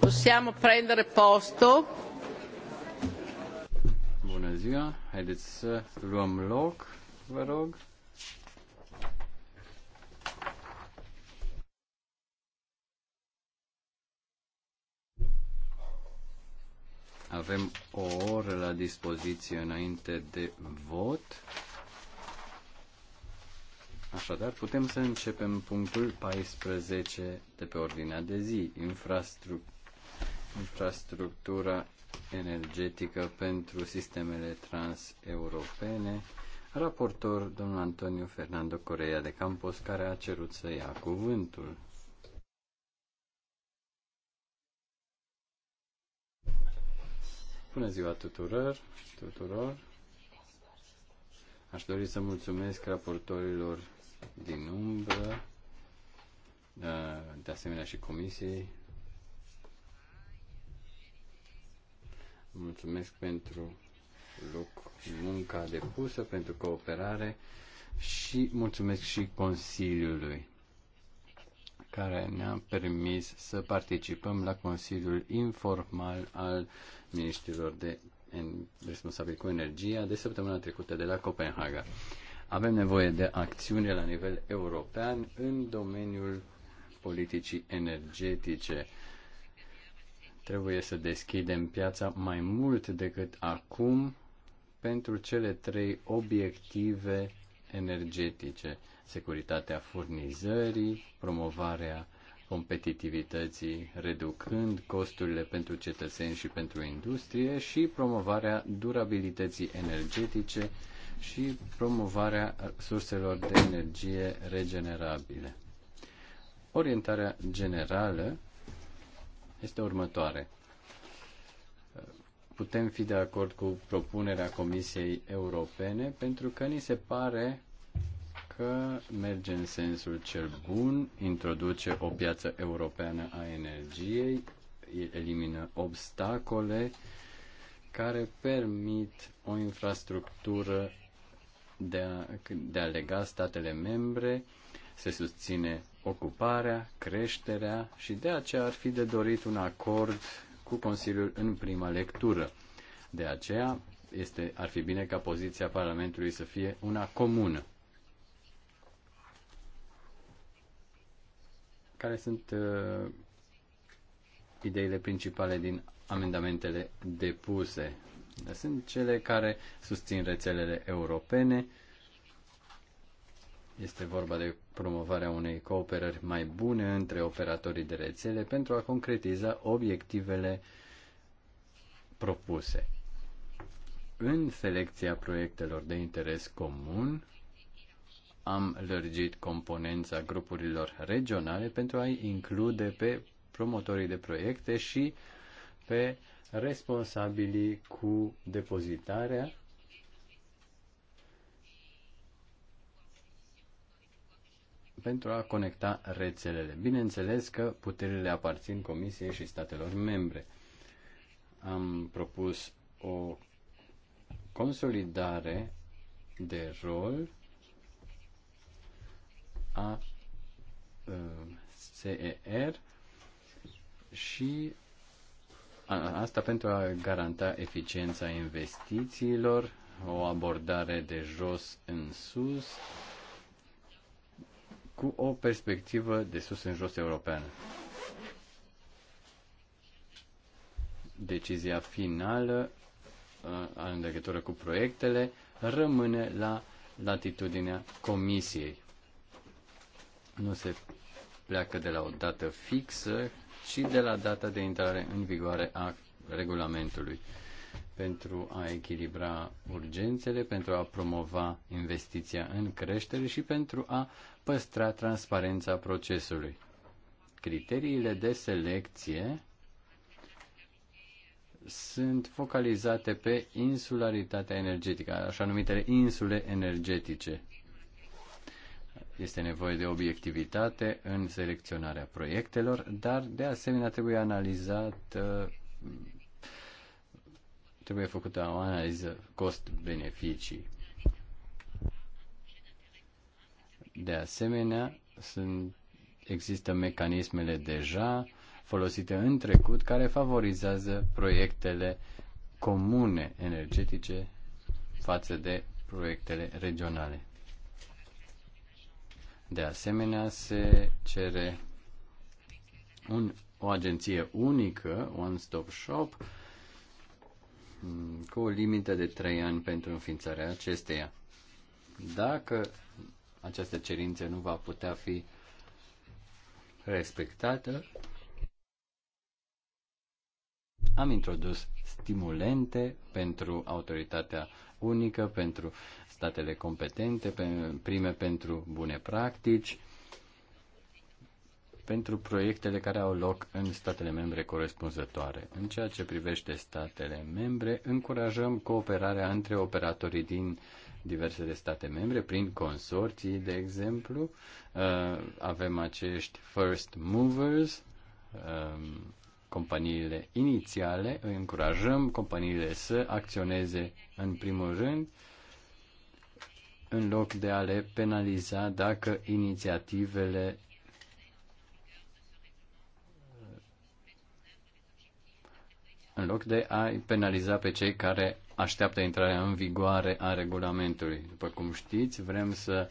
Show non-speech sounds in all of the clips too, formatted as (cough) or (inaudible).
possiamo prendere posto. Bună ziua, haideți să luăm loc, vă rog. Avem o oră la dispoziție înainte de vot. Așadar, putem să începem punctul 14 de pe ordinea de zi, infrastru- infrastructura energetică pentru sistemele transeuropene, raportor domnul Antonio Fernando Correa de Campos, care a cerut să ia cuvântul. Bună ziua tuturor, tuturor. Aș dori să mulțumesc raportorilor din umbră, da, de asemenea și comisiei. Mulțumesc pentru loc, munca depusă, pentru cooperare și mulțumesc și Consiliului care ne-a permis să participăm la Consiliul Informal al Ministrilor de Responsabil cu energia de săptămâna trecută de la Copenhaga. Avem nevoie de acțiune la nivel european în domeniul politicii energetice. Trebuie să deschidem piața mai mult decât acum pentru cele trei obiective energetice. Securitatea furnizării, promovarea competitivității, reducând costurile pentru cetățeni și pentru industrie și promovarea durabilității energetice și promovarea surselor de energie regenerabile. Orientarea generală este următoare. Putem fi de acord cu propunerea Comisiei Europene pentru că ni se pare că merge în sensul cel bun, introduce o piață europeană a energiei, elimină obstacole care permit o infrastructură de a, de a lega statele membre, se susține ocuparea, creșterea și de aceea ar fi de dorit un acord cu Consiliul în prima lectură. De aceea este, ar fi bine ca poziția Parlamentului să fie una comună. Care sunt uh, ideile principale din amendamentele depuse? Sunt cele care susțin rețelele europene. Este vorba de promovarea unei cooperări mai bune între operatorii de rețele pentru a concretiza obiectivele propuse. În selecția proiectelor de interes comun, am lărgit componența grupurilor regionale pentru a-i include pe promotorii de proiecte și pe uh, responsabilii cu depozitarea pentru a conecta rețelele. Bineînțeles că puterile aparțin Comisiei și statelor membre. Am propus o consolidare de rol a uh, CER și Asta pentru a garanta eficiența investițiilor, o abordare de jos în sus, cu o perspectivă de sus în jos europeană. Decizia finală în legătură cu proiectele rămâne la latitudinea comisiei. Nu se pleacă de la o dată fixă și de la data de intrare în vigoare a regulamentului pentru a echilibra urgențele, pentru a promova investiția în creștere și pentru a păstra transparența procesului. Criteriile de selecție sunt focalizate pe insularitatea energetică, așa numitele insule energetice, este nevoie de obiectivitate în selecționarea proiectelor, dar de asemenea trebuie analizat, uh, trebuie făcută o analiză cost-beneficii. De asemenea, sunt, există mecanismele deja folosite în trecut care favorizează proiectele comune energetice față de proiectele regionale. De asemenea, se cere un, o agenție unică, One Stop Shop, cu o limită de 3 ani pentru înființarea acesteia. Dacă această cerință nu va putea fi respectată, am introdus stimulente pentru autoritatea unică pentru statele competente, prime pentru bune practici, pentru proiectele care au loc în statele membre corespunzătoare. În ceea ce privește statele membre, încurajăm cooperarea între operatorii din diversele state membre, prin consorții, de exemplu. Uh, avem acești first movers, um, companiile inițiale, îi încurajăm companiile să acționeze în primul rând în loc de a le penaliza dacă inițiativele în loc de a penaliza pe cei care așteaptă intrarea în vigoare a regulamentului. După cum știți, vrem să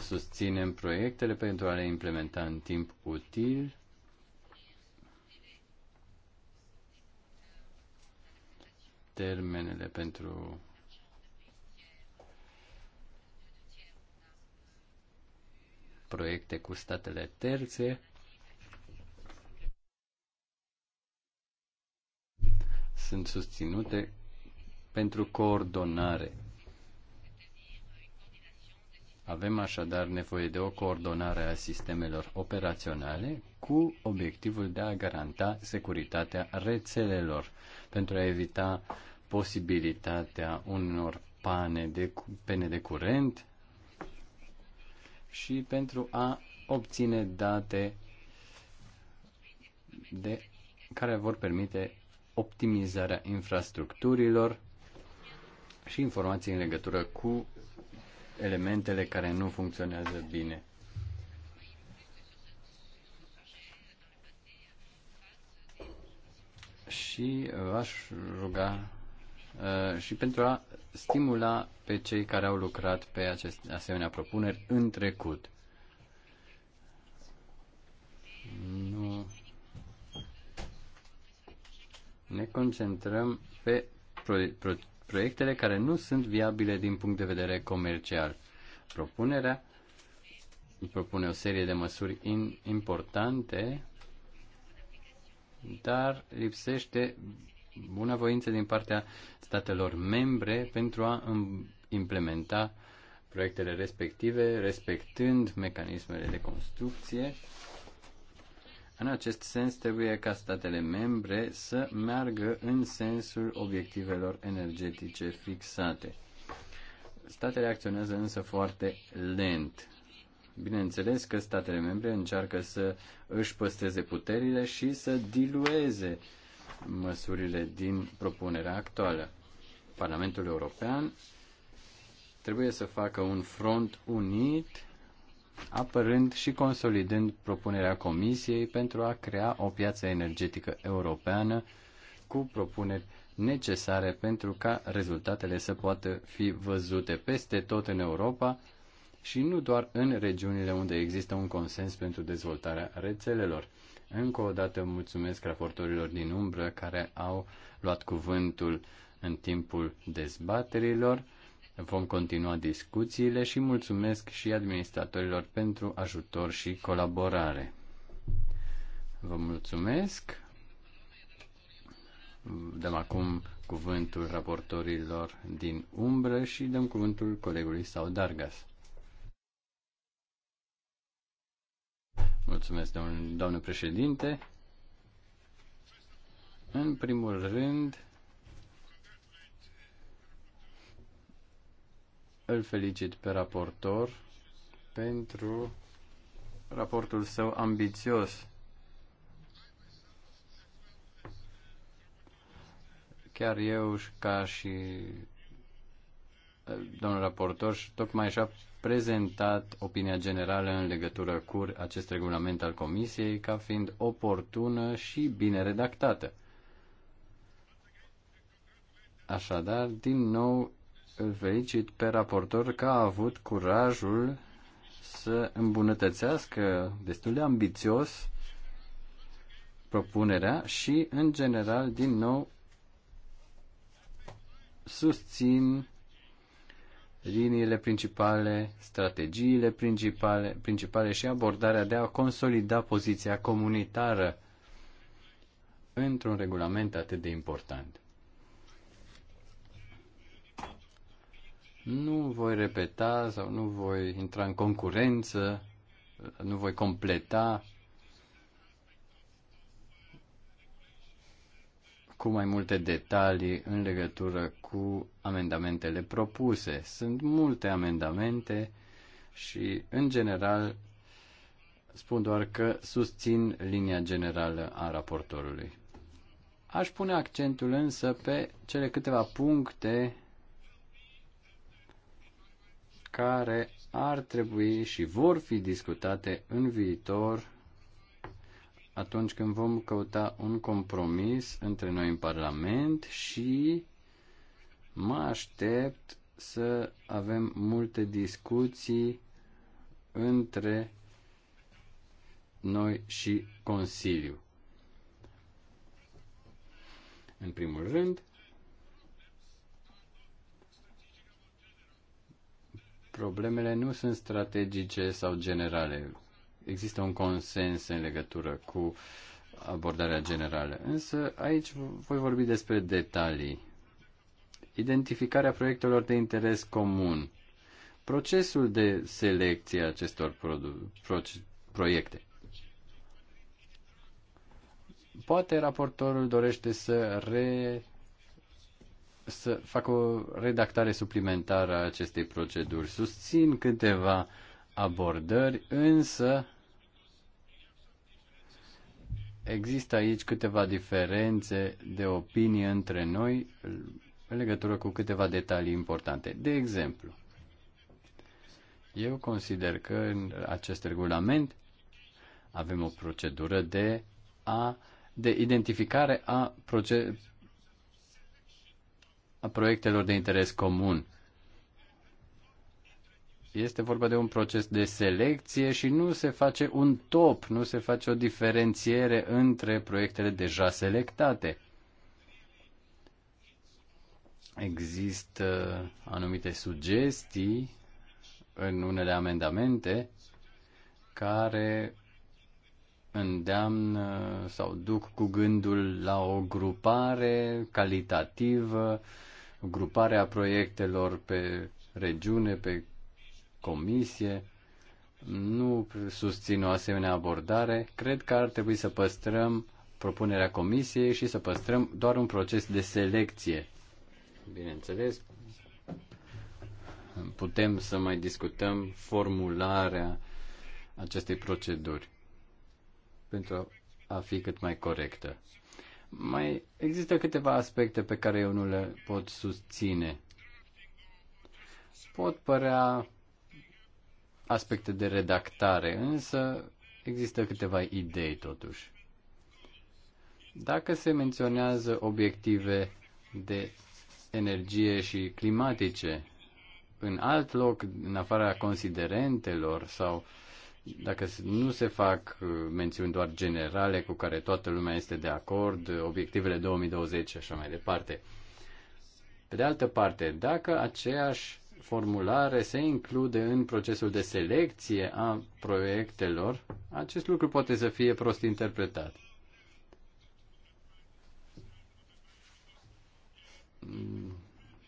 susținem proiectele pentru a le implementa în timp util termenele pentru proiecte cu statele terțe. Sunt susținute pentru coordonare. Avem așadar nevoie de o coordonare a sistemelor operaționale cu obiectivul de a garanta securitatea rețelelor pentru a evita posibilitatea unor pane de, pene de curent și pentru a obține date de, care vor permite optimizarea infrastructurilor și informații în legătură cu elementele care nu funcționează bine. Și v-aș ruga Uh, și pentru a stimula pe cei care au lucrat pe aceste asemenea propuneri în trecut. Nu. Ne concentrăm pe proiectele care nu sunt viabile din punct de vedere comercial. Propunerea propune o serie de măsuri importante, dar lipsește bunăvoință din partea statelor membre pentru a implementa proiectele respective, respectând mecanismele de construcție. În acest sens, trebuie ca statele membre să meargă în sensul obiectivelor energetice fixate. Statele acționează însă foarte lent. Bineînțeles că statele membre încearcă să își păstreze puterile și să dilueze uh, măsurile din propunerea actuală. Parlamentul European trebuie să facă un front unit apărând și consolidând propunerea Comisiei pentru a crea o piață energetică europeană cu propuneri necesare pentru ca rezultatele să poată fi văzute peste tot în Europa și nu doar în regiunile unde există un consens pentru dezvoltarea rețelelor. Încă o dată mulțumesc raportorilor din umbră care au luat cuvântul în timpul dezbaterilor. Vom continua discuțiile și mulțumesc și administratorilor pentru ajutor și colaborare. Vă mulțumesc. Dăm acum cuvântul raportorilor din umbră și dăm cuvântul colegului sau Dargas. Mulțumesc, domn, doamnă președinte. În primul rând, îl felicit pe raportor pentru raportul său ambițios. Chiar eu, ca și eh, domnul raportor, și tocmai așa prezentat opinia generală în legătură cu acest regulament al Comisiei ca fiind oportună și bine redactată. Așadar, din nou îl felicit pe raportor că a avut curajul să îmbunătățească destul de ambițios propunerea și, în general, din nou susțin liniile principale, strategiile principale, principale și abordarea de a consolida poziția comunitară într-un regulament atât de important. Nu voi repeta sau nu voi intra în concurență, nu voi completa cu mai multe detalii în legătură cu amendamentele propuse. Sunt multe amendamente și, în general, spun doar că susțin linia generală a raportorului. Aș pune accentul însă pe cele câteva puncte care ar trebui și vor fi discutate în viitor atunci când vom căuta un compromis între noi în Parlament și mă aștept să avem multe discuții între noi și Consiliu. În primul rând, problemele nu sunt strategice sau generale există un consens în legătură cu abordarea generală. Însă aici voi vorbi despre detalii. Identificarea proiectelor de interes comun. Procesul de selecție a acestor pro- proiecte. Poate raportorul dorește să re să facă o redactare suplimentară a acestei proceduri. Susțin câteva abordări, însă Există aici câteva diferențe de opinie între noi în legătură cu câteva detalii importante. De exemplu, eu consider că în acest regulament avem o procedură de, a, de identificare a, proce, a proiectelor de interes comun este vorba de un proces de selecție și nu se face un top, nu se face o diferențiere între proiectele deja selectate. Există anumite sugestii în unele amendamente care îndeamnă sau duc cu gândul la o grupare calitativă, gruparea proiectelor pe regiune, pe comisie. Nu susțin o asemenea abordare. Cred că ar trebui să păstrăm propunerea comisiei și să păstrăm doar un proces de selecție. Bineînțeles, putem să mai discutăm formularea acestei proceduri pentru a fi cât mai corectă. Mai există câteva aspecte pe care eu nu le pot susține. Pot părea aspecte de redactare, însă există câteva idei totuși. Dacă se menționează obiective de energie și climatice în alt loc, în afara considerentelor sau dacă nu se fac uh, mențiuni doar generale cu care toată lumea este de acord, obiectivele 2020 și așa mai departe. Pe de altă parte, dacă aceeași formulare se include în procesul de selecție a proiectelor, acest lucru poate să fie prost interpretat.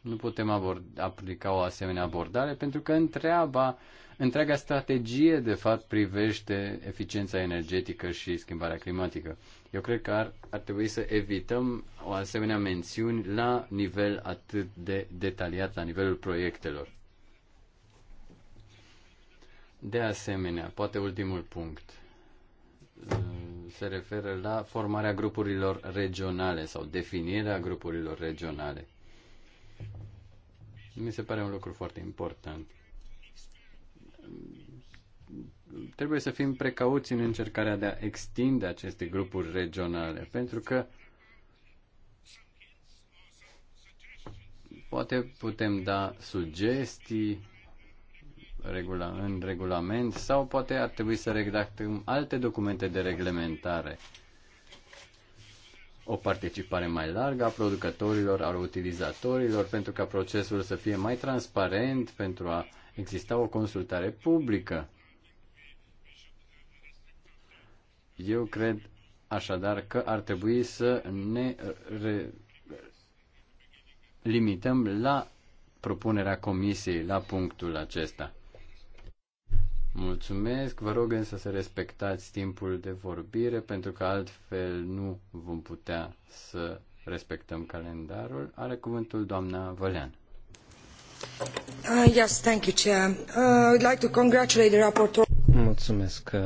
Nu putem abord- aplica o asemenea abordare pentru că întreaba, întreaga strategie, de fapt, privește eficiența energetică și schimbarea climatică. Eu cred că ar, ar trebui să evităm o asemenea mențiuni la nivel atât de detaliat, la nivelul proiectelor. De asemenea, poate ultimul punct uh, se referă la formarea grupurilor regionale sau definirea grupurilor regionale. Mi se pare un lucru foarte important trebuie să fim precauți în încercarea de a extinde aceste grupuri regionale, pentru că poate putem da sugestii regula, în regulament sau poate ar trebui să redactăm alte documente de reglementare. O participare mai largă a producătorilor, a utilizatorilor, pentru ca procesul să fie mai transparent, pentru a exista o consultare publică Eu cred așadar că ar trebui să ne limităm la propunerea comisiei, la punctul acesta. Mulțumesc, vă rog însă să respectați timpul de vorbire, pentru că altfel nu vom putea să respectăm calendarul. Are cuvântul doamna Vălean. Uh, yes, thank you, Chair. Uh, I'd like to congratulate the rapporteur. Mulțumesc, uh,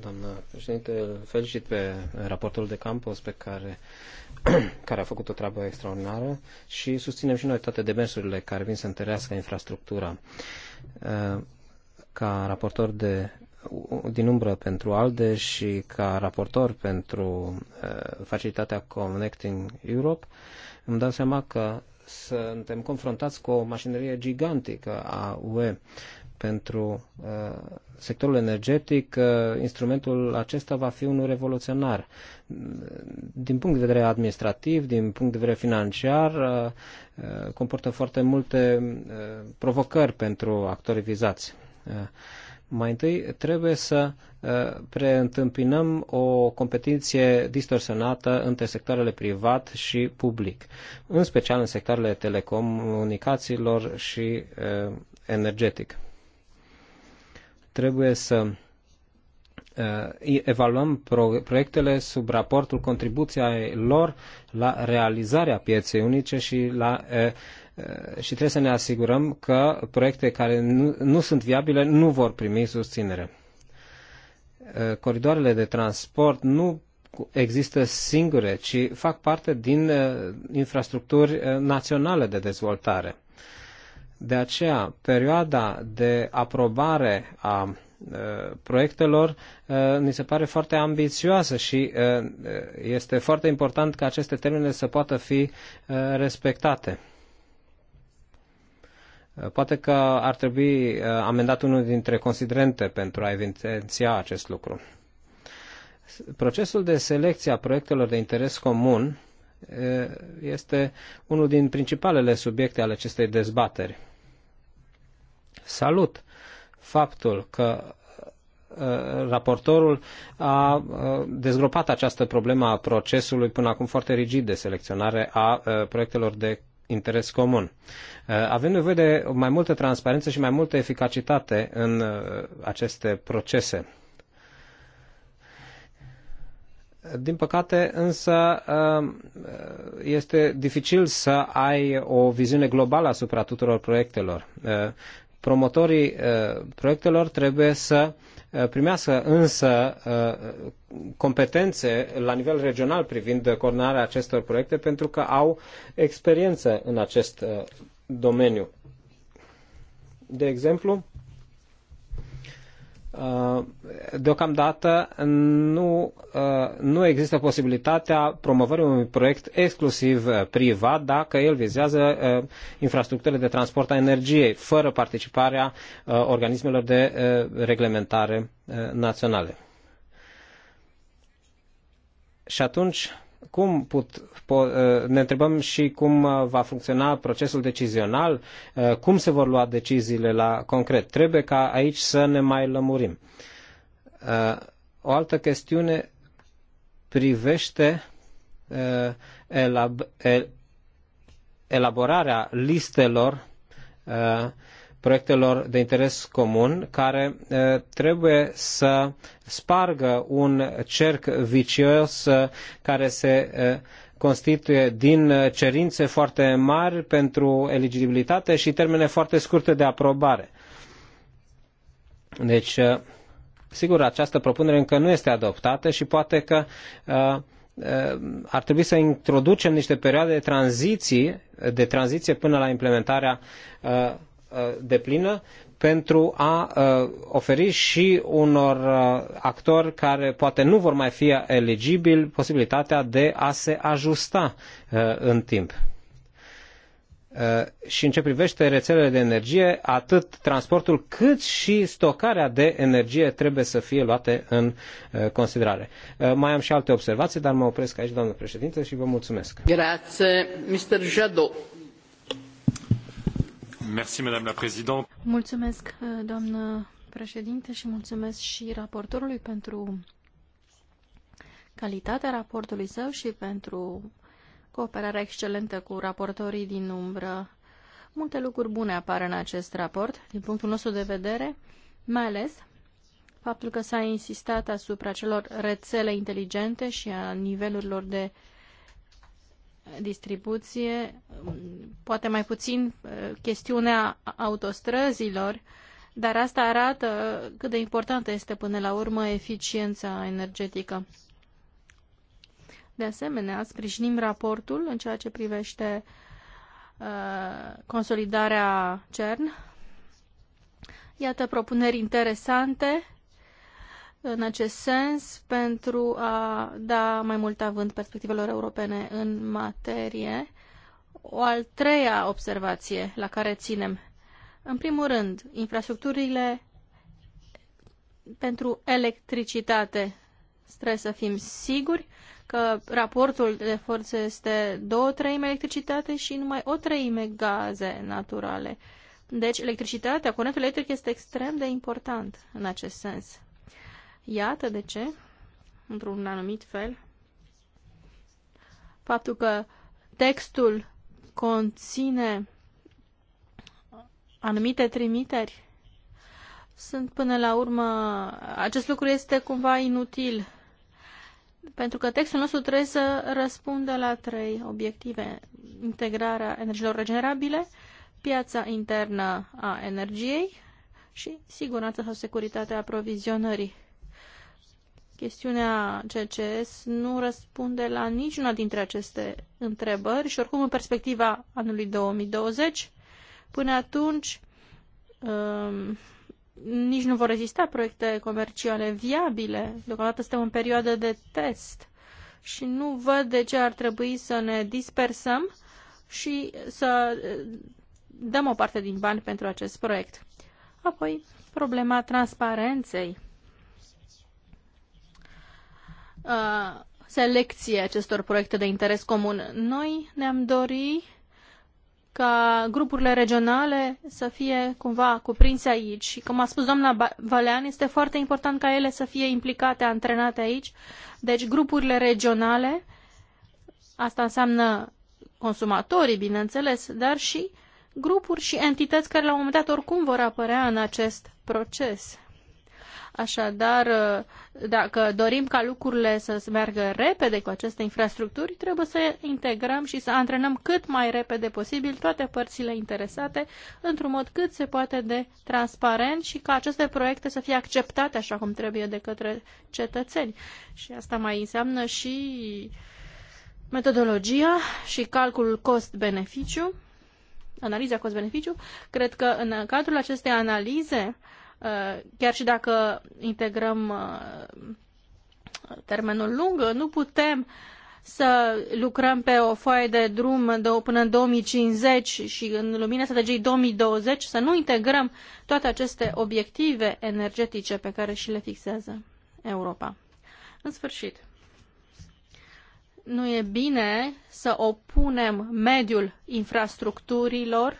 doamnă președinte. Felicit pe raportul de campus pe care, (clears throat) care a făcut o treabă extraordinară și susținem și noi toate demersurile care vin să întărească infrastructura. Uh, ca raportor de din umbră pentru ALDE și ca raportor pentru uh, facilitatea Connecting Europe, îmi dau seama că suntem confruntați cu o mașinărie gigantică a UE pentru uh, sectorul energetic, uh, instrumentul acesta va fi unul revoluționar. Din punct de vedere administrativ, din punct de vedere financiar, uh, comportă foarte multe provocări pentru actorii vizați. Mai întâi trebuie să preîntâmpinăm o competiție distorsionată între sectoarele privat și public, în special în sectoarele telecomunicațiilor și energetic Trebuie să uh, evaluăm proiectele sub raportul contribuției lor la realizarea pieței unice și la uh, uh, și trebuie să ne asigurăm că proiecte care nu, nu sunt viabile nu vor primi susținere. Coridoarele de transport nu există singure, ci fac parte din infrastructuri naționale de dezvoltare. De aceea, perioada de aprobare a proiectelor ni se pare foarte ambițioasă și este foarte important ca aceste termene să poată fi respectate. Poate că ar trebui amendat unul dintre considerente pentru a evidenția acest lucru. Procesul de selecție a proiectelor de interes comun este unul din principalele subiecte ale acestei dezbateri. Salut faptul că raportorul a dezgropat această problemă a procesului până acum foarte rigid de selecționare a proiectelor de interes comun. Avem nevoie de mai multă transparență și mai multă eficacitate în aceste procese. Din păcate, însă, um, este dificil să ai o viziune globală asupra tuturor proiectelor. Uh, promotorii uh, proiectelor trebuie să uh, primească însă competențe la nivel regional privind coordonarea acestor proiecte pentru că au experiență în acest domeniu. De exemplu, Uh, deocamdată nu, uh, nu există posibilitatea promovării unui proiect exclusiv uh, privat dacă el vizează infrastructurile de transport a energiei, fără participarea organismelor de reglementare naționale. Și atunci, cum put, po, uh, ne întrebăm și cum uh, va funcționa procesul decizional, uh, cum se vor lua deciziile la concret. Trebuie ca aici să ne mai lămurim. O altă chestiune privește elaborarea listelor proiectelor de interes comun care trebuie să spargă un cerc vicios care se constituie din cerințe foarte mari pentru eligibilitate și termene foarte scurte de aprobare. Deci, sigur, această propunere încă nu este adoptată și poate că ar trebui să introducem niște perioade de tranziție, de tranziție până la implementarea Uh, deplină pentru a uh, oferi și unor uh, actori care poate nu vor mai fi eligibili posibilitatea de a se ajusta în timp. Și în ce privește rețelele de energie, atât transportul cât și stocarea de energie trebuie să fie luate în considerare. Mai am și alte observații, dar mă opresc aici, doamnă președinte, și vă mulțumesc. Grazie, Mr. Jadot. Mulțumesc, doamnă președinte, și mulțumesc și raportorului pentru calitatea raportului său și pentru cooperarea excelentă cu raportorii din umbră. Multe lucruri bune apar în acest raport, din punctul nostru de vedere, mai ales faptul că s-a insistat asupra celor rețele inteligente și a nivelurilor de uh, distribuție, poate mai puțin uh, chestiunea autostrăzilor, dar asta arată cât de importantă este până la urmă eficiența energetică. De asemenea, sprijinim raportul în ceea ce privește uh, consolidarea CERN. Iată propuneri interesante în acest sens pentru a da mai mult avânt perspectivelor europene în materie. O al treia observație la care ținem. În primul rând, infrastructurile pentru electricitate. Trebuie să fim siguri că raportul de forțe este două treime electricitate și numai o treime gaze naturale. Deci electricitatea, curentul electric este extrem de important în acest sens. Iată de ce, într-un anumit fel, faptul că textul conține anumite trimiteri sunt până la urmă, acest lucru este cumva inutil, pentru că textul nostru trebuie să răspundă la trei obiective. Integrarea energiilor regenerabile, piața internă a energiei și siguranța sau securitatea aprovizionării. Chestiunea CCS nu răspunde la niciuna dintre aceste întrebări și oricum în perspectiva anului 2020, până atunci um, nici nu vor rezista proiecte comerciale viabile. Deocamdată suntem în perioadă de test și nu văd de ce ar trebui să ne dispersăm și să uh, dăm o parte din bani pentru acest proiect. Apoi, problema transparenței. Uh, selecție acestor proiecte de interes comun. Noi ne-am dorit ca grupurile regionale să fie cumva cuprinse aici și, cum a spus doamna Valean, este foarte important ca ele să fie implicate, antrenate aici. Deci, grupurile regionale, asta înseamnă consumatorii, bineînțeles, dar și grupuri și entități care la un moment dat oricum vor apărea în acest proces. Așadar, dacă dorim ca lucrurile să se meargă repede cu aceste infrastructuri, trebuie să integrăm și să antrenăm cât mai repede posibil toate părțile interesate într-un mod cât se poate de transparent și ca aceste proiecte să fie acceptate așa cum trebuie de către cetățeni. Și asta mai înseamnă și metodologia și calculul cost-beneficiu, analiza cost-beneficiu. Cred că în cadrul acestei analize Uh, chiar și dacă integrăm uh, termenul lung, nu putem să lucrăm pe o foaie de drum până în 2050 și în lumina strategiei 2020 să nu integrăm toate aceste obiective energetice pe care și le fixează Europa. În sfârșit, nu e bine să opunem mediul infrastructurilor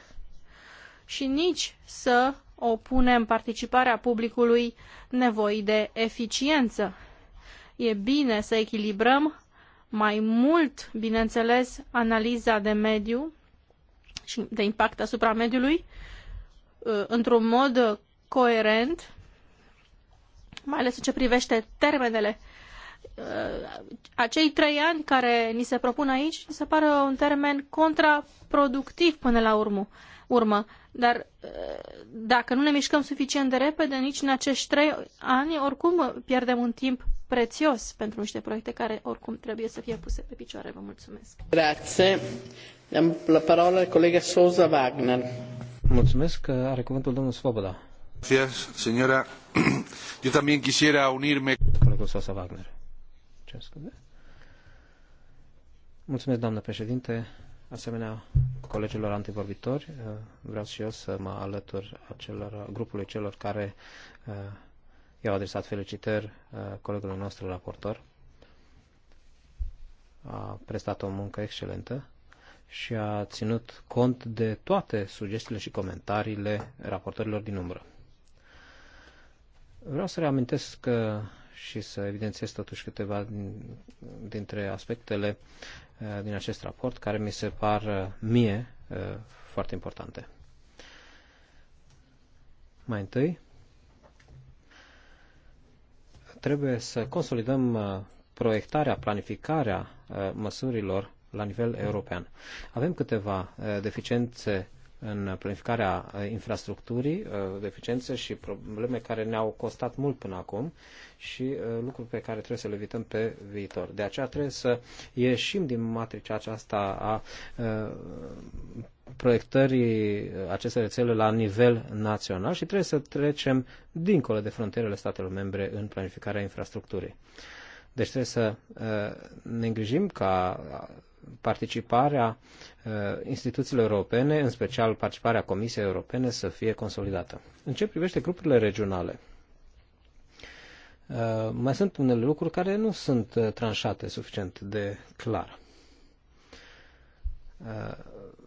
și nici să opunem participarea publicului nevoii de eficiență. E bine să echilibrăm mai mult, bineînțeles, analiza de mediu și de impact asupra mediului uh, într-un mod coerent, mai ales în ce privește termenele. Uh, acei trei ani care ni se propun aici, mi se pare un termen contraproductiv până la urmă urmă. Dar uh, dacă nu ne mișcăm suficient de repede, nici în acești trei ani, oricum pierdem un timp prețios pentru niște proiecte care oricum trebuie să fie puse pe picioare. Vă mulțumesc. Grazie. Dăm la parola colega Souza Wagner. Mulțumesc că are cuvântul domnul Svoboda. Gracias, señora. (clears throat) Yo también quisiera unirme. Colegul Souza Wagner. Ce Mulțumesc, doamnă președinte asemenea colegilor antivorbitori. Uh, vreau și eu să mă alătur acelor, grupului celor care uh, i-au adresat felicitări uh, colegului nostru raportor. A prestat o muncă excelentă și a ținut cont de toate sugestiile și comentariile raportorilor din umbră. Vreau să reamintesc și să evidențiez totuși câteva dintre aspectele uh, din acest raport care mi se par uh, mie uh, foarte importante. Mai întâi, trebuie să consolidăm proiectarea, planificarea măsurilor la nivel european. Avem câteva deficiențe în planificarea uh, infrastructurii, uh, deficiențe și probleme care ne-au costat mult până acum și uh, lucruri pe care trebuie să le evităm pe viitor. De aceea trebuie să ieșim din matricea aceasta a proiectării acestei rețele la nivel național și trebuie să trecem dincolo de frontierele statelor membre în planificarea infrastructurii. Deci trebuie să uh, ne îngrijim ca participarea uh, instituțiilor europene, în special participarea Comisiei Europene, să fie consolidată. În ce privește grupurile regionale, uh, mai sunt unele lucruri care nu sunt tranșate suficient de clar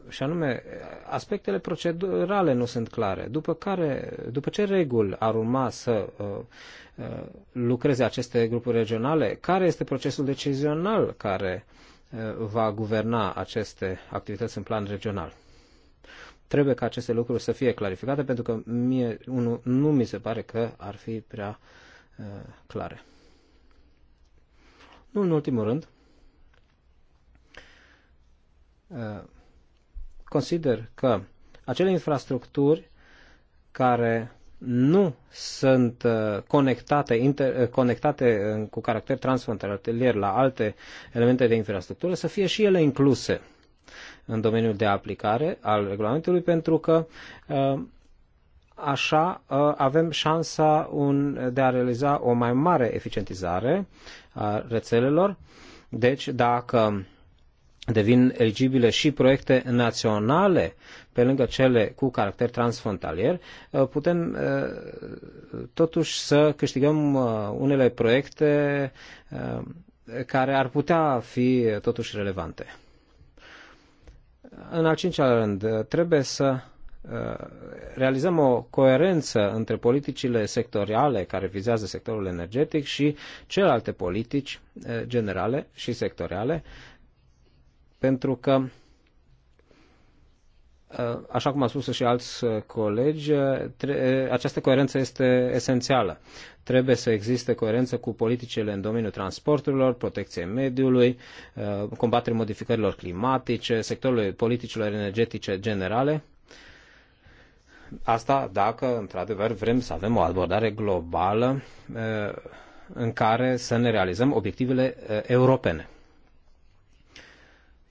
și anume, aspectele procedurale nu sunt clare. După, care, după ce reguli ar urma să uh, uh, lucreze aceste grupuri regionale, care este procesul decizional care uh, va guverna aceste activități în plan regional? Trebuie ca aceste lucruri să fie clarificate, pentru că mie unu, nu mi se pare că ar fi prea uh, clare. Nu în ultimul rând, uh, consider că acele infrastructuri care nu sunt uh, conectate, inter, uh, conectate uh, cu caracter transfrontalier la alte elemente de infrastructură, să fie și ele incluse în domeniul de aplicare al regulamentului, pentru că așa avem șansa un, de a realiza o mai mare eficientizare a rețelelor. Deci, dacă devin eligibile și proiecte naționale pe lângă cele cu caracter transfrontalier, uh, putem uh, totuși să câștigăm uh, unele proiecte care ar putea fi totuși relevante. În al cincilea rând, trebuie să realizăm o coerență între politicile sectoriale care vizează sectorul energetic și celelalte politici generale și sectoriale pentru că, uh, așa cum a spus și alți uh, colegi, uh, această coerență este esențială. Trebuie să existe coerență cu politicile în domeniul transporturilor, protecției mediului, combaterea modificărilor climatice, sectorului politicilor energetice generale. Asta dacă, într-adevăr, vrem să avem o abordare globală în care să ne realizăm obiectivele europene.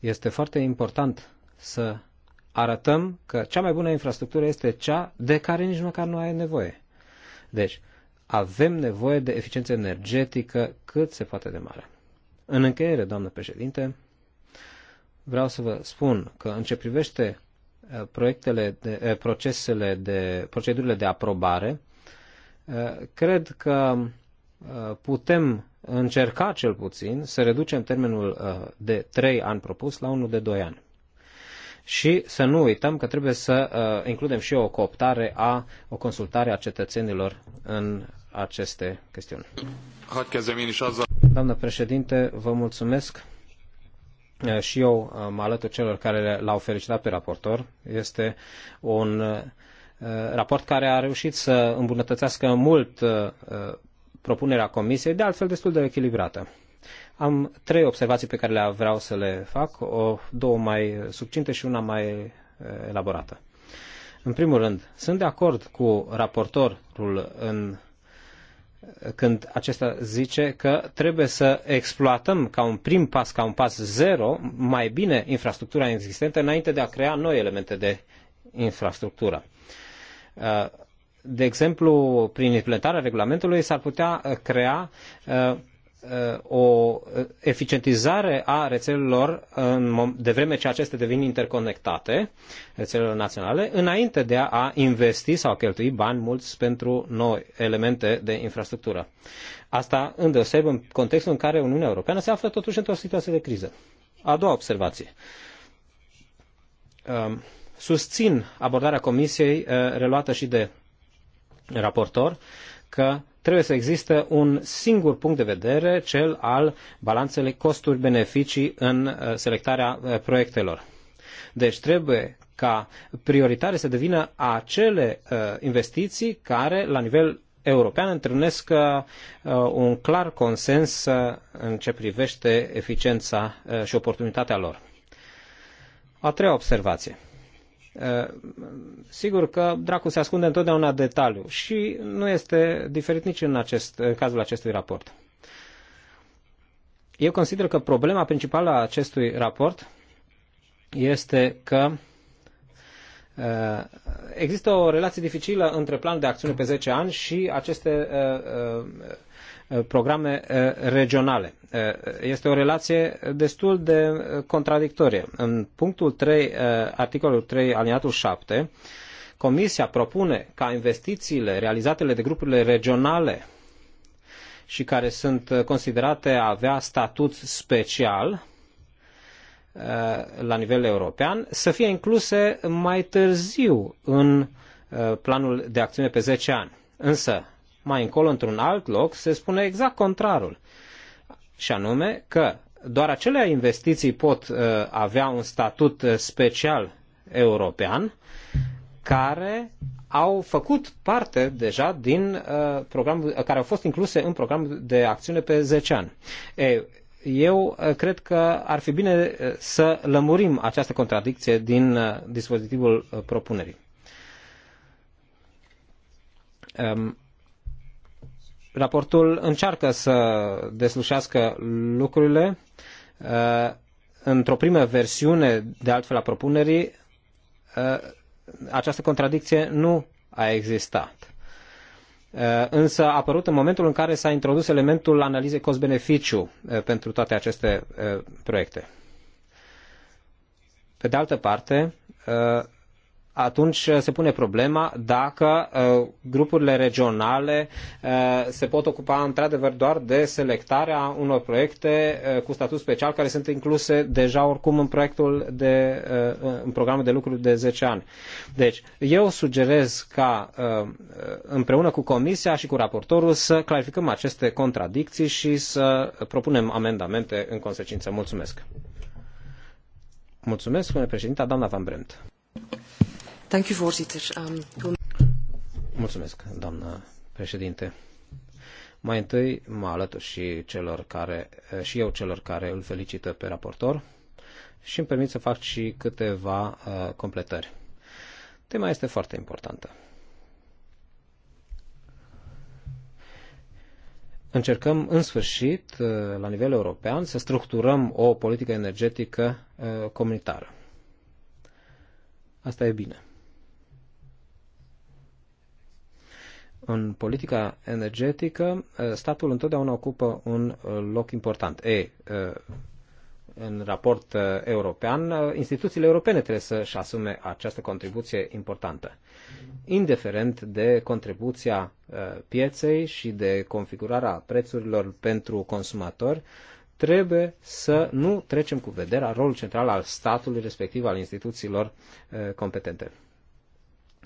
Este foarte important să arătăm că cea mai bună infrastructură este cea de care nici măcar nu ai nevoie. Deci, avem nevoie de eficiență energetică cât se poate de mare. În încheiere, doamnă președinte, vreau să vă spun că în ce privește uh, proiectele de, uh, procesele de, procedurile de aprobare, uh, cred că putem încerca cel puțin să reducem termenul uh, de 3 ani propus la unul de 2 ani. Și să nu uităm că trebuie să uh, includem și o cooptare a, o consultare a cetățenilor în aceste chestiuni. Doamnă președinte, vă mulțumesc. Uh, și eu mă alătur celor care l-au felicitat pe raportor. Este un raport care a reușit să îmbunătățească mult propunerea Comisiei, de altfel destul de echilibrată. Am trei observații pe care le vreau să le fac, o, două mai subcinte și una mai eh, elaborată. În primul rând, sunt de acord cu raportorul în, eh, când acesta zice că trebuie să exploatăm ca un prim pas, ca un pas zero, mai bine infrastructura existentă înainte de a crea noi elemente de infrastructură. Eh, de exemplu, prin implementarea regulamentului s-ar putea uh, crea uh, uh, o eficientizare a rețelelor de vreme ce acestea devin interconectate, rețelelor naționale, înainte de a investi sau a cheltui bani mulți pentru noi elemente de infrastructură. Asta îndeoseb în contextul în care Uniunea Europeană se află totuși într-o situație de criză. A doua observație. Um, susțin abordarea Comisiei reluată și de raportor că trebuie să existe un singur punct de vedere, cel al balanțelei costuri-beneficii în uh, selectarea uh, proiectelor. Deci trebuie ca prioritare să devină acele uh, investiții care, la nivel european, întâlnesc un clar consens în ce privește eficiența și oportunitatea lor. A treia observație Eh, sigur că dracul se ascunde întotdeauna detaliu și nu este diferit nici în, acest, în cazul acestui raport. Eu consider că problema principală a acestui raport este că eh, există o relație dificilă între planul de acțiune pe 10 ani și aceste eh, programe eh, regionale. Eh, este o relație destul de contradictorie. În punctul 3, eh, articolul 3, aliniatul 7, Comisia propune ca investițiile realizatele de grupurile regionale și care sunt considerate a avea statut special la nivel european să fie incluse mai târziu în planul de acțiune pe 10 ani. Însă, mai încolo, într-un alt loc, se spune exact contrarul. Și anume că doar acele investiții pot uh, avea un statut uh, special european care au făcut parte deja din uh, programul, uh, care au fost incluse în programul de acțiune pe 10 ani. E, eu uh, cred că ar fi bine uh, să lămurim această contradicție din uh, dispozitivul propunerii. Um, Raportul încearcă să deslușească lucrurile. Uh, într-o primă versiune, de altfel, a propunerii, uh, această contradicție nu a existat. Uh, însă a apărut în momentul în care s-a introdus elementul analizei cost-beneficiu pentru toate aceste proiecte. Pe de altă parte, atunci uh, se pune problema dacă uh, grupurile regionale uh, se pot ocupa într-adevăr doar de selectarea unor proiecte cu statut special care sunt incluse deja oricum în proiectul de, în programul de lucru de 10 ani. Deci, eu sugerez ca împreună cu Comisia și cu raportorul să clarificăm aceste contradicții și să propunem amendamente în consecință. Mulțumesc! Mulțumesc, spune președinta, doamna Van Bremt. Thank you, voorzitter. Um, Mulțumesc, doamnă președinte. Mai întâi mă alătur și, celor care, și eu celor care îl felicită pe raportor și îmi permit să fac și câteva uh, completări. Tema este foarte importantă. Încercăm, în sfârșit, uh, la nivel european, să structurăm o politică energetică uh, comunitară. Asta e bine. în politica energetică, uh, statul întotdeauna ocupă un uh, loc important. E, uh, în raport european, instituțiile europene trebuie să-și asume această contribuție importantă. Indiferent de contribuția pieței și de configurarea prețurilor pentru consumatori, trebuie să nu trecem cu vederea rolul central al statului, respectiv al instituțiilor competente.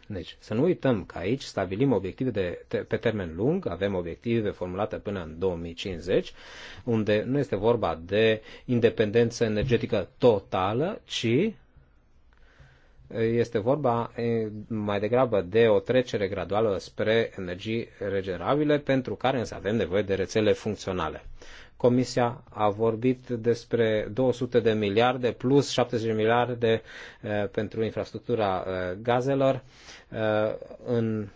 Deci, să nu uităm că aici stabilim obiective de, te, pe termen lung, avem obiective formulate până în 2050, unde nu este vorba de independență energetică totală, ci este vorba mai degrabă de o trecere graduală spre energii regenerabile, pentru care însă avem nevoie de rețele funcționale. Comisia a vorbit despre 200 de miliarde plus 70 de miliarde eh, pentru infrastructura eh, gazelor. Eh, în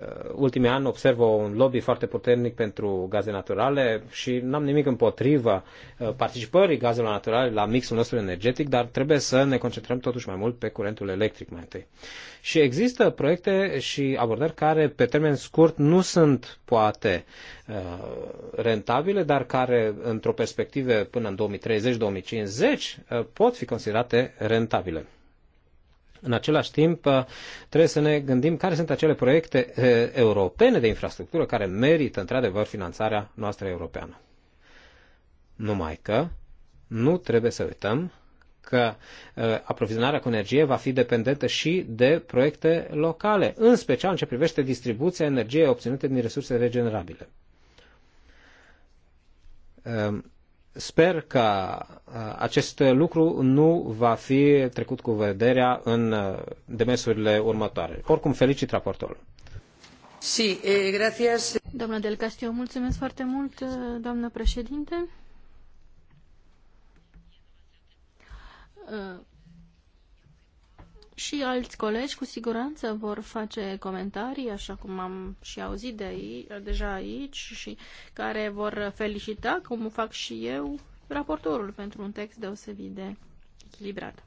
Uh, ultimii ani observ un lobby foarte puternic pentru gaze naturale și n-am nimic împotriva uh, participării gazelor naturale la mixul nostru energetic, dar trebuie să ne concentrăm totuși mai mult pe curentul electric mai întâi. Și există proiecte și abordări care pe termen scurt nu sunt poate uh, rentabile, dar care într-o perspectivă până în 2030-2050 pot fi considerate rentabile. În același timp, uh, trebuie să ne gândim care sunt acele proiecte uh, europene de infrastructură care merită, într-adevăr, finanțarea noastră europeană. Numai că nu trebuie să uităm că uh, aprovizionarea cu energie va fi dependentă și de proiecte locale, în special în ce privește distribuția energiei obținute din resurse regenerabile. Um, Sper că uh, acest lucru nu va fi trecut cu vederea în uh, demersurile următoare. Oricum, felicit raportorul. Sí, eh, Doamna Del Castillo, mulțumesc foarte mult, uh, doamnă președinte și alți colegi cu siguranță vor face comentarii, așa cum am și auzit de aici, deja aici, și care vor felicita, cum fac și eu, raportorul pentru un text deosebit de echilibrat.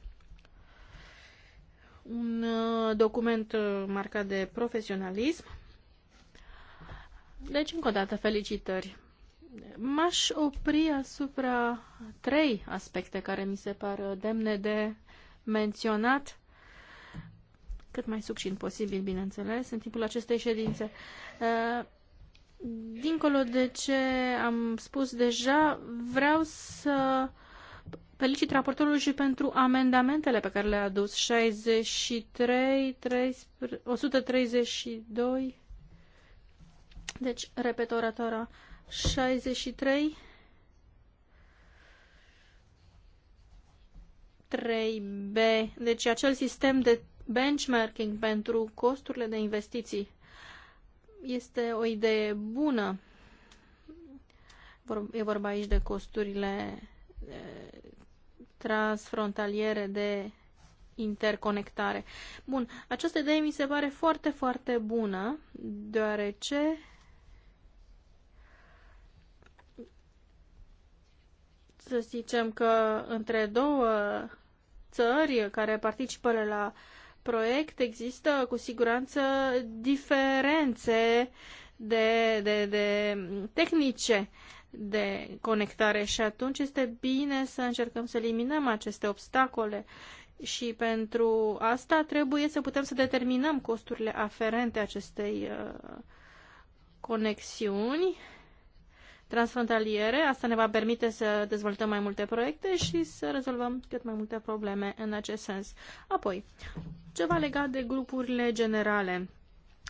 Un uh, document uh, marcat de profesionalism. Deci, încă o dată, felicitări. M-aș opri asupra trei aspecte care mi se par demne de menționat cât mai succint posibil, bineînțeles, în timpul acestei ședințe. Uh, dincolo de ce am spus deja, vreau să felicit raportorul și pentru amendamentele pe care le-a adus 63, 13, 132, deci repet oratora, 63, 3B, deci acel sistem de benchmarking pentru costurile de investiții este o idee bună. E vorba aici de costurile transfrontaliere de interconectare. Bun, această idee mi se pare foarte, foarte bună, deoarece să zicem că între două țări care participă la uh, proiect există cu siguranță diferențe de, de, de tehnice de conectare și atunci este bine să încercăm să eliminăm aceste obstacole și pentru asta trebuie să putem să determinăm costurile aferente acestei uh, conexiuni transfrontaliere. Asta ne va permite să dezvoltăm mai multe proiecte și să rezolvăm cât mai multe probleme în acest sens. Apoi, ceva legat de grupurile generale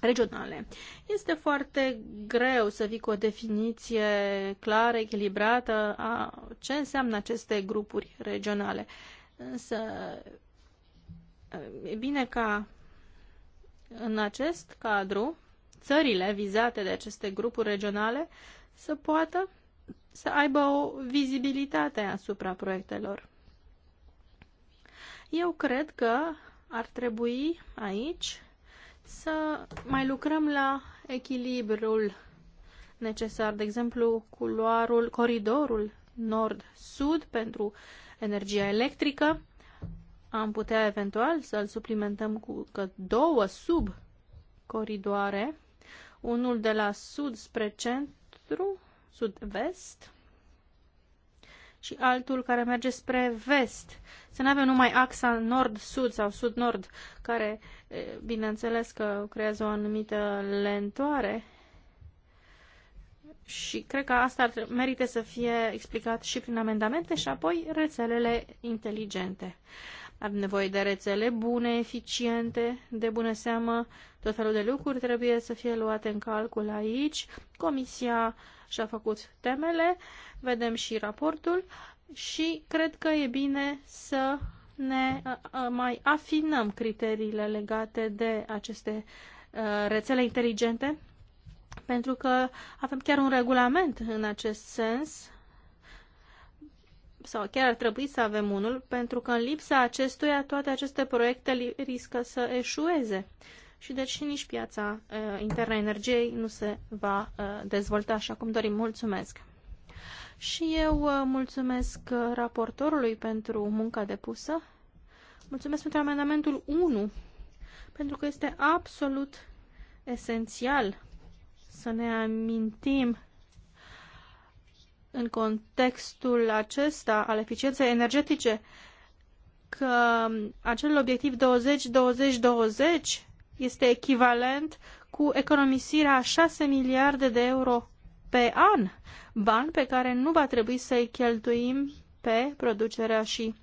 regionale. Este foarte greu să vii cu o definiție clară, echilibrată a ce înseamnă aceste grupuri regionale. Însă e bine ca în acest cadru țările vizate de aceste grupuri regionale să poată să aibă o vizibilitate asupra proiectelor. Eu cred că ar trebui aici să mai lucrăm la echilibrul necesar, de exemplu, culoarul, coridorul nord-sud pentru energia electrică. Am putea eventual să-l suplimentăm cu că două sub coridoare, unul de la sud spre centru, nostru, sud-vest, și altul care merge spre vest. Să nu avem numai axa nord-sud sau sud-nord, care, bineînțeles că creează o anumită lentoare. Și cred că asta merită să fie explicat și prin amendamente și apoi rețelele inteligente. Avem nevoie de rețele bune, eficiente, de bună seamă. Tot felul de lucruri trebuie să fie luate în calcul aici. Comisia și-a făcut temele, vedem și raportul și cred că e bine să ne mai afinăm criteriile legate de aceste rețele inteligente, pentru că avem chiar un regulament în acest sens sau chiar ar trebui să avem unul, pentru că în lipsa acestuia toate aceste proiecte riscă să eșueze. Și deci nici piața uh, internă energiei nu se va uh, dezvolta așa cum dorim. Mulțumesc! Și eu uh, mulțumesc raportorului pentru munca depusă. Mulțumesc pentru amendamentul 1, pentru că este absolut esențial să ne amintim în contextul acesta al eficienței energetice că acel obiectiv 20-20-20 este echivalent cu economisirea a 6 miliarde de euro pe an, bani pe care nu va trebui să-i cheltuim pe producerea și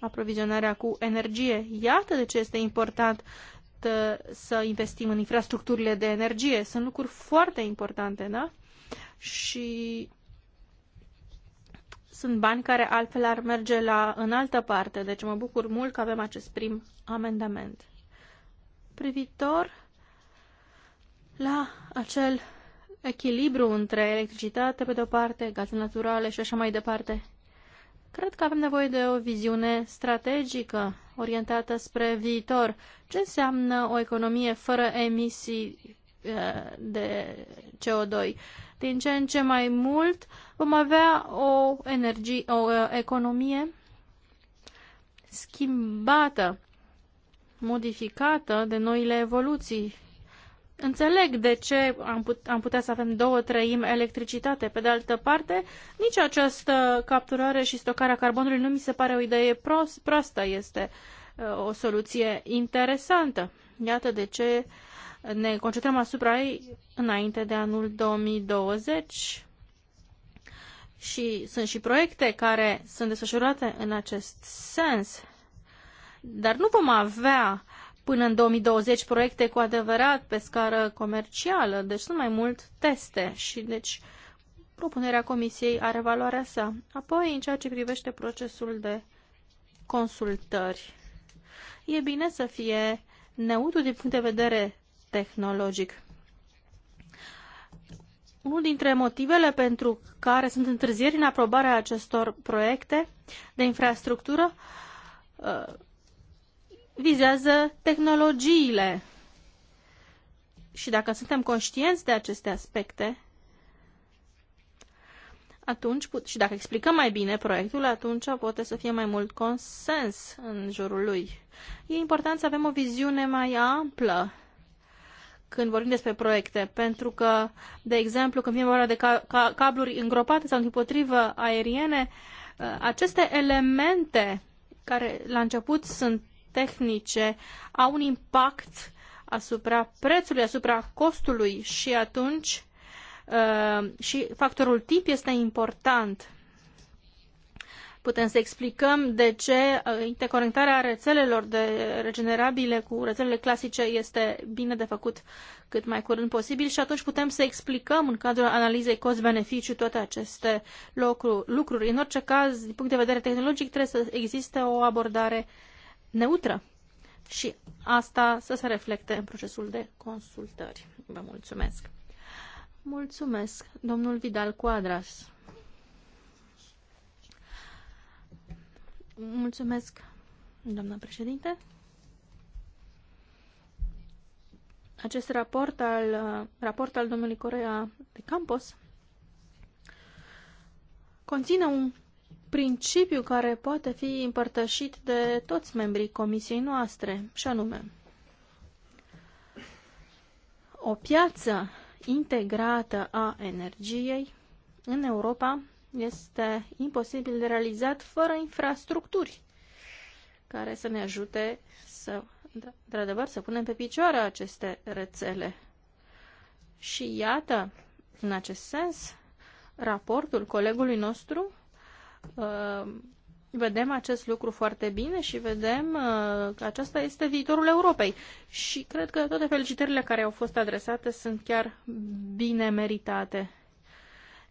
aprovizionarea cu energie. Iată de ce este important să investim în infrastructurile de energie. Sunt lucruri foarte importante, da? Și sunt bani care altfel ar merge la, în altă parte, deci mă bucur mult că avem acest prim amendament. Privitor la acel echilibru între electricitate, pe de-o parte, gaze naturale și așa mai departe, cred că avem nevoie de o viziune strategică orientată spre viitor. Ce înseamnă o economie fără emisii eh, de CO2? din ce în ce mai mult, vom avea o, energie, o uh, economie schimbată, modificată de noile evoluții. Înțeleg de ce am, put- am putea să avem două treimi electricitate. Pe de altă parte, nici această capturare și stocarea carbonului nu mi se pare o idee prost- proastă. Este uh, o soluție interesantă. Iată de ce uh, ne concentrăm asupra ei înainte de anul 2020 și sunt și proiecte care sunt desfășurate în acest sens, dar nu vom avea până în 2020 proiecte cu adevărat pe scară comercială, deci sunt mai mult teste și deci propunerea comisiei are valoarea sa. Apoi, în ceea ce privește procesul de consultări, e bine să fie neutru din punct de vedere tehnologic. Unul dintre motivele pentru care sunt întârzieri în aprobarea acestor proiecte de infrastructură uh, vizează tehnologiile. Și dacă suntem conștienți de aceste aspecte, atunci, și dacă explicăm mai bine proiectul, atunci poate să fie mai mult consens în jurul lui. E important să avem o viziune mai amplă când vorbim despre proiecte, pentru că, de exemplu, când vine vorba de ca, ca, cabluri îngropate sau împotrivă aeriene, uh, aceste elemente care la început sunt tehnice au un impact asupra prețului, asupra costului și atunci uh, și factorul tip este important putem să explicăm de ce uh, interconectarea rețelelor de regenerabile cu rețelele clasice este bine de făcut cât mai curând posibil și atunci putem să explicăm în cadrul analizei cost-beneficiu toate aceste lucruri. În orice caz, din punct de vedere tehnologic, trebuie să existe o abordare neutră și asta să se reflecte în procesul de consultări. Vă mulțumesc! Mulțumesc, domnul Vidal Cuadras. Mulțumesc, doamna președinte. Acest raport al, raport al domnului Corea de Campos conține un principiu care poate fi împărtășit de toți membrii comisiei noastre, și anume o piață integrată a energiei în Europa este imposibil de realizat fără infrastructuri care să ne ajute să, într-adevăr, să punem pe picioare aceste rețele. Și iată, în acest sens, raportul colegului nostru, uh, vedem acest lucru foarte bine și vedem uh, că aceasta este viitorul Europei. Și cred că toate felicitările care au fost adresate sunt chiar bine meritate.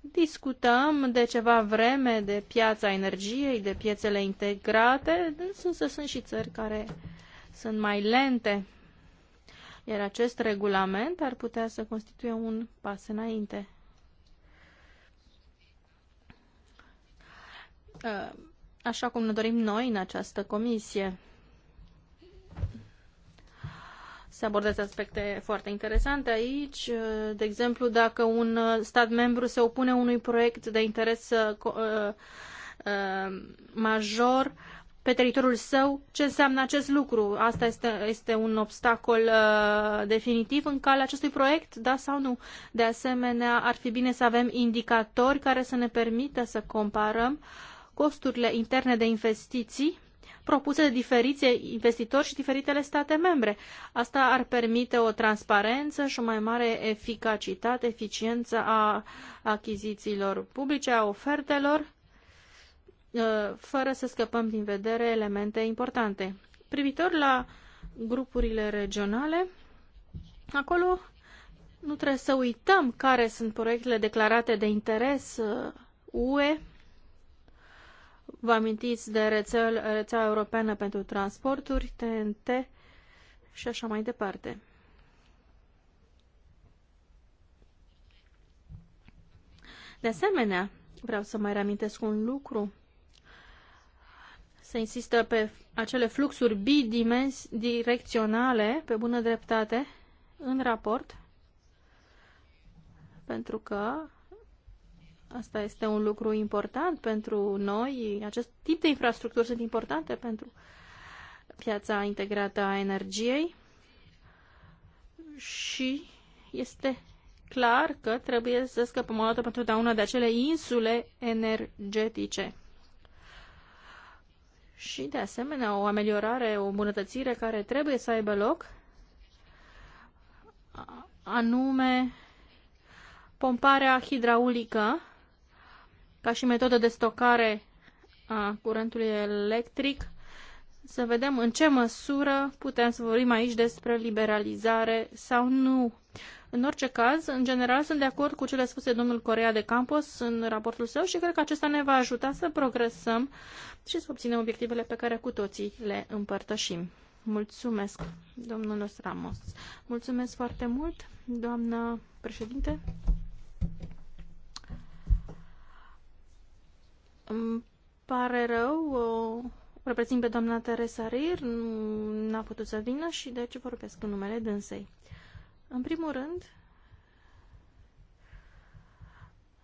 Discutăm de ceva vreme de piața energiei, de piețele integrate, însă sunt și țări care sunt mai lente. Iar acest regulament ar putea să constituie un pas înainte. Așa cum ne dorim noi în această comisie. se abordează aspecte foarte interesante aici. De exemplu, dacă un stat membru se opune unui proiect de interes uh, uh, uh, major pe teritoriul său, ce înseamnă acest lucru? Asta este, este un obstacol uh, definitiv în calea acestui proiect, da sau nu? De asemenea, ar fi bine să avem indicatori care să ne permită să comparăm costurile interne de investiții propuse de diferiți investitori și diferitele state membre. Asta ar permite o transparență și o mai mare eficacitate, eficiență a achizițiilor publice, a ofertelor, ă, fără să scăpăm din vedere elemente importante. Privitor la grupurile regionale, acolo nu trebuie să uităm care sunt proiectele declarate de interes ă, UE Vă amintiți de rețel, rețeaua europeană pentru transporturi, TNT și așa mai departe. De asemenea, vreau să mai reamintesc un lucru. Se insistă pe acele fluxuri bidirecționale, pe bună dreptate, în raport, pentru că Asta este un lucru important pentru noi. Acest tip de infrastructuri sunt importante pentru piața integrată a energiei și este clar că trebuie să scăpăm o dată pentru una de acele insule energetice. Și, de asemenea, o ameliorare, o îmbunătățire care trebuie să aibă loc, anume pomparea hidraulică ca și metodă de stocare a curentului electric, să vedem în ce măsură putem să vorbim aici despre liberalizare sau nu. În orice caz, în general, sunt de acord cu cele spuse domnul Corea de Campos în raportul său și cred că acesta ne va ajuta să progresăm și să obținem obiectivele pe care cu toții le împărtășim. Mulțumesc, domnul Ramos. Mulțumesc foarte mult, doamnă președinte. Îmi pare rău, o reprezint pe doamna Teresa Rir, n-a putut să vină și de deci ce vorbesc în numele dânsei. În primul rând,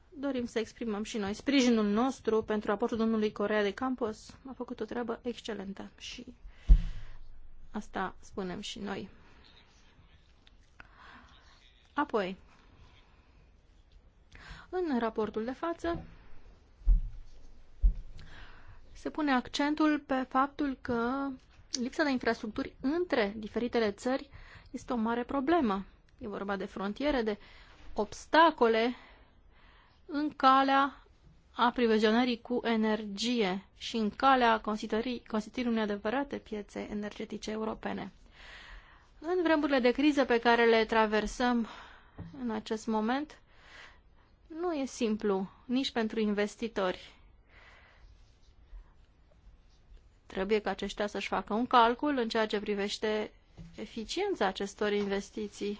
dorim să exprimăm și noi sprijinul nostru pentru raportul domnului Corea de Campos. A făcut o treabă excelentă și asta spunem și noi. Apoi, în raportul de față, se pune accentul pe faptul că lipsa de infrastructuri între diferitele țări este o mare problemă. E vorba de frontiere, de obstacole în calea a aprovizionării cu energie și în calea constituirii, constituirii unei adevărate piețe energetice europene. În vremurile de criză pe care le traversăm în acest moment, nu e simplu nici pentru investitori Trebuie ca aceștia să-și facă un calcul în ceea ce privește eficiența acestor investiții.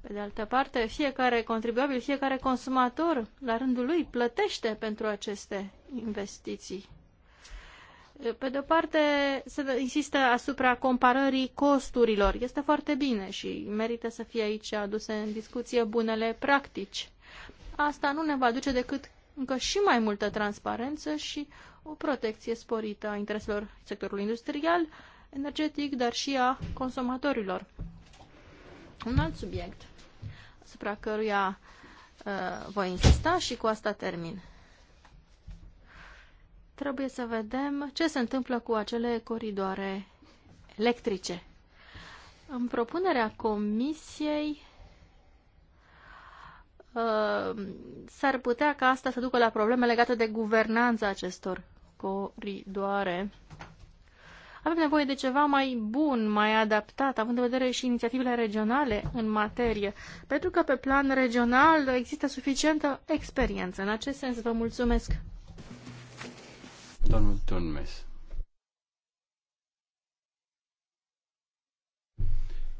Pe de altă parte, fiecare contribuabil, fiecare consumator, la rândul lui, plătește pentru aceste investiții. Pe de o parte, se insistă asupra comparării costurilor. Este foarte bine și merită să fie aici aduse în discuție bunele practici. Asta nu ne va duce decât încă și mai multă transparență și o protecție sporită a intereselor sectorului industrial, energetic, dar și a consumatorilor. Un alt subiect asupra căruia uh, voi insista și cu asta termin. Trebuie să vedem ce se întâmplă cu acele coridoare electrice. În propunerea comisiei uh, s-ar putea ca asta să ducă la probleme legate de guvernanța acestor coridoare. Avem nevoie de ceva mai bun, mai adaptat, având în vedere și inițiativele regionale în materie, pentru că pe plan regional există suficientă experiență. În acest sens, vă mulțumesc. Domnul Tunmes.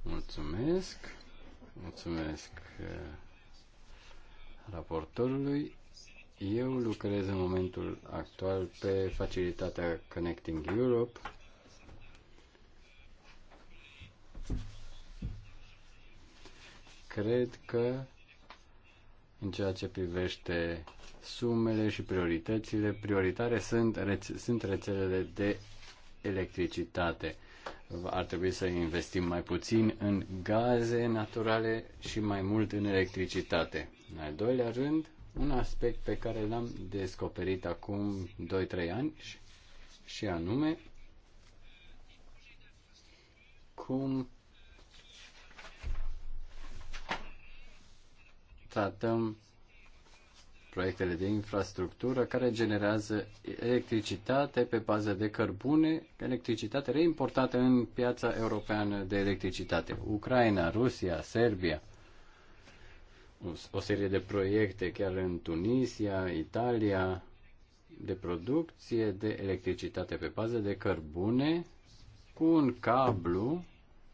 Mulțumesc. Mulțumesc eh, raportorului. Eu lucrez în momentul actual pe facilitatea Connecting Europe. Cred că în ceea ce privește sumele și prioritățile, prioritare sunt, reț- sunt rețelele de electricitate. Ar trebui să investim mai puțin în gaze naturale și mai mult în electricitate. În al doilea rând, un aspect pe care l-am descoperit acum 2-3 ani și, și anume cum tratăm proiectele de infrastructură care generează electricitate pe bază de cărbune, electricitate reimportată în piața europeană de electricitate. Ucraina, Rusia, Serbia – o serie de proiecte chiar în Tunisia, Italia, de producție de electricitate pe bază de cărbune cu un cablu.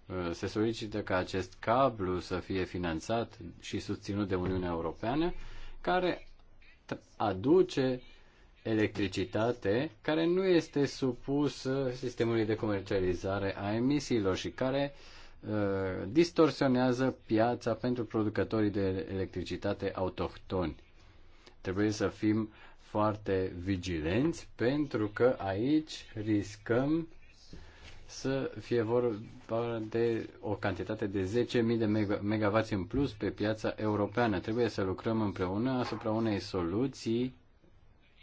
Uh, se solicită ca acest cablu să fie finanțat și susținut de Uniunea Europeană, care aduce electricitate care nu este supusă sistemului de comercializare a emisiilor și care uh, Uh, distorsionează piața pentru producătorii de electricitate autohtoni. Trebuie să fim foarte vigilenți pentru că aici riscăm să fie vorba de o cantitate de 10.000 de MW în plus pe piața europeană. Trebuie să lucrăm împreună asupra unei soluții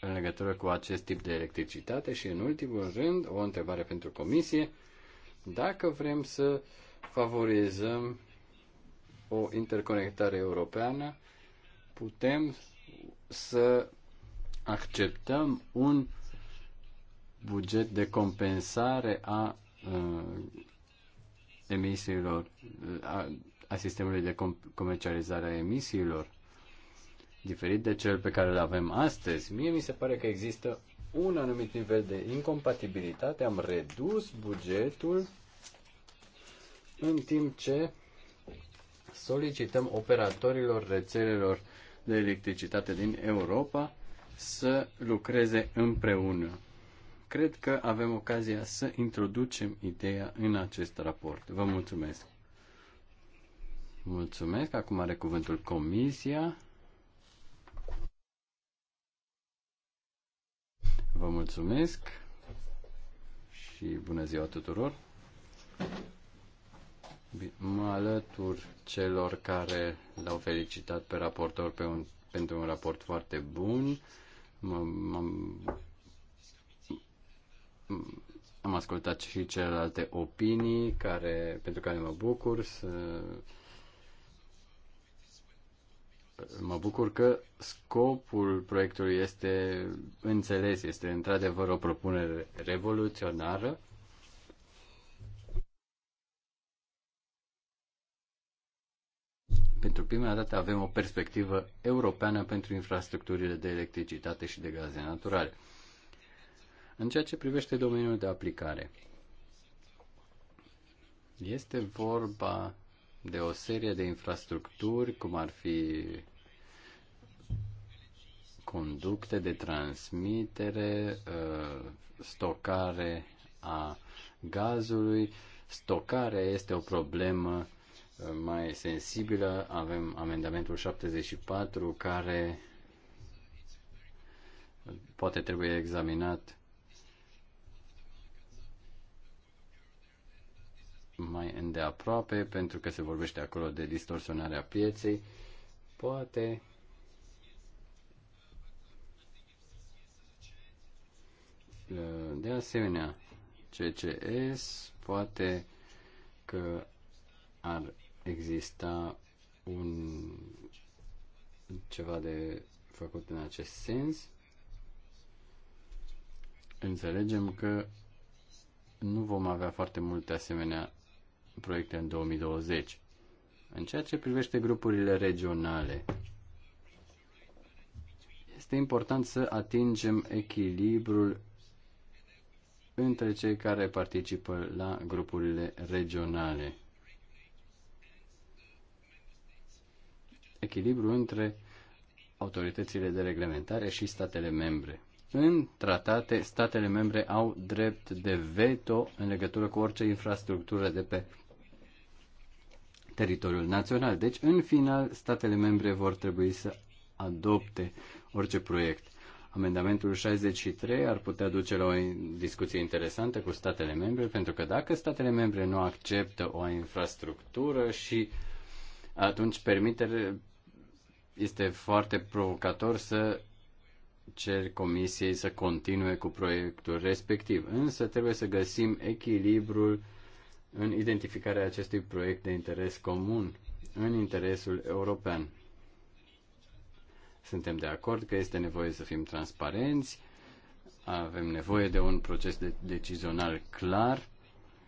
în legătură cu acest tip de electricitate și, în ultimul rând, o întrebare pentru comisie. Dacă vrem să uh, favorizăm o interconectare europeană, putem să acceptăm un buget de compensare a uh, emisiilor, uh, a, a sistemului de com- comercializare a emisiilor, diferit de cel pe care îl avem astăzi. Mie mi se pare că există un anumit nivel de incompatibilitate, am redus bugetul în timp ce solicităm operatorilor rețelelor de electricitate din Europa să lucreze împreună. Cred că avem ocazia să introducem ideea în acest raport. Vă mulțumesc! Mulțumesc! Acum are cuvântul Comisia. Vă mulțumesc și bună ziua tuturor! Mă alătur celor care l-au felicitat pe raportor pe un, pentru un raport foarte bun. am ascultat și celelalte opinii care, pentru care mă bucur. Să, mă bucur că scopul proiectului este înțeles, este într-adevăr o propunere revoluționară prima dată avem o perspectivă europeană pentru infrastructurile de electricitate și de gaze naturale. În ceea ce privește domeniul de aplicare, este vorba de o serie de infrastructuri, cum ar fi conducte de transmitere, uh, stocare a gazului. Stocarea este o problemă mai sensibilă. Avem amendamentul 74 care poate trebuie examinat mai îndeaproape pentru că se vorbește acolo de distorsionarea pieței. Poate de asemenea CCS poate că ar exista un ceva de făcut în acest sens. Înțelegem că nu vom avea foarte multe asemenea proiecte în 2020. În ceea ce privește grupurile regionale, este important să atingem echilibrul între cei care participă la grupurile regionale. echilibru între autoritățile de reglementare și statele membre. În tratate, statele membre au drept de veto în legătură cu orice infrastructură de pe teritoriul național. Deci, în final, statele membre vor trebui să adopte orice proiect. Amendamentul 63 ar putea duce la o discuție interesantă cu statele membre, pentru că dacă statele membre nu acceptă o infrastructură și atunci permite, este foarte provocator să cer comisiei să continue cu proiectul respectiv. Însă trebuie să găsim echilibrul în identificarea acestui proiect de interes comun în interesul european. Suntem de acord că este nevoie să fim transparenți, avem nevoie de un proces de decizional clar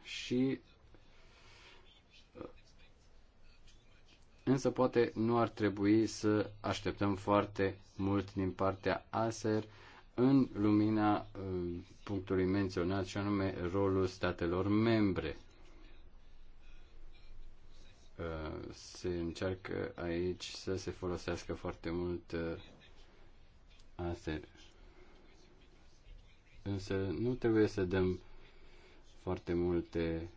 și însă poate nu ar trebui să așteptăm foarte mult din partea ASER în lumina uh, punctului menționat și anume rolul statelor membre. Uh, se încearcă aici să se folosească foarte mult uh, ASER. Însă nu trebuie să dăm foarte multe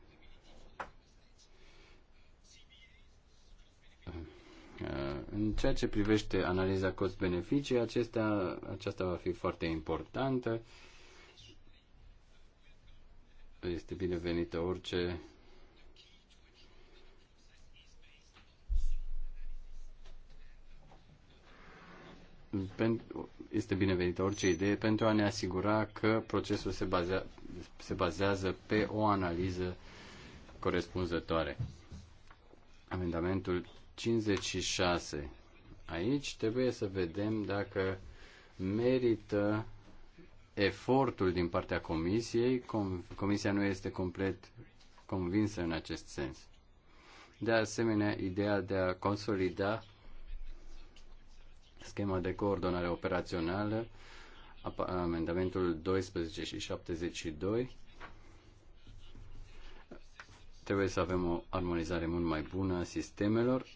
În ceea ce privește analiza cost-beneficii, acestea, aceasta va fi foarte importantă. Este binevenită orice este binevenită orice idee pentru a ne asigura că procesul se, bazea, se bazează pe o analiză corespunzătoare. Amendamentul 56. Aici trebuie să vedem dacă merită efortul din partea comisiei. Com- comisia nu este complet convinsă în acest sens. De asemenea, ideea de a consolida schema de coordonare operațională, amendamentul 12 și 72, trebuie să avem o armonizare mult mai bună a sistemelor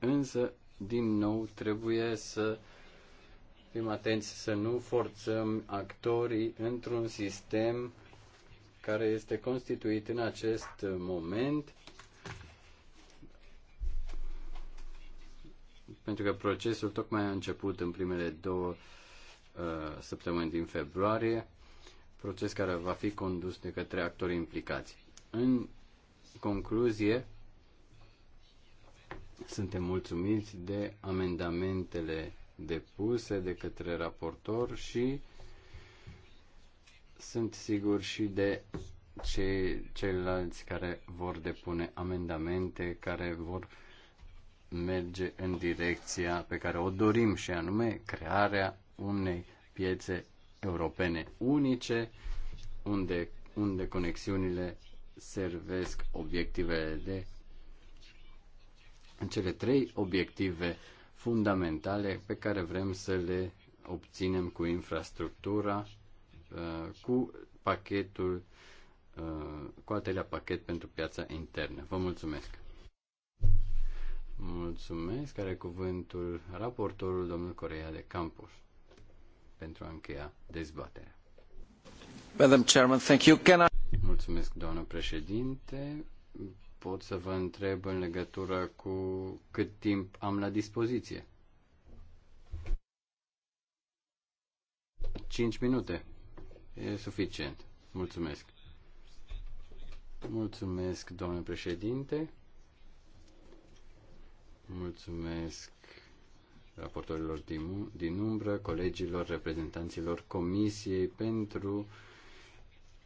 însă, din nou, trebuie să fim atenți să nu forțăm actorii într-un sistem care este constituit în acest moment pentru că procesul tocmai a început în primele două uh, săptămâni din februarie, proces care va fi condus de către actorii implicați. În concluzie, suntem mulțumiți de amendamentele depuse de către raportor și sunt sigur și de cei, ceilalți care vor depune amendamente, care vor merge în direcția pe care o dorim și anume crearea unei piețe europene unice unde, unde conexiunile servesc obiectivele de cele trei obiective fundamentale pe care vrem să le obținem cu infrastructura, uh, cu pachetul, uh, cu al treilea pachet pentru piața internă. Vă mulțumesc! Mulțumesc! Are cuvântul raportorul domnul Corea de Campos pentru a încheia dezbaterea. Madam Chairman, thank you. Can I... Mulțumesc, doamnă președinte pot să vă întreb în legătură cu cât timp am la dispoziție. 5 minute. E suficient. Mulțumesc. Mulțumesc, domnule președinte. Mulțumesc raportorilor din, din umbră, colegilor, reprezentanților comisiei pentru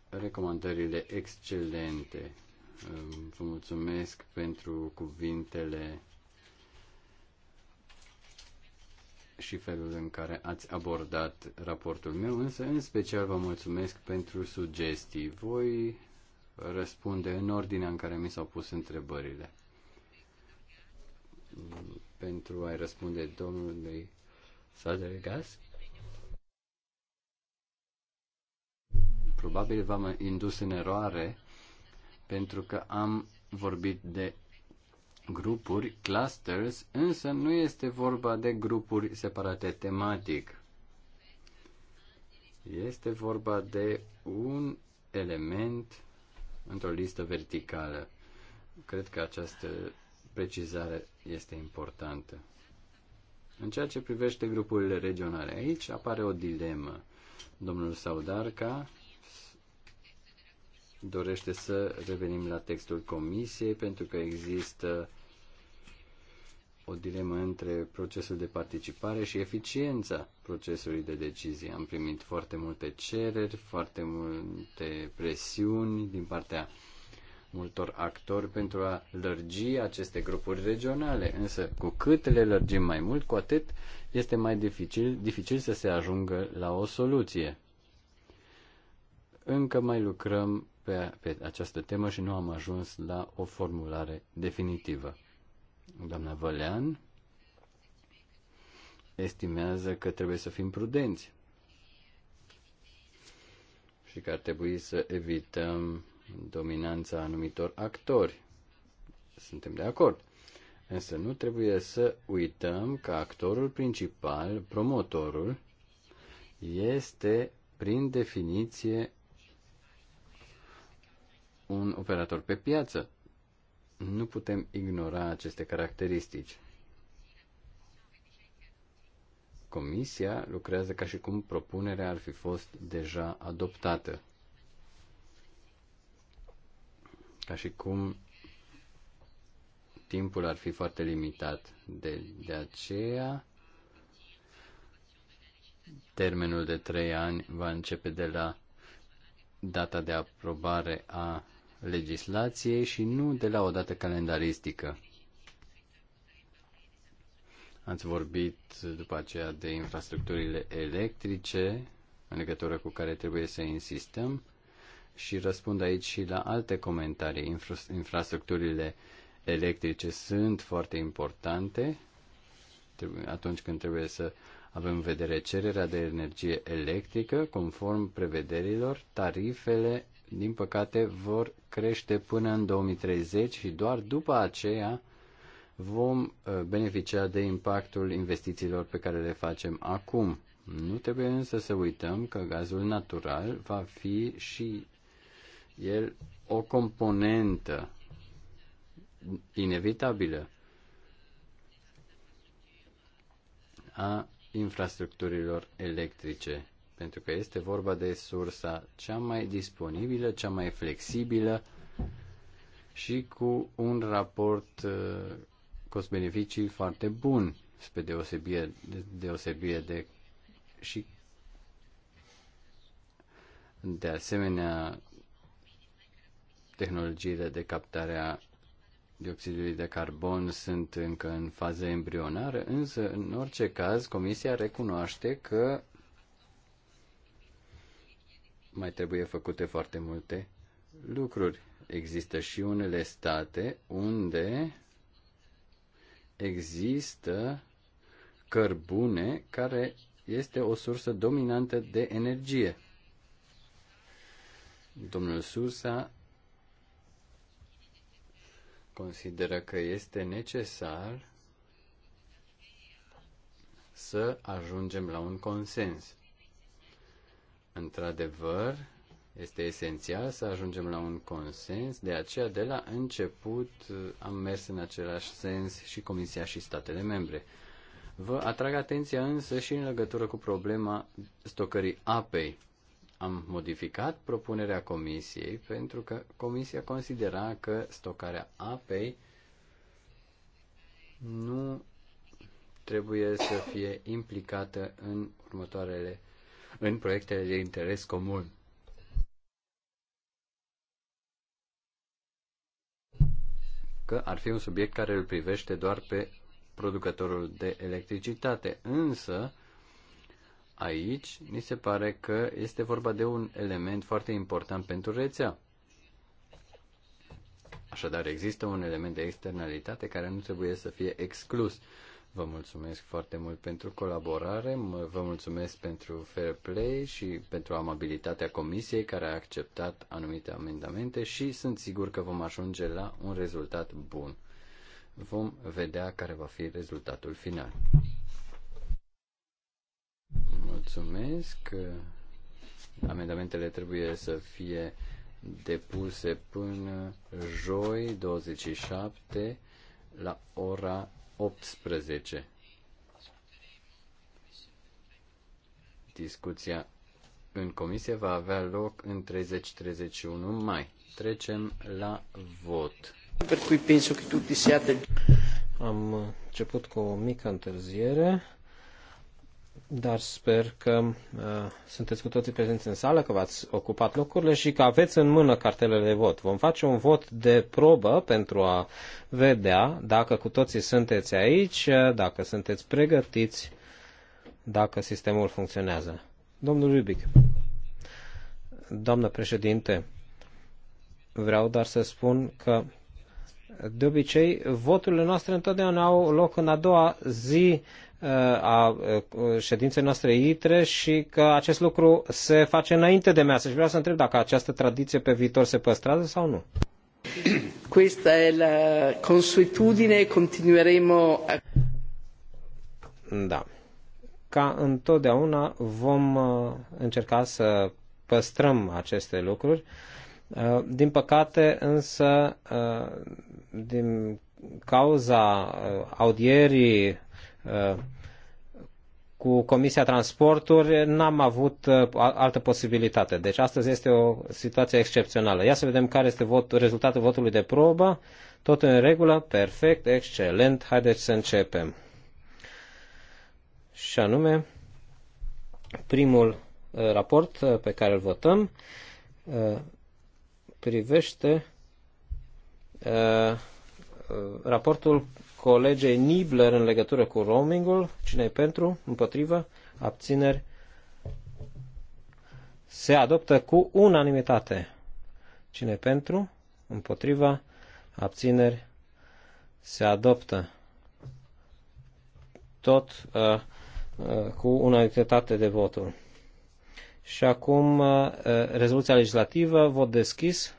recomandările excelente. Vă mulțumesc pentru cuvintele și felul în care ați abordat raportul meu, însă în special vă mulțumesc pentru sugestii. Voi răspunde în ordinea în care mi s-au pus întrebările. Pentru a-i răspunde domnului Sadergas, probabil v-am indus în eroare pentru că am vorbit de grupuri, clusters, însă nu este vorba de grupuri separate tematic. Este vorba de un element într-o listă verticală. Cred că această precizare este importantă. În ceea ce privește grupurile regionale, aici apare o dilemă. Domnul Saudarca dorește să revenim la textul comisiei pentru că există o dilemă între procesul de participare și eficiența procesului de decizie. Am primit foarte multe cereri, foarte multe presiuni din partea multor actori pentru a lărgi aceste grupuri regionale, însă cu cât le lărgim mai mult, cu atât este mai dificil, dificil să se ajungă la o soluție. Încă mai lucrăm pe, pe această temă și nu am ajuns la o formulare definitivă. Doamna Vălean estimează că trebuie să fim prudenți și că ar trebui să evităm dominanța anumitor actori. Suntem de acord. Însă nu trebuie să uităm că actorul principal, promotorul, este prin definiție un operator pe piață. Nu putem ignora aceste caracteristici. Comisia lucrează ca și cum propunerea ar fi fost deja adoptată. Ca și cum timpul ar fi foarte limitat. De, de aceea, termenul de trei ani va începe de la data de aprobare a legislației și nu de la o dată calendaristică. Ați vorbit după aceea de infrastructurile electrice, în legătură cu care trebuie să insistăm, și răspund aici și la alte comentarii. Infra infrastructurile electrice sunt foarte importante atunci când trebuie să avem în vedere cererea de energie electrică, conform prevederilor, tarifele din păcate, vor crește până în 2030 și doar după aceea vom uh, beneficia de impactul investițiilor pe care le facem acum. Nu trebuie însă să uităm că gazul natural va fi și el o componentă inevitabilă a infrastructurilor electrice pentru că este vorba de sursa cea mai disponibilă, cea mai flexibilă și cu un raport uh, cost-beneficii foarte bun, spre deosebire, deosebire de și de asemenea tehnologiile de captare a dioxidului de carbon sunt încă în fază embrionară, însă, în orice caz, Comisia recunoaște că mai trebuie făcute foarte multe lucruri. Există și unele state unde există cărbune care este o sursă dominantă de energie. Domnul Sursa consideră că este necesar să ajungem la un consens. Într-adevăr, este esențial să ajungem la un consens, de aceea de la început am mers în același sens și Comisia și statele membre. Vă atrag atenția însă și în legătură cu problema stocării apei. Am modificat propunerea Comisiei pentru că Comisia considera că stocarea apei nu trebuie să fie implicată în următoarele în proiectele de interes comun. Că ar fi un subiect care îl privește doar pe producătorul de electricitate, însă aici ni se pare că este vorba de un element foarte important pentru rețea. Așadar, există un element de externalitate care nu trebuie să fie exclus. Vă mulțumesc foarte mult pentru colaborare, vă mulțumesc pentru fair play și pentru amabilitatea comisiei care a acceptat anumite amendamente și sunt sigur că vom ajunge la un rezultat bun. Vom vedea care va fi rezultatul final. Mulțumesc. Amendamentele trebuie să fie depuse până joi 27 la ora 18. Discuția în comisie va avea loc în 30-31 mai. Trecem la vot. Am început cu o mică întârziere dar sper că uh, sunteți cu toții prezenți în sală, că v-ați ocupat locurile și că aveți în mână cartelele de vot. Vom face un vot de probă pentru a vedea dacă cu toții sunteți aici, uh, dacă sunteți pregătiți, dacă sistemul funcționează. Domnul Rubic. Doamnă președinte, vreau doar să spun că de obicei, voturile noastre întotdeauna au loc în a doua zi uh, a uh, ședinței noastre ITRE și că acest lucru se face înainte de masă. Și vreau să întreb dacă această tradiție pe viitor se păstrează sau nu. (clears throat) Questa è la consuetudine, continueremo a... Da. Ca întotdeauna vom uh, încerca să păstrăm aceste lucruri. Uh, din păcate, însă, uh, din cauza uh, audierii cu Comisia Transporturi, n-am avut altă posibilitate. Deci astăzi este o situație excepțională. Ia să vedem care este vot, rezultatul votului de probă. Tot în regulă, perfect, excelent. Haideți să începem. Și anume, primul raport pe care îl votăm, privește uh, raportul colegei Nibler în legătură cu roamingul. Cine e pentru? Împotrivă? Abțineri? Se adoptă cu unanimitate. Cine pentru? Împotriva? Abțineri? Se adoptă. Tot uh, uh, cu unanimitate de voturi. Și acum uh, uh, rezoluția legislativă, vot deschis.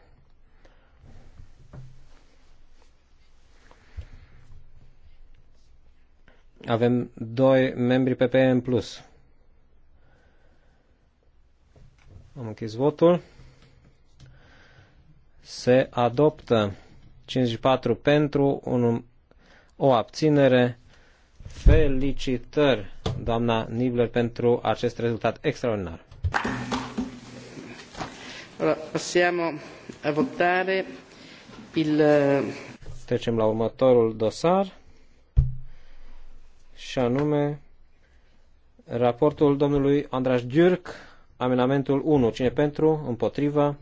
Avem doi membri PP în plus. Am închis votul. Se adoptă 54 pentru, un, o abținere. Felicitări, doamna Nibler, pentru acest rezultat extraordinar passiamo a votare il... Eh, Trecem la următorul dosar și anume raportul domnului Andraș Ghiurc, amenamentul 1. Cine pentru, împotriva,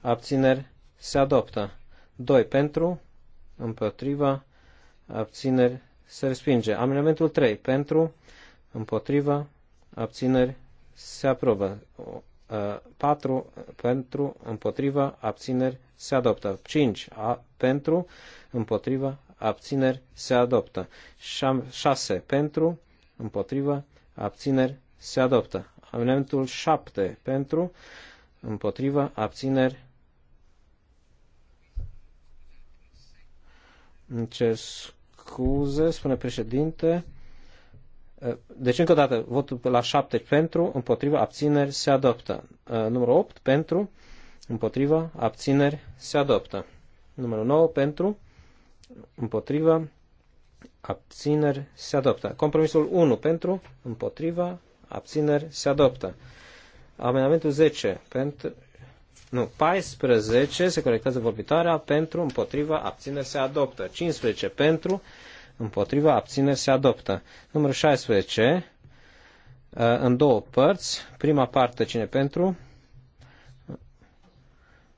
abțineri, se adoptă. 2 pentru, împotriva, abțineri, se respinge. Amendamentul 3 pentru, împotriva, abțineri, se aprobă. 4 pentru, împotriva, abțineri, se adoptă. 5 a, pentru, împotriva, abțineri, se adoptă. 6 pentru, împotriva, abțineri, se adoptă. Amendamentul 7 pentru, împotriva, abțineri, îmi cer scuze, spune președinte, Uh, deci, încă o dată, votul la 7 uh, pentru, împotriva, abțineri, se adoptă. Numărul 8 pentru, împotriva, abțineri, se adoptă. Numărul 9 pentru, împotriva, abțineri, se adoptă. Compromisul 1 pentru, împotriva, abțineri, se adoptă. Amendamentul 10 pentru, nu, 14 se corectează vorbitoarea pentru, împotriva, abțineri, se adoptă. 15 pentru, împotriva, abțineri se adoptă. Numărul 16, uh, în două părți. Prima parte, cine pentru?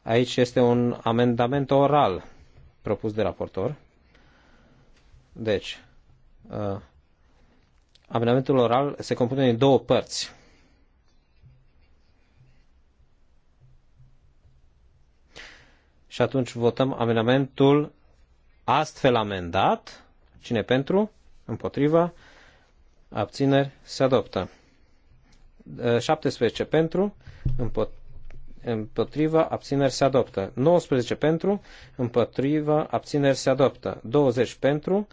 Aici este un amendament oral propus de raportor. Deci, uh, amendamentul oral se compune din două părți. Și atunci votăm amendamentul astfel amendat Cine pentru? Împotriva. Abțineri. Se adoptă. 17 ă, pentru. Împotriva. Abțineri. Se adoptă. 19 pentru. Împotriva. Abțineri. Se adoptă. 20 pentru.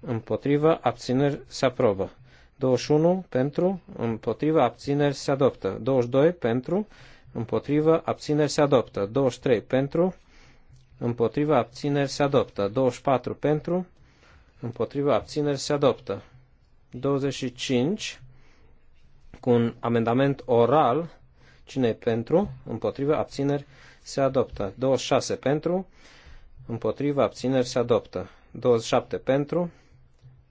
Împotriva. Abțineri. Se aprobă. 21 pentru, împotriva abțineri se adoptă. 22 pentru, împotriva abțineri se adoptă. 23 pentru, împotriva abțineri se adoptă. 24 pentru, împotriva abțineri se adoptă. 25 cu un amendament oral, cine pentru, împotriva abțineri se adoptă. 26 pentru, împotriva abțineri se adoptă. 27 pentru,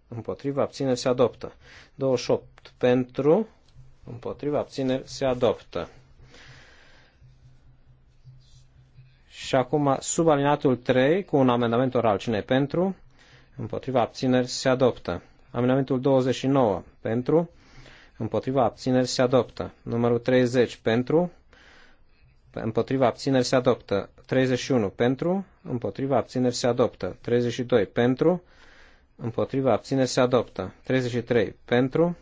împotriva abțineri se adoptă. 28 pentru, împotriva abțineri se adoptă. Și acum subalinatul 3 cu un amendament oral. Cine pentru? împotriva abțineri se adoptă. Amendamentul 29 pentru, împotriva abțineri se adoptă. Numărul 30 pentru, împotriva abțineri se adoptă. 31 pentru, împotriva abțineri se adoptă. 32 pentru, împotriva abțineri se adoptă. 33 pentru,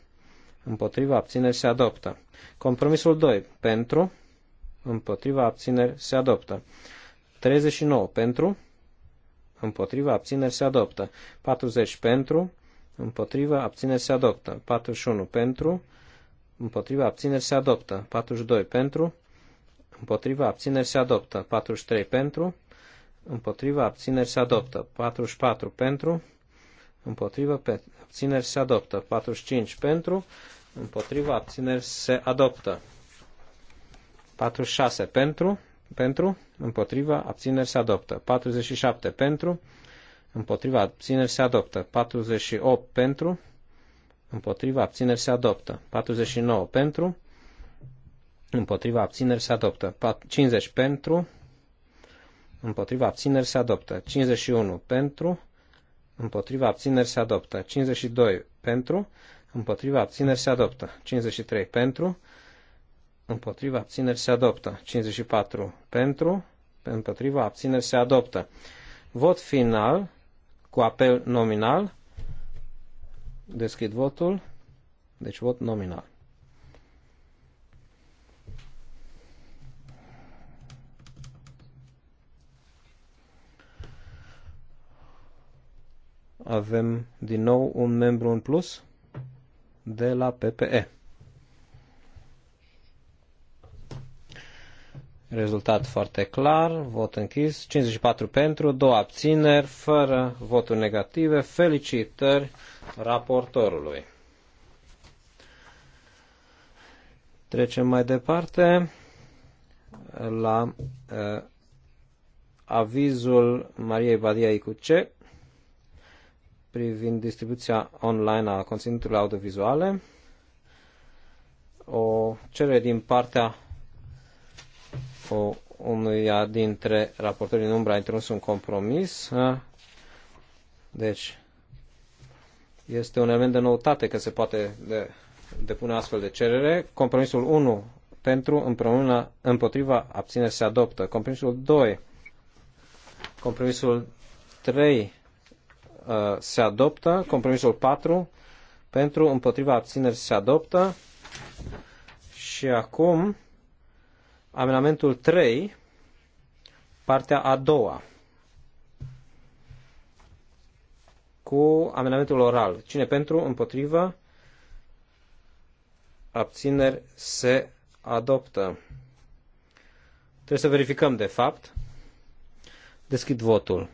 împotriva abțineri se adoptă. Compromisul 2 pentru, împotriva abțineri se adoptă. 39 pentru, împotriva, abțineri se adoptă. 40 pentru, împotriva, abțineri se adoptă. 41 pentru, împotriva, abțineri se adoptă. 42 pentru, împotriva, abțineri se adoptă. 43 pentru, împotriva, abțineri se adoptă. 44 pentru, împotriva, abțineri se adoptă. 45 pentru, împotriva, abțineri se adoptă. 46 pentru, pentru, împotriva, abțineri se adoptă. 47 pentru, împotriva, abțineri se adoptă. 48 pentru, împotriva, abțineri se adoptă. 49 pentru, împotriva, abțineri se adoptă. 50 pentru, împotriva, abțineri se adoptă. 51 pentru, împotriva, abțineri se adoptă. 52 pentru, împotriva, abțineri se adoptă. 53 pentru, împotriva abțineri se adoptă. 54 pentru, împotriva abțineri se adoptă. Vot final cu apel nominal. Deschid votul. Deci vot nominal. Avem din nou un membru în plus de la PPE. Rezultat foarte clar, vot închis, 54 pentru, două abțineri, fără voturi negative. Felicitări raportorului. Trecem mai departe la uh, avizul Mariei Badia Icuce privind distribuția online a conținutului audiovizuale. O cerere din partea o unuia dintre raportorii în umbră a introdus un compromis. Deci, este un element de noutate că se poate de, depune astfel de cerere. Compromisul 1 pentru împreună împotriva abțineri se adoptă. Compromisul 2. Compromisul 3 se adoptă. Compromisul 4 pentru împotriva abțineri se adoptă. Și acum Amendamentul 3, partea a doua, cu amendamentul oral. Cine pentru, împotrivă, abțineri se adoptă. Trebuie să verificăm, de fapt. Deschid votul.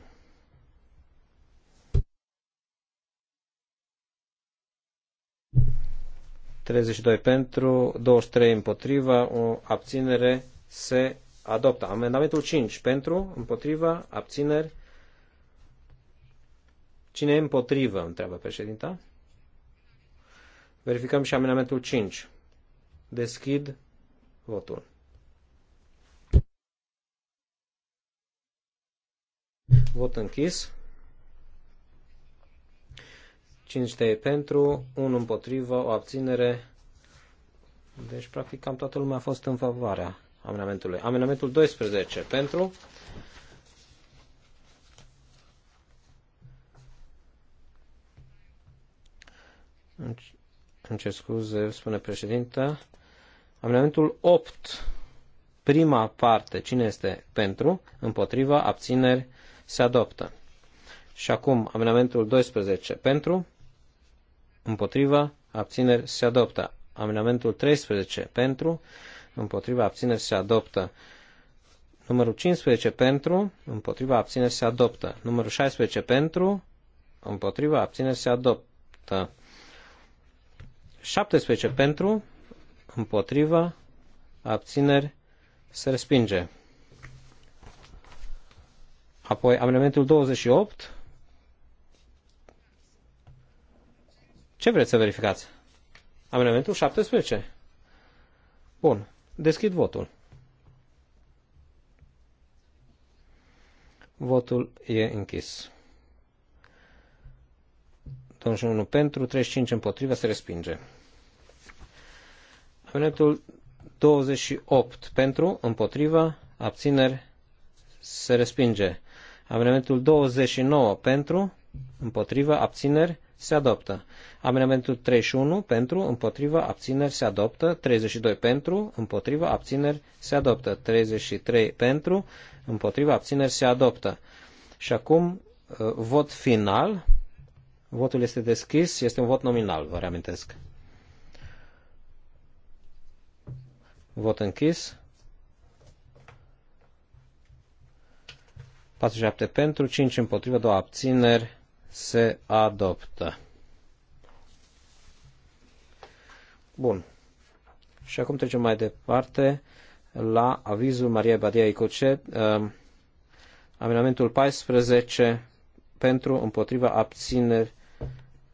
Treizeci doi pentru, 23 împotriva, o abținere se adoptă. Amendamentul 5 pentru, împotriva, abțineri. Cine e împotrivă, întreabă președinta. Verificăm și amendamentul 5. Deschid votul. Vot închis. 5 de pentru, 1 împotrivă, o abținere. Deci, practic, cam toată lumea a fost în favoarea amendamentului. Amendamentul 12 pentru. Îmi cer scuze, spune președinta. Amendamentul 8, prima parte, cine este pentru, împotriva, abțineri, se adoptă. Și acum, amendamentul 12, pentru, împotriva, abțineri, se adoptă. Amendamentul 13, pentru, împotriva abțineri se adoptă. Numărul 15 pentru, împotriva abțineri se adoptă. Numărul 16 pentru, împotriva abțineri se adoptă. 17 pentru, împotriva abțineri se respinge. Apoi amendamentul 28. Ce vreți să verificați? Amendamentul 17. Bun. Deschid votul. Votul e închis. 21 pentru, 35 împotriva, se respinge. Amendamentul 28 pentru, împotriva, abțineri, se respinge. Amendamentul 29 pentru, împotriva, abțineri, se adoptă. Amendamentul 31 pentru, împotriva, abțineri se adoptă. 32 pentru, împotriva, abțineri se adoptă. 33 pentru, împotriva, abțineri se adoptă. Și acum uh, vot final. Votul este deschis, este un vot nominal, vă reamintesc. Vot închis. 47 pentru, 5 împotriva, 2 abțineri se adoptă. Bun. Și acum trecem mai departe la avizul Maria Badia Icoce, uh, um, amendamentul 14 pentru împotriva abțineri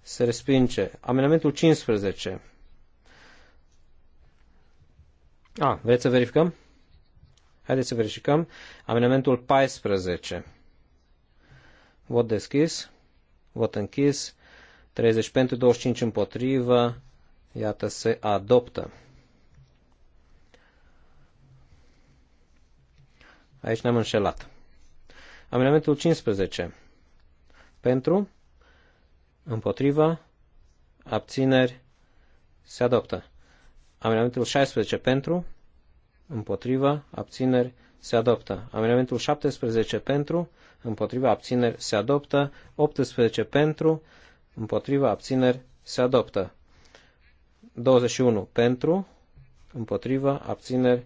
se respinge. Amenamentul 15. A, vreți să verificăm? Haideți să verificăm. Amenamentul 14. Vot deschis vot închis, 30 pentru, 25 împotrivă, iată, se adoptă. Aici ne-am înșelat. Amendamentul 15. Pentru, împotrivă, abțineri, se adoptă. Amendamentul 16 pentru, împotrivă, abțineri, se adoptă. Amendamentul 17 pentru, împotriva abțineri se adoptă. 18 pentru, împotriva abțineri se adoptă. 21 pentru, împotriva abțineri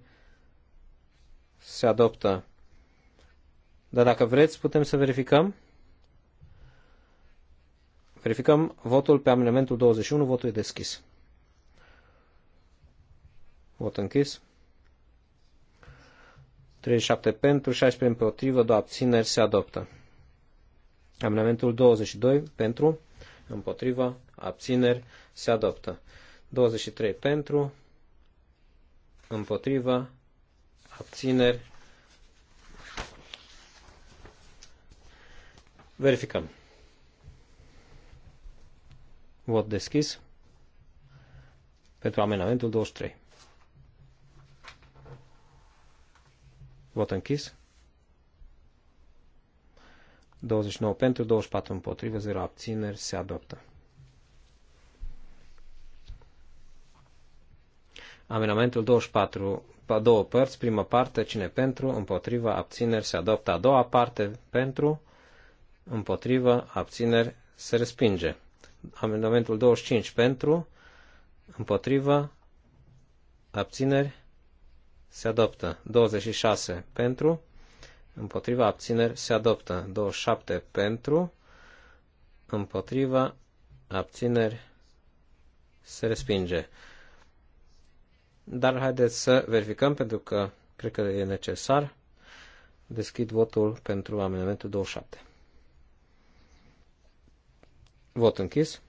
se adoptă. Dar dacă vreți, putem să verificăm. Verificăm votul pe amendamentul 21, votul e deschis. Vot închis. 37 pentru, 16 împotrivă, 2 abțineri se adoptă. Amendamentul 22 pentru, împotrivă, abțineri se adoptă. 23 pentru, împotrivă, abțineri. Verificăm. Vot deschis pentru amendamentul 23. Vot închis. 29 pentru, 24 împotrivă, 0 abțineri, se adoptă. Amendamentul 24, două părți, prima parte, cine pentru, împotrivă, abțineri, se adoptă. A doua parte, pentru, împotrivă, abțineri, se respinge. Amendamentul 25, pentru, împotrivă, abțineri, se adoptă. 26 pentru, împotriva abțineri se adoptă. 27 pentru, împotriva abțineri se respinge. Dar haideți să verificăm pentru că cred că e necesar. Deschid votul pentru amendamentul 27. Vot închis.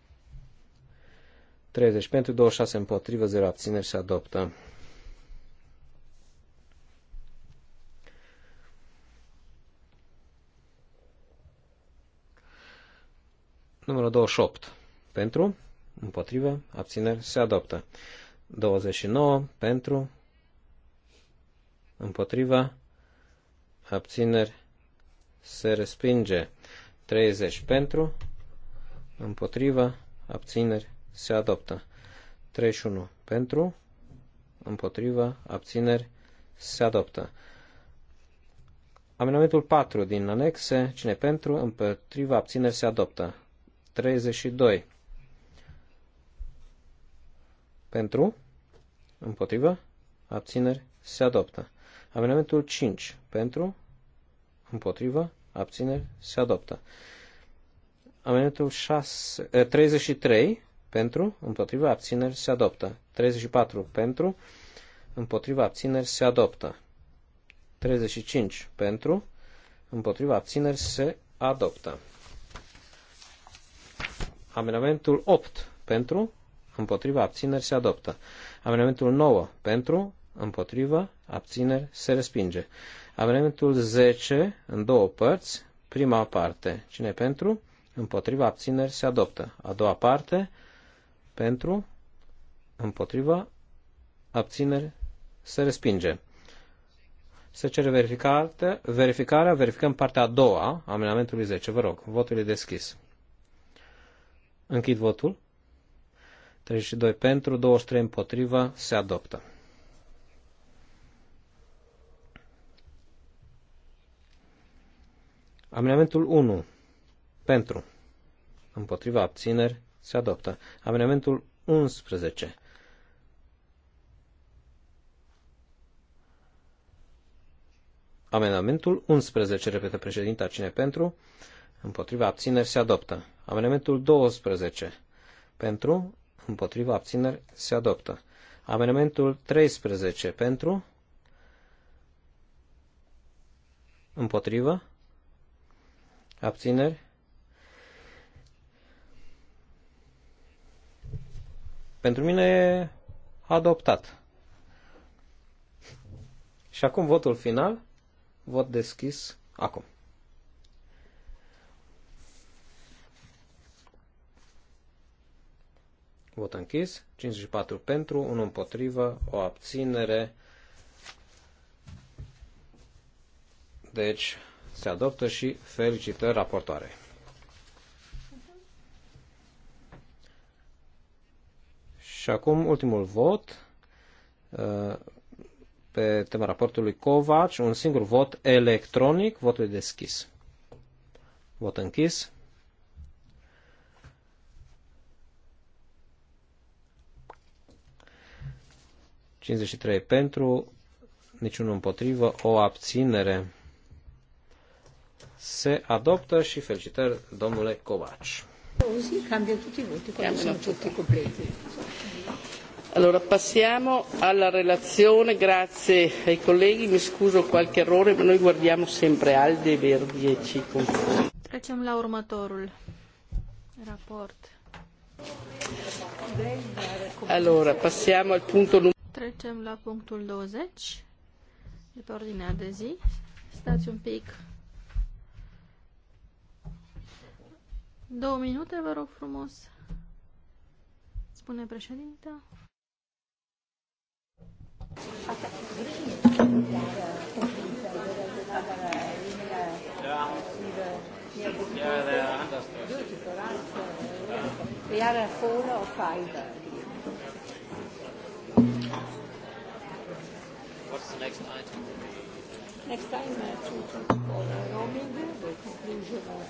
30 pentru, 26 împotrivă, 0 abțineri se adoptă. numărul 28. Pentru, împotrivă, abțineri, se adoptă. 29 pentru, împotrivă, abțineri, se respinge. 30 pentru, împotrivă, abțineri, se adoptă. 31 pentru, împotrivă, abțineri, se adoptă. Amendamentul 4 din anexe, cine pentru, împotriva, abțineri, se adoptă. 32. Pentru, împotrivă, abțineri, se adoptă. Amendamentul 5. Pentru, împotrivă, abțineri, se adoptă. Amendamentul 6, 33. Eh, Pentru, împotrivă, abțineri, se adoptă. 34. Pentru, împotrivă, abțineri, se adoptă. 35. Pentru, împotrivă, abțineri, se adoptă. Amendamentul 8 pentru, împotriva, abțineri se adoptă. Amendamentul 9 pentru, împotriva, abțineri se respinge. Amendamentul 10 în două părți, prima parte, cine pentru, împotriva, abțineri se adoptă. A doua parte, pentru, împotriva, abțineri se respinge. Se cere verificare, verificarea, verificăm partea a doua a amendamentului 10. Vă rog, votul e deschis. Închid votul. 32 pentru, 23 împotriva, se adoptă. Amendamentul 1. Pentru. Împotriva abțineri. Se adoptă. Amendamentul 11. Amendamentul 11, repetă președinta, cine pentru? Împotriva abțineri se adoptă. Amendamentul 12 pentru, împotriva abțineri se adoptă. Amendamentul 13 pentru, împotriva, abțineri. Pentru mine e adoptat. Și acum votul final, vot deschis acum. Vot închis. 54 pentru, 1 împotrivă, o abținere. Deci se adoptă și felicitări raportoare. Și acum ultimul vot uh, pe tema raportului Covaci, un singur vot electronic, votul deschis. Vot închis. 53 pentru, niciunul împotrivă, o abținere. Se adoptă și felicitări domnule Covaci. Allora passiamo alla relazione, grazie ai colleghi, mi scuso qualche errore, ma noi guardiamo sempre Alde, Verdi e ci Trecem la următorul raport. Allora, passiamo al punto numero trecem la punctul 20 de pe ordinea de zi. Stați un pic. Două minute, vă rog frumos. Spune președinte. Yeah, they are. Beautiful, aren't they? They are four or What's the next item? Next item uh, is to call a roaming, the conclusion of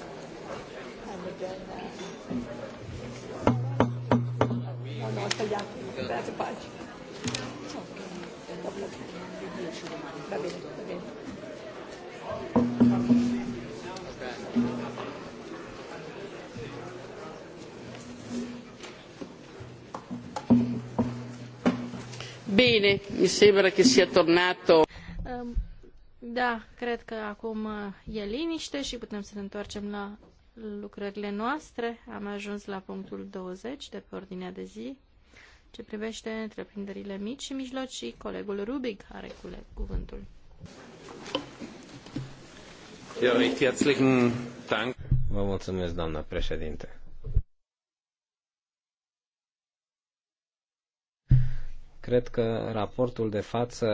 an agenda. No, no, să ia pe altă pace. Va bene, va bene. Bine, mi sembra che sia tornato. Da, cred că acum uh, e liniște și putem să ne întoarcem la lucrările noastre. Am ajuns la punctul 20 de pe ordinea de zi, ce privește întreprinderile mici și mijlocii. Colegul Rubic are cuvântul. Vă mulțumesc, doamna președinte. Cred că raportul de față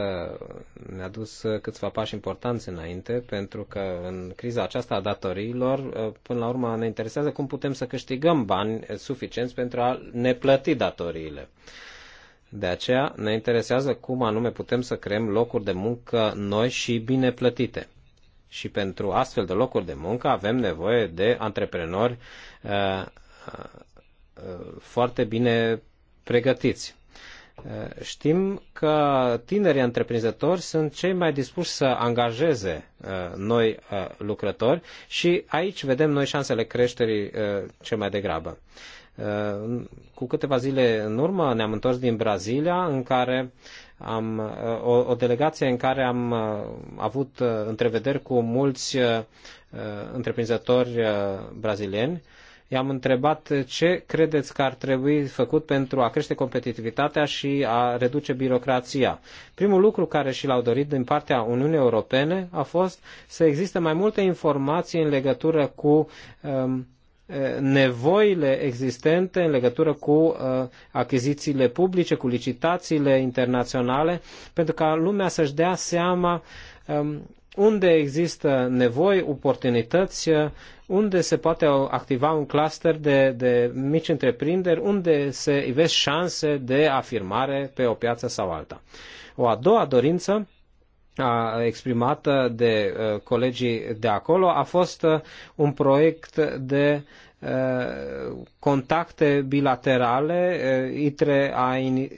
ne-a dus câțiva pași importanți înainte, pentru că în criza aceasta a datoriilor, până la urmă ne interesează cum putem să câștigăm bani suficienți pentru a ne plăti datoriile. De aceea ne interesează cum anume putem să creăm locuri de muncă noi și bine plătite. Și pentru astfel de locuri de muncă avem nevoie de antreprenori uh, uh, foarte bine pregătiți. Eh, știm că tinerii întreprinzători sunt cei mai dispuși să angajeze eh, noi eh, lucrători și aici vedem noi șansele creșterii cel mai degrabă. Cu câteva zile în urmă ne-am întors din Brazilia, în care am o, o delegație în care am avut întrevederi cu mulți întreprinzători brazilieni I-am întrebat ce credeți că ar trebui făcut pentru a crește competitivitatea și a reduce birocrația. Primul lucru care și l-au dorit din partea Uniunii Europene a fost să existe mai multe informații în legătură cu um, uh, nevoile existente în legătură cu uh, achizițiile publice, cu licitațiile internaționale, pentru ca lumea să-și dea seama um, unde există nevoi, oportunități, unde se poate activa un cluster de, de mici întreprinderi, unde se ivesc șanse de afirmare pe o piață sau alta. O a doua dorință a, exprimată de uh, colegii de acolo a fost uh, un proiect de uh, contacte bilaterale. ITRE a in,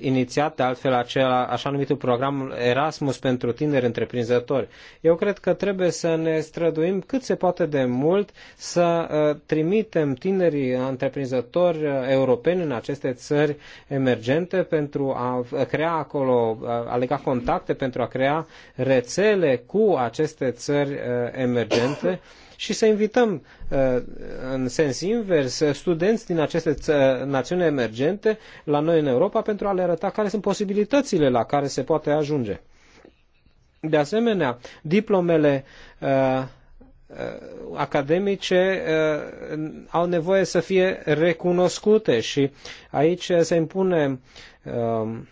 inițiat de altfel acela, așa numitul program Erasmus pentru tineri întreprinzători. Eu cred că trebuie să ne străduim cât se poate de mult să uh, trimitem tinerii întreprinzători uh, europeni în aceste țări emergente pentru a uh, crea acolo, a lega contacte, pentru a crea rețele cu aceste țări emergente și să invităm uh, în sens invers studenți din aceste națiuni emergente la noi în Europa pentru a le arăta care sunt posibilitățile la care se poate ajunge. De asemenea, diplomele uh, uh, academice au nevoie să fie recunoscute și aici se impune um,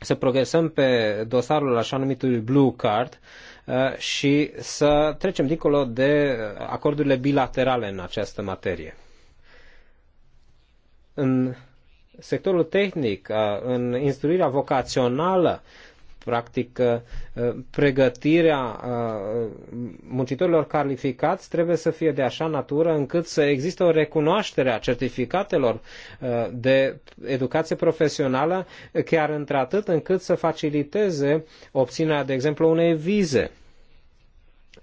să progresăm pe dosarul așa numitului blue card, Uh, și să trecem dincolo de uh, acordurile bilaterale în această materie. În sectorul tehnic, uh, în instruirea vocațională, Practic, uh, pregătirea uh, muncitorilor calificați trebuie să fie de așa natură încât să existe o recunoaștere a certificatelor uh, de educație profesională, chiar într-atât încât să faciliteze obținerea, de exemplu, unei vize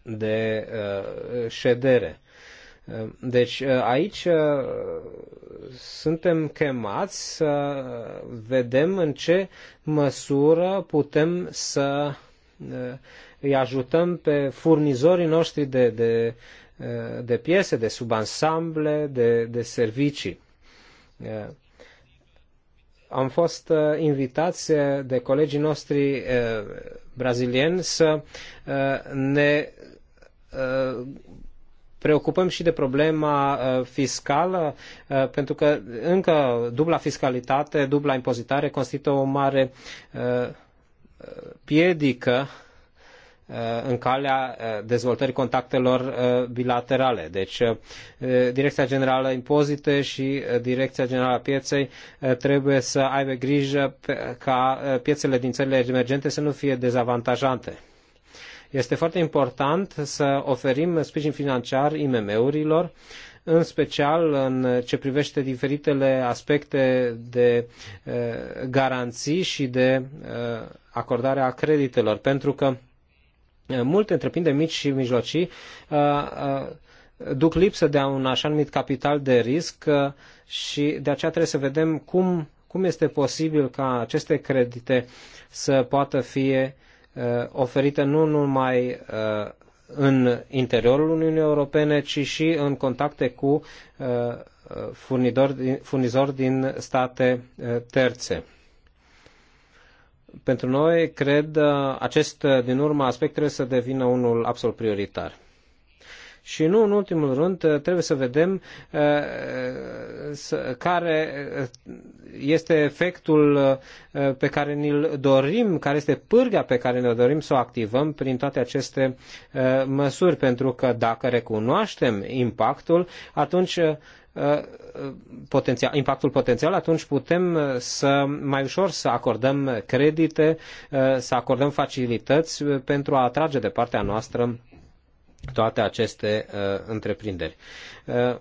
de ședere deci uh, aici uh, suntem chemați să vedem în ce măsură putem să uh, îi ajutăm pe furnizorii noștri de, de, de piese, de subansamble, de, de servicii. Am fost invitați de colegii noștri brazilieni să ne preocupăm și de problema uh, fiscală, uh, pentru că încă dubla fiscalitate, dubla impozitare constituie o mare uh, piedică în calea dezvoltării contactelor bilaterale. Deci, Direcția Generală Impozite și Direcția Generală a Pieței trebuie să aibă grijă ca piețele din țările emergente să nu fie dezavantajate. Este foarte important să oferim sprijin financiar IMM-urilor, în special în ce privește diferitele aspecte de eh, garanții și de eh, acordarea creditelor, pentru că eh, multe întreprinderi mici și mijlocii duc lipsă de un așa numit capital de risc și de aceea trebuie să vedem cum, cum este posibil ca aceste credite să poată fi Uh, oferită nu numai uh, în interiorul Uniunii Europene, ci și în contacte cu uh, furnizori din state terțe. Pentru noi, cred, acest din urmă aspect trebuie să devină unul absolut prioritar. Și nu în ultimul rând uh, trebuie să vedem uh, care uh, este efectul pe care ni-l dorim, care este pârga pe care ne-o dorim să o activăm prin toate aceste măsuri, pentru că dacă recunoaștem impactul, atunci potențial, impactul potențial, atunci putem să mai ușor să acordăm credite, să acordăm facilități pentru a atrage de partea noastră toate aceste uh, întreprinderi. Uh,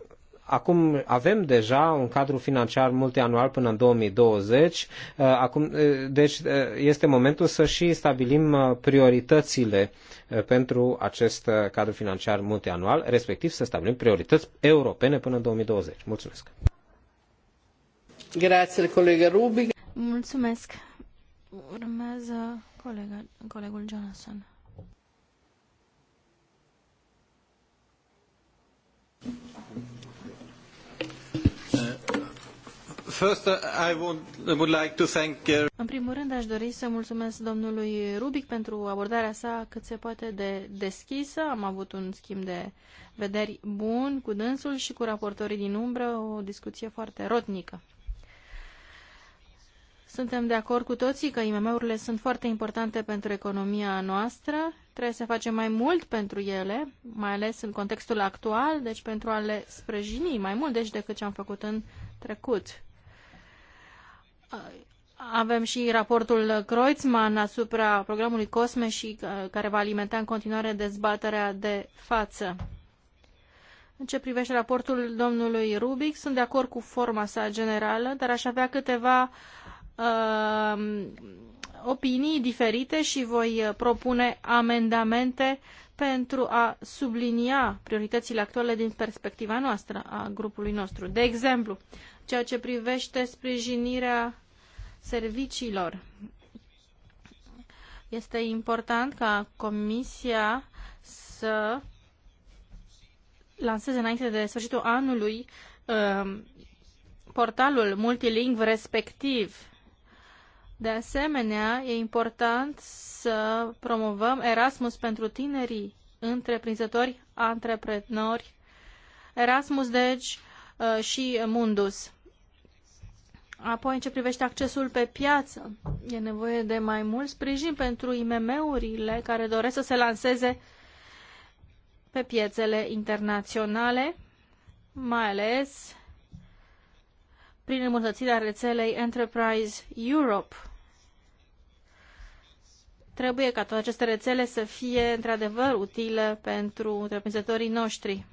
Acum avem deja un cadru financiar multianual până în 2020, uh, acum, uh, deci uh, este momentul să și stabilim uh, prioritățile uh, pentru acest uh, cadru financiar multianual, respectiv să stabilim priorități europene până în 2020. Mulțumesc! Grazie, colegă Rubic. Mulțumesc! Urmează colega, colegul Jonathan. În primul rând, aș dori să mulțumesc domnului Rubic pentru abordarea sa cât se poate de deschisă. Am avut un schimb de vederi bun cu dânsul și cu raportorii din umbră, o discuție foarte rotnică. Suntem de acord cu toții că IMM-urile sunt foarte importante pentru economia noastră Trebuie să facem mai mult pentru ele, mai ales în contextul actual, deci pentru a le sprijini mai mult deci decât ce am făcut în trecut. Avem și raportul Kreutzmann asupra programului COSME și uh, care va alimenta în continuare dezbaterea de față. În ce privește raportul domnului Rubic, sunt de acord cu forma sa generală, dar aș avea câteva uh, opinii diferite și voi uh, propune amendamente pentru a sublinia prioritățile actuale din perspectiva noastră a grupului nostru. De exemplu, ceea ce privește sprijinirea serviciilor. Este important ca Comisia să lanseze înainte de sfârșitul anului um, portalul multilingv respectiv de asemenea, e important să promovăm Erasmus pentru tinerii întreprinzători, antreprenori, Erasmus, deci, uh, și Mundus. Apoi, în ce privește accesul pe piață, e nevoie de mai mult sprijin pentru IMM-urile care doresc să se lanseze pe piețele internaționale, mai ales prin îmbunătățirea rețelei Enterprise Europe Trebuie ca toate aceste rețele să fie într-adevăr utile pentru întreprinzătorii noștri.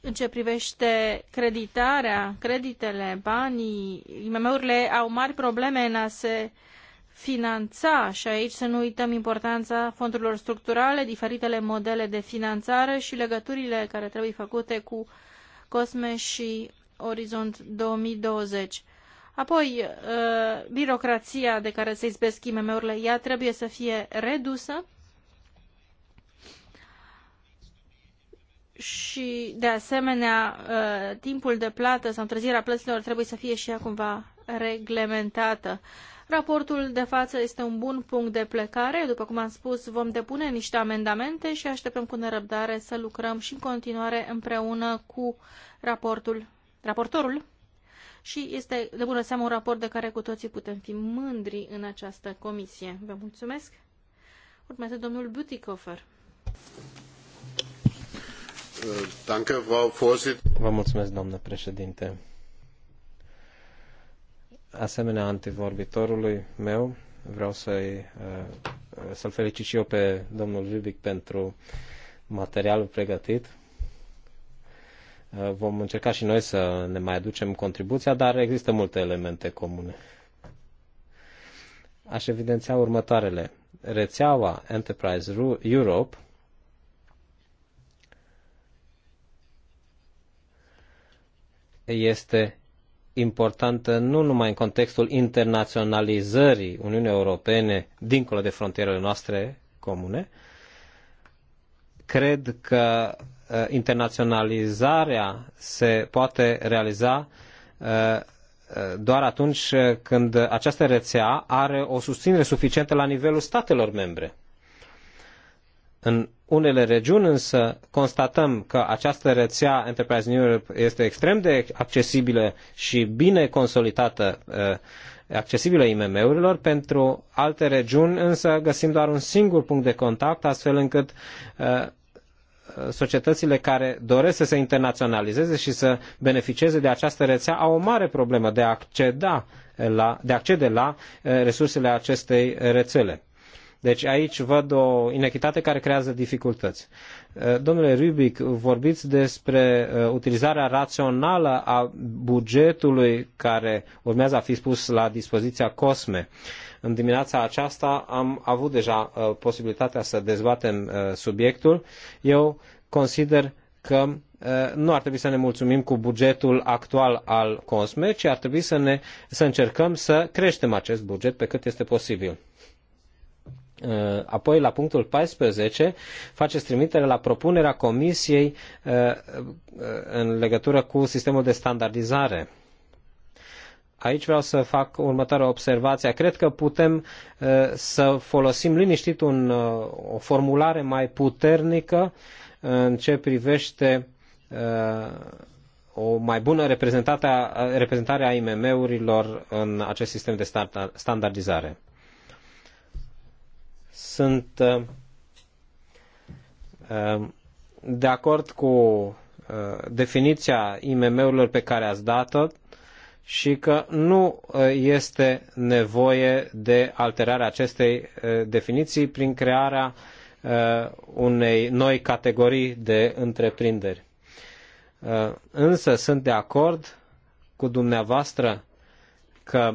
În ce privește creditarea, creditele, banii, IMM-urile au mari probleme în a se finanța și aici să nu uităm importanța fondurilor structurale, diferitele modele de finanțare și legăturile care trebuie făcute cu COSME și Orizont 2020. Apoi, uh, birocrația de care se izbesc IMM-urile, ea trebuie să fie redusă și, de asemenea, uh, timpul de plată sau întârzierea plăților trebuie să fie și ea cumva reglementată. Raportul de față este un bun punct de plecare. După cum am spus, vom depune niște amendamente și așteptăm cu nerăbdare să lucrăm și în continuare împreună cu raportul, raportorul și este de bună seamă un raport de care cu toții putem fi mândri în această comisie. Vă mulțumesc. Urmează domnul Butikofer. Vă mulțumesc, doamnă președinte. Asemenea antivorbitorului meu, vreau să-i, uh, să-l felicit și eu pe domnul Rubic pentru materialul pregătit Uh, vom încerca și noi să ne mai aducem contribuția, dar există multe elemente comune. Aș evidenția următoarele. Rețeaua Enterprise Europe este importantă nu numai în contextul internaționalizării Uniunii Europene dincolo de frontierele noastre comune, cred că Uh, internaționalizarea se poate realiza uh, uh, doar atunci când această rețea are o susținere suficientă la nivelul statelor membre. În unele regiuni însă constatăm că această rețea Enterprise New Europe este extrem de accesibilă și bine consolidată, accesibilă IMM-urilor. Pentru alte regiuni însă găsim doar un singur punct de contact, astfel încât societățile care doresc să se internaționalizeze și să beneficieze de această rețea au o mare problemă de a, acceda la, de a accede la eh, resursele acestei rețele. Deci aici văd o inechitate care creează dificultăți. Uh, domnule Rubic, vorbiți despre uh, utilizarea rațională a bugetului care urmează a fi spus la dispoziția COSME. În dimineața aceasta am avut deja uh, posibilitatea să dezbatem subiectul. Eu consider că nu ar trebui să ne mulțumim cu bugetul actual al COSME, ci ar trebui să, ne, să încercăm să creștem acest buget pe cât este posibil. Uh, apoi, la punctul 14, faceți trimitere la propunerea Comisiei uh, uh, în legătură cu sistemul de standardizare. Aici vreau să fac următoarea observație. Cred că putem să folosim liniștit un, o formulare mai puternică în ce privește o mai bună reprezentare a IMM-urilor în acest sistem de standardizare. Sunt uh, uh, de acord cu uh, definiția IMM-urilor pe care ați dat-o și că nu este nevoie de alterarea acestei definiții prin crearea unei noi categorii de întreprinderi. Însă sunt de acord cu dumneavoastră că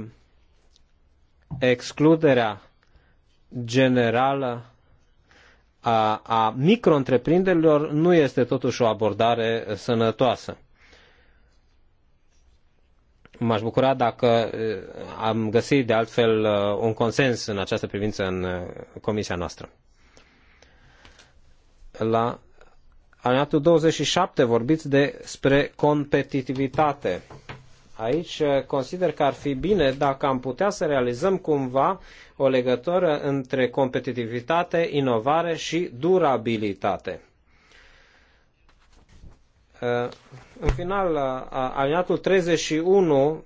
excluderea generală a, a micro-întreprinderilor nu este totuși o abordare sănătoasă. M-aș bucura dacă eh, am găsit de altfel eh, un consens în această privință în eh, comisia noastră. La alineatul 27 vorbiți despre competitivitate. Aici eh, consider că ar fi bine dacă am putea să realizăm cumva o legătură între competitivitate, inovare și durabilitate. Eh, în final, eh, aliniatul 31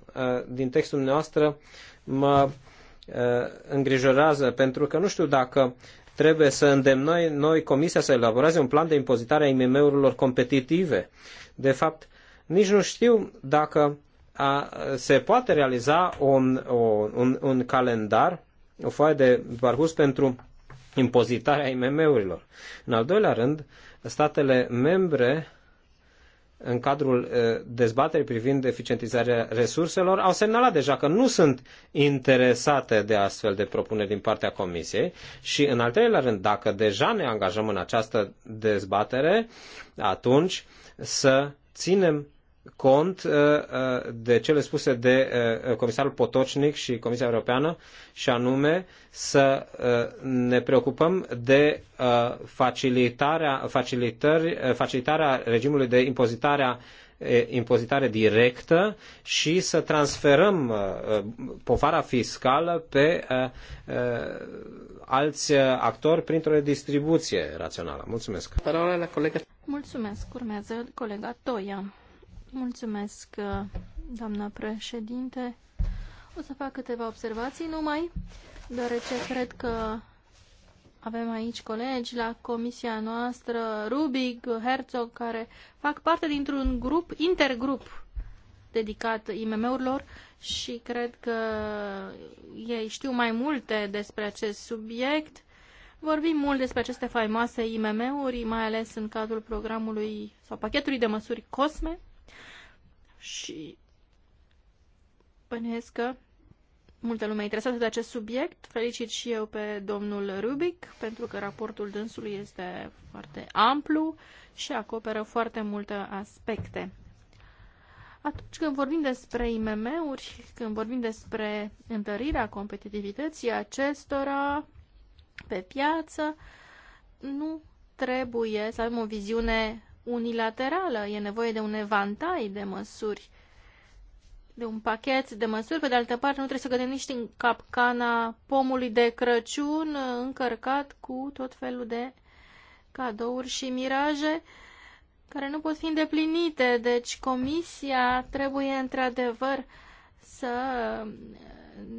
din textul noastră mă îngrijorează pentru că nu știu dacă trebuie să îndemnăm noi Comisia să elaboreze un plan de impozitare a IMM-urilor competitive. De fapt, nici nu știu dacă a, se poate realiza un, o, un, un calendar, o foaie de parcurs pentru impozitarea IMM-urilor. În al doilea rând, statele membre în cadrul dezbaterii privind eficientizarea resurselor, au semnalat deja că nu sunt interesate de astfel de propuneri din partea Comisiei și, în al treilea rând, dacă deja ne angajăm în această dezbatere, atunci să ținem cont uh, uh, de cele spuse de uh, comisarul Potocnic și Comisia Europeană și anume să ne preocupăm de facilitarea, facilitări, facilitarea regimului de impozitare impozitare directă și să transferăm povara fiscală pe alți actori printr-o distribuție rațională. Mulțumesc. Parola la colega. Mulțumesc. Urmează colega Toia. Mulțumesc, uh, doamna președinte. O să fac câteva observații numai, deoarece cred că avem aici colegi la comisia noastră, Rubic, Herzog, care fac parte dintr-un grup, intergrup, dedicat IMM-urilor și cred că ei știu mai multe despre acest subiect. Vorbim mult despre aceste faimoase IMM-uri, mai ales în cadrul programului sau pachetului de măsuri COSME, și bănuiesc că multă lume interesată de acest subiect. Felicit și eu pe domnul Rubic pentru că raportul dânsului este foarte amplu și acoperă foarte multe aspecte. Atunci când vorbim despre IMM-uri, când vorbim despre întărirea competitivității acestora pe piață, nu trebuie să avem o viziune unilaterală, e nevoie de un evantai de măsuri, de un pachet de măsuri. Pe de altă parte, nu trebuie să gădem nici în capcana pomului de Crăciun încărcat cu tot felul de cadouri și miraje care nu pot fi îndeplinite. Deci comisia trebuie într-adevăr să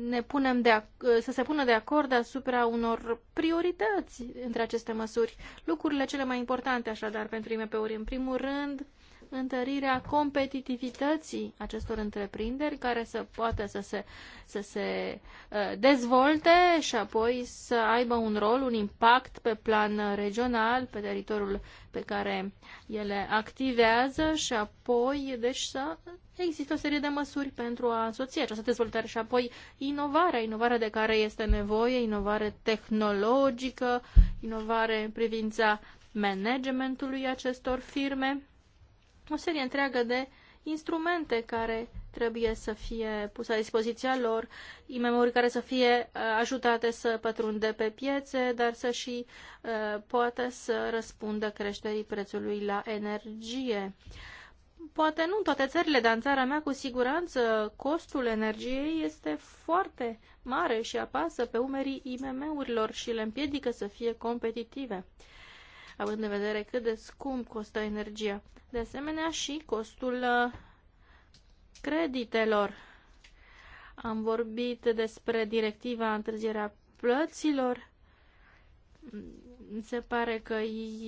ne punem de, să se pună de acord asupra unor priorități între aceste măsuri. Lucrurile cele mai importante, așadar, pentru IMP-uri, în primul rând, întărirea competitivității acestor întreprinderi care să poată să se, să se uh, dezvolte și apoi să aibă un rol, un impact pe plan regional, pe teritoriul pe care ele activează și apoi deci să există o serie de măsuri pentru a însoți această dezvoltare și apoi inovarea, inovarea de care este nevoie, inovare tehnologică, inovare în privința managementului acestor firme o serie întreagă de instrumente care trebuie să fie puse la dispoziția lor, imm care să fie uh, ajutate să pătrunde pe piețe, dar să și uh, poată să răspundă creșterii prețului la energie. Poate nu în toate țările, dar în țara mea, cu siguranță, costul energiei este foarte mare și apasă pe umerii IMM-urilor și le împiedică să fie competitive având în vedere cât de scump costă energia. De asemenea și costul uh, creditelor. Am vorbit despre directiva întârzierea plăților. se pare că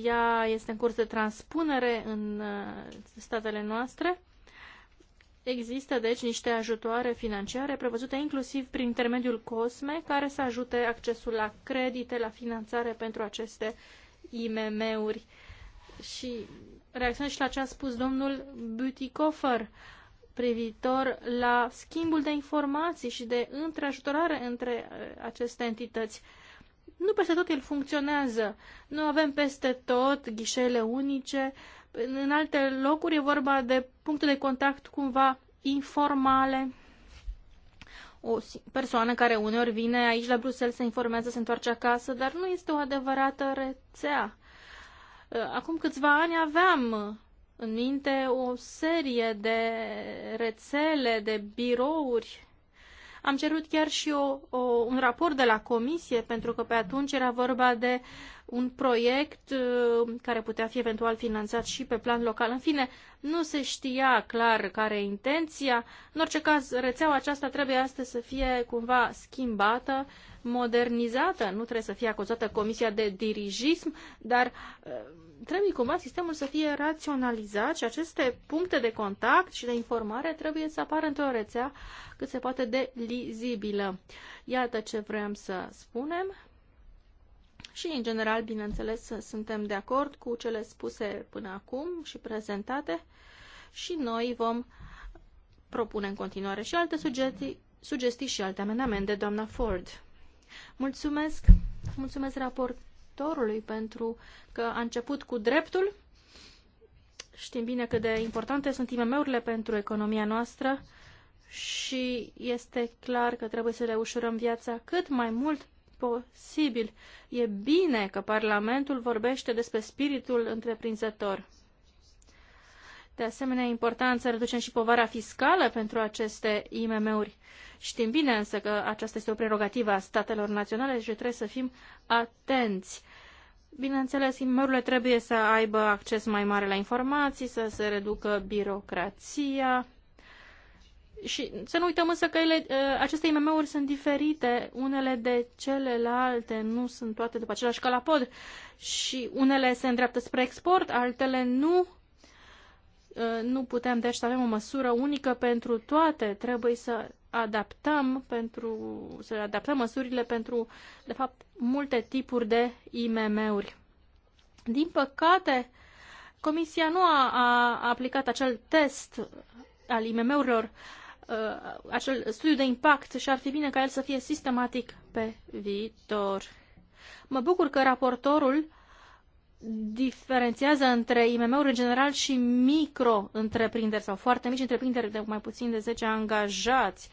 ea este în curs de transpunere în uh, statele noastre. Există, deci, niște ajutoare financiare prevăzute inclusiv prin intermediul COSME, care să ajute accesul la credite, la finanțare pentru aceste IMM-uri. Și reacționez și la ce a spus domnul Butikofer privitor la schimbul de informații și de întreajutorare între uh, aceste entități. Nu peste tot el funcționează. Nu avem peste tot ghișele unice. În alte locuri e vorba de puncte de contact cumva informale o persoană care uneori vine aici la Bruxelles, să informează, se întoarce acasă, dar nu este o adevărată rețea. Uh, acum câțiva ani aveam în minte o serie de rețele, de birouri am cerut chiar și o, o, un raport de la comisie, pentru că pe atunci era vorba de un proiect uh, care putea fi eventual finanțat și pe plan local. În fine, nu se știa clar care e intenția. În orice caz, rețeaua aceasta trebuie astăzi să fie cumva schimbată, modernizată. Nu trebuie să fie acuzată Comisia de Dirigism, dar uh, trebuie cumva sistemul să fie raționalizat și aceste puncte de contact și de informare trebuie să apară într-o rețea cât se poate de lizibilă. Iată ce vrem să spunem. Și, în general, bineînțeles, suntem de acord cu cele spuse până acum și prezentate și noi vom propune în continuare și alte sugestii, sugestii și alte amendamente, doamna Ford. Mulțumesc! Mulțumesc raport raportorului pentru că a început cu dreptul. Știm bine cât de importante sunt IMM-urile pentru economia noastră și este clar că trebuie să le ușurăm viața cât mai mult posibil. E bine că Parlamentul vorbește despre spiritul întreprinzător. De asemenea, e important să reducem și povara fiscală pentru aceste IMM-uri. Știm bine însă că aceasta este o prerogativă a statelor naționale și trebuie să fim atenți. Bineînțeles, imm trebuie să aibă acces mai mare la informații, să se reducă birocrația și să nu uităm însă că ele, ă, aceste IMM-uri sunt diferite unele de celelalte, nu sunt toate după același calapod și unele se îndreaptă spre export, altele nu. Ă, nu putem, deci, să avem o măsură unică pentru toate. Trebuie să adaptăm pentru, să adaptăm măsurile pentru, de fapt, multe tipuri de IMM-uri. Din păcate, Comisia nu a, a aplicat acel test al IMM-urilor, uh, acel studiu de impact și ar fi bine ca el să fie sistematic pe viitor. Mă bucur că raportorul diferențiază între IMM-uri în general și micro-întreprinderi sau foarte mici întreprinderi de mai puțin de 10 angajați.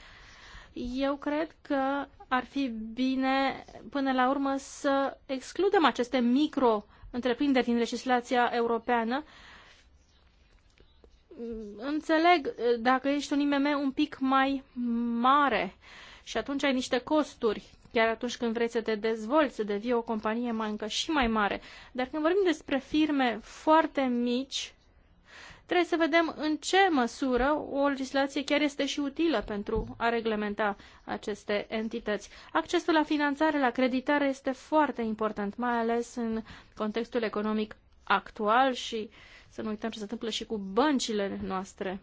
Eu cred că ar fi bine până la urmă să excludem aceste micro-întreprinderi din legislația europeană. Înțeleg dacă ești un IMM un pic mai mare și atunci ai niște costuri chiar atunci când vrei să te dezvolți, să devii o companie mai încă și mai mare. Dar când vorbim despre firme foarte mici, trebuie să vedem în ce măsură o legislație chiar este și utilă pentru a reglementa aceste entități. Accesul la finanțare, la creditare este foarte important, mai ales în contextul economic actual și să nu uităm ce se întâmplă și cu băncile noastre.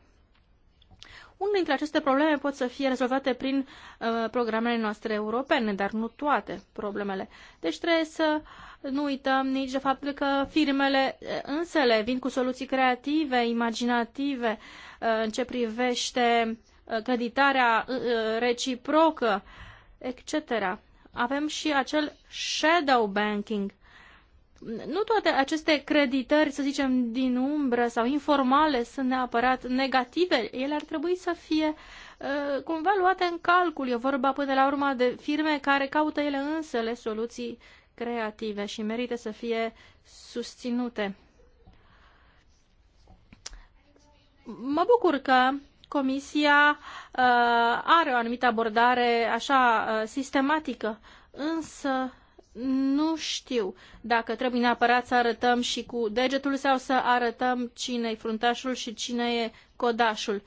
Unele dintre aceste probleme pot să fie rezolvate prin uh, programele noastre europene, dar nu toate problemele. Deci trebuie să nu uităm nici de faptul că firmele uh, însele vin cu soluții creative, imaginative uh, în ce privește uh, creditarea uh, uh reciprocă, etc. Avem și acel shadow banking nu toate aceste creditări, să zicem, din umbră sau informale sunt neapărat negative. Ele ar trebui să fie uh, cumva luate în calcul. E vorba până la urmă de firme care caută ele însele soluții creative și merită să fie susținute. Mă bucur că Comisia uh, are o anumită abordare așa uh, sistematică, însă nu știu dacă trebuie neapărat să arătăm și cu degetul sau să arătăm cine e fruntașul și cine e codașul.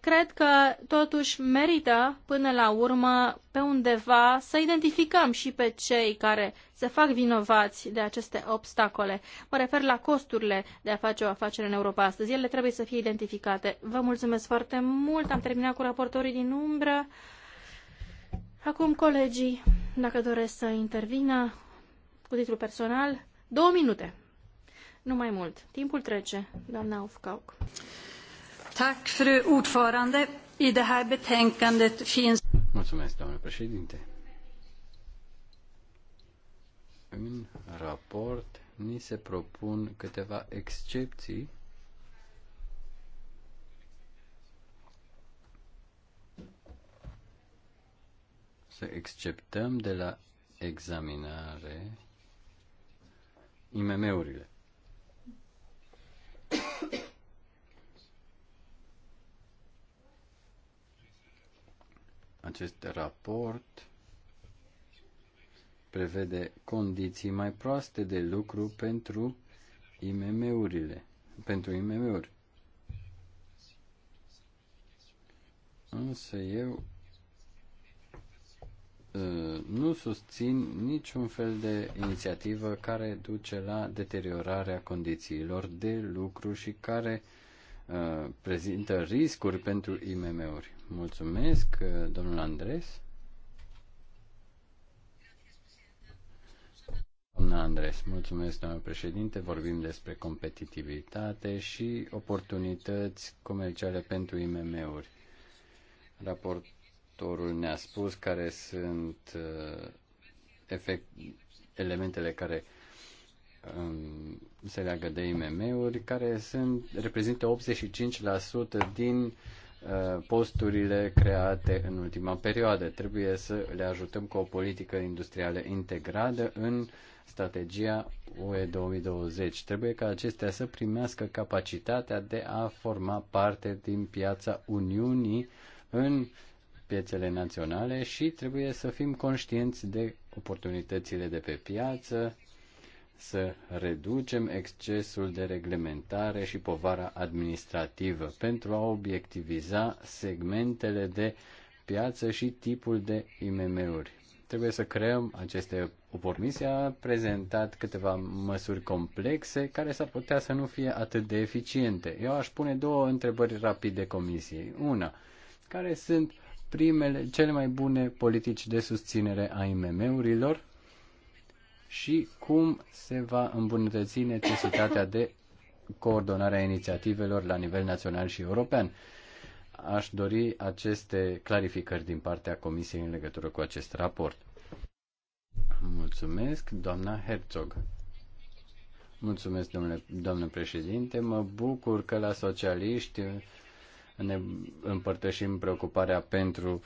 Cred că totuși merită până la urmă pe undeva să identificăm și pe cei care se fac vinovați de aceste obstacole. Mă refer la costurile de a face o afacere în Europa astăzi. Ele trebuie să fie identificate. Vă mulțumesc foarte mult. Am terminat cu raportorii din umbră. Acum, colegii, dacă doresc să intervină cu titlu personal, două minute. Nu mai mult. Timpul trece, doamna Ufcauk. Tack, fru ordförande. I det här betänkandet finns... Mulțumesc, doamnă președinte. În raport ni se propun câteva excepții să exceptăm de la examinare IMM-urile. Acest raport prevede condiții mai proaste de lucru pentru IMM-urile, pentru IMM-uri. Însă eu Uh, nu susțin niciun fel de inițiativă care duce la deteriorarea condițiilor de lucru și care uh, prezintă riscuri pentru IMM-uri. Mulțumesc, uh, domnul Andres. Doamna Andres, mulțumesc, doamna președinte. Vorbim despre competitivitate și oportunități comerciale pentru IMM-uri. Raport, autorul ne-a spus care sunt uh, efect, elementele care um, se leagă de IMM-uri, care sunt, reprezintă 85% din uh, posturile create în ultima perioadă. Trebuie să le ajutăm cu o politică industrială integrată în strategia UE 2020. Trebuie ca acestea să primească capacitatea de a forma parte din piața Uniunii în piețele naționale și trebuie să fim conștienți de oportunitățile de pe piață, să reducem excesul de reglementare și povara administrativă pentru a obiectiviza segmentele de piață și tipul de IMM-uri. Trebuie să creăm aceste oportunități. A prezentat câteva măsuri complexe care s-ar putea să nu fie atât de eficiente. Eu aș pune două întrebări rapide comisiei. Una, care sunt primele, cele mai bune politici de susținere a IMM-urilor și cum se va îmbunătăți necesitatea de coordonare a inițiativelor la nivel național și european. Aș dori aceste clarificări din partea Comisiei în legătură cu acest raport. Mulțumesc, doamna Herzog. Mulțumesc, domnule, domnule președinte. Mă bucur că la socialiști ne împărtășim preocuparea pentru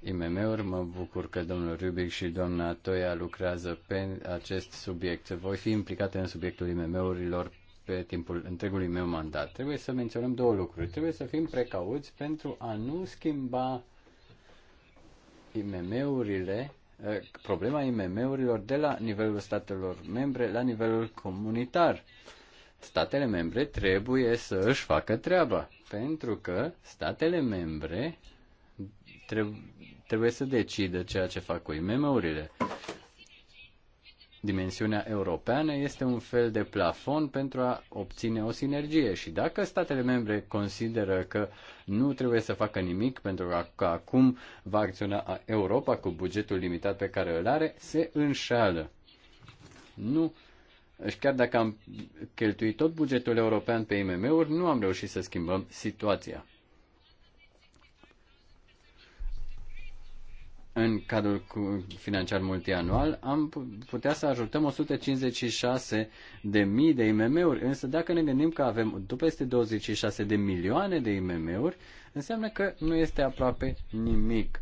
IMM-uri. Mă bucur că domnul Rubic și doamna Toia lucrează pe acest subiect. Voi fi implicate în subiectul IMM-urilor pe timpul întregului meu mandat. Trebuie să menționăm două lucruri. Trebuie să fim precauți pentru a nu schimba IMM-urile, eh, problema IMM-urilor de la nivelul statelor membre la nivelul comunitar statele membre trebuie să își facă treaba, pentru că statele membre trebuie să decidă ceea ce fac cu IMM-urile. Dimensiunea europeană este un fel de plafon pentru a obține o sinergie și dacă statele membre consideră că nu trebuie să facă nimic pentru că acum va acționa Europa cu bugetul limitat pe care îl are, se înșală. Nu și deci chiar dacă am cheltuit tot bugetul european pe IMM-uri, nu am reușit să schimbăm situația. În cadrul financiar multianual am putea să ajutăm 156 de mii de IMM-uri, însă dacă ne gândim că avem peste 26 de milioane de IMM-uri, înseamnă că nu este aproape nimic.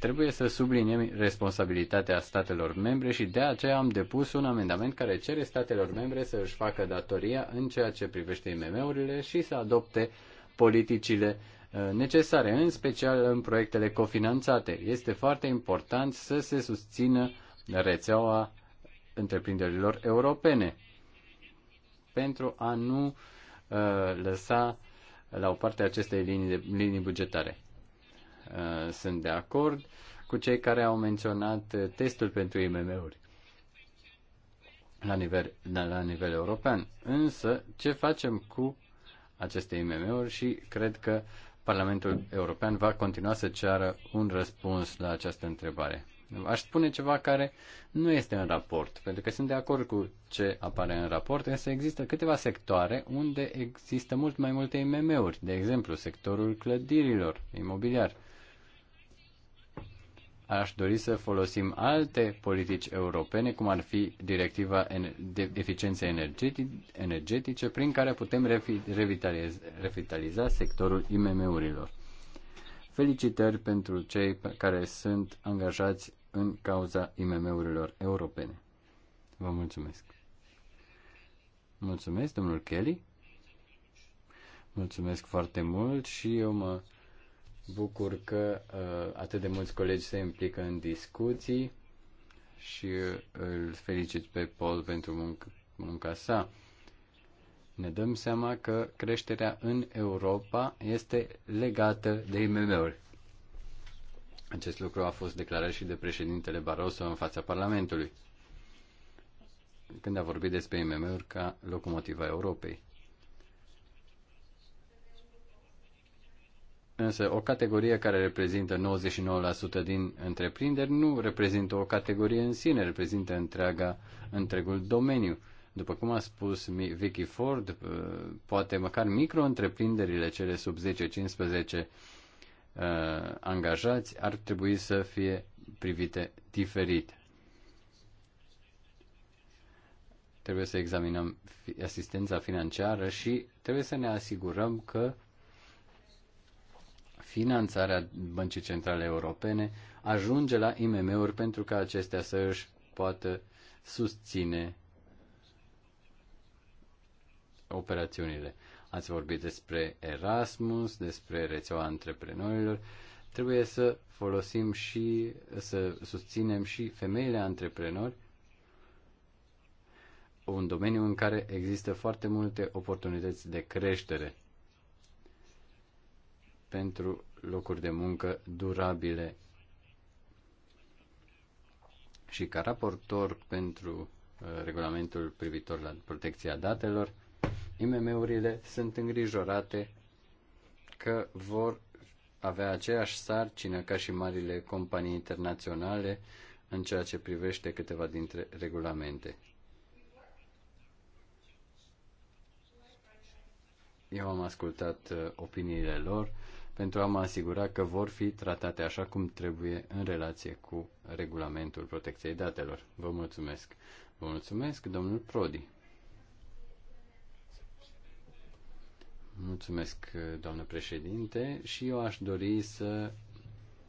Trebuie să subliniem responsabilitatea statelor membre și de aceea am depus un amendament care cere statelor membre să își facă datoria în ceea ce privește IMM-urile și să adopte politicile uh, necesare, în special în proiectele cofinanțate. Este foarte important să se susțină rețeaua întreprinderilor europene pentru a nu uh, lăsa la o parte aceste linii, de, linii bugetare. Uh, sunt de acord cu cei care au menționat uh, testul pentru IMM-uri la nivel, la nivel european. Însă, ce facem cu aceste IMM-uri și cred că Parlamentul European va continua să ceară un răspuns la această întrebare. Aș spune ceva care nu este în raport, pentru că sunt de acord cu ce apare în raport, însă există câteva sectoare unde există mult mai multe IMM-uri, de exemplu sectorul clădirilor, imobiliar aș dori să folosim alte politici europene, cum ar fi directiva de eficiență energetice, prin care putem revitaliza, revitaliza sectorul IMM-urilor. Felicitări pentru cei care sunt angajați în cauza IMM-urilor europene. Vă mulțumesc. Mulțumesc, domnul Kelly. Mulțumesc foarte mult și eu mă bucur că uh, atât de mulți colegi se implică în discuții și uh, îl felicit pe Paul pentru munc- munca sa. Ne dăm seama că creșterea în Europa este legată de IMM-uri. Acest lucru a fost declarat și de președintele Barroso în fața Parlamentului, când a vorbit despre IMM-uri ca locomotiva Europei. Însă o categorie care reprezintă 99% din întreprinderi nu reprezintă o categorie în sine, reprezintă întreaga, întregul domeniu. După cum a spus Vicky Ford, uh, poate măcar micro-întreprinderile cele sub 10-15 uh, angajați ar trebui să fie privite diferit. Trebuie să examinăm asistența financiară și trebuie să ne asigurăm că finanțarea Băncii Centrale Europene ajunge la IMM-uri pentru ca acestea să își poată susține operațiunile. Ați vorbit despre Erasmus, despre rețeaua antreprenorilor. Trebuie să folosim și să susținem și femeile antreprenori, un domeniu în care există foarte multe oportunități de creștere pentru locuri de muncă durabile. Și ca raportor pentru uh, regulamentul privitor la protecția datelor, IMM-urile sunt îngrijorate că vor avea aceeași sarcină ca și marile companii internaționale în ceea ce privește câteva dintre regulamente. Eu am ascultat uh, opiniile lor pentru a mă asigura că vor fi tratate așa cum trebuie în relație cu regulamentul protecției datelor. Vă mulțumesc. Vă mulțumesc, domnul Prodi. Mulțumesc, doamnă președinte, și eu aș dori să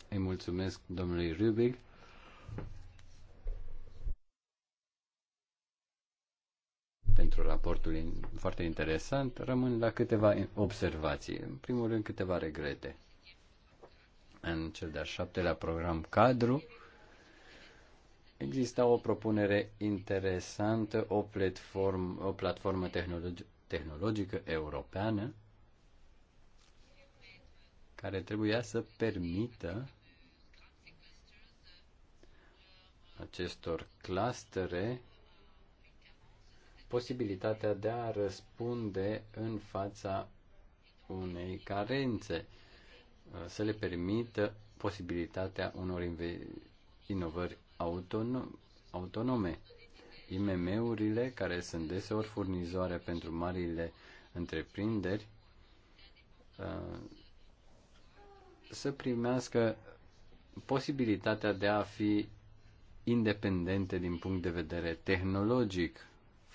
îi mulțumesc domnului Rubig. pentru raportul foarte interesant. Rămân la câteva observații. În primul rând, câteva regrete. În cel de-al șaptelea program cadru, exista o propunere interesantă, o, platformă, o platformă tehnologi- tehnologică europeană care trebuia să permită acestor clustere posibilitatea de a răspunde în fața unei carențe, uh, să le permită posibilitatea unor inovări autonome. IMM-urile, care sunt deseori furnizoare pentru marile întreprinderi, uh, să primească posibilitatea de a fi independente din punct de vedere tehnologic,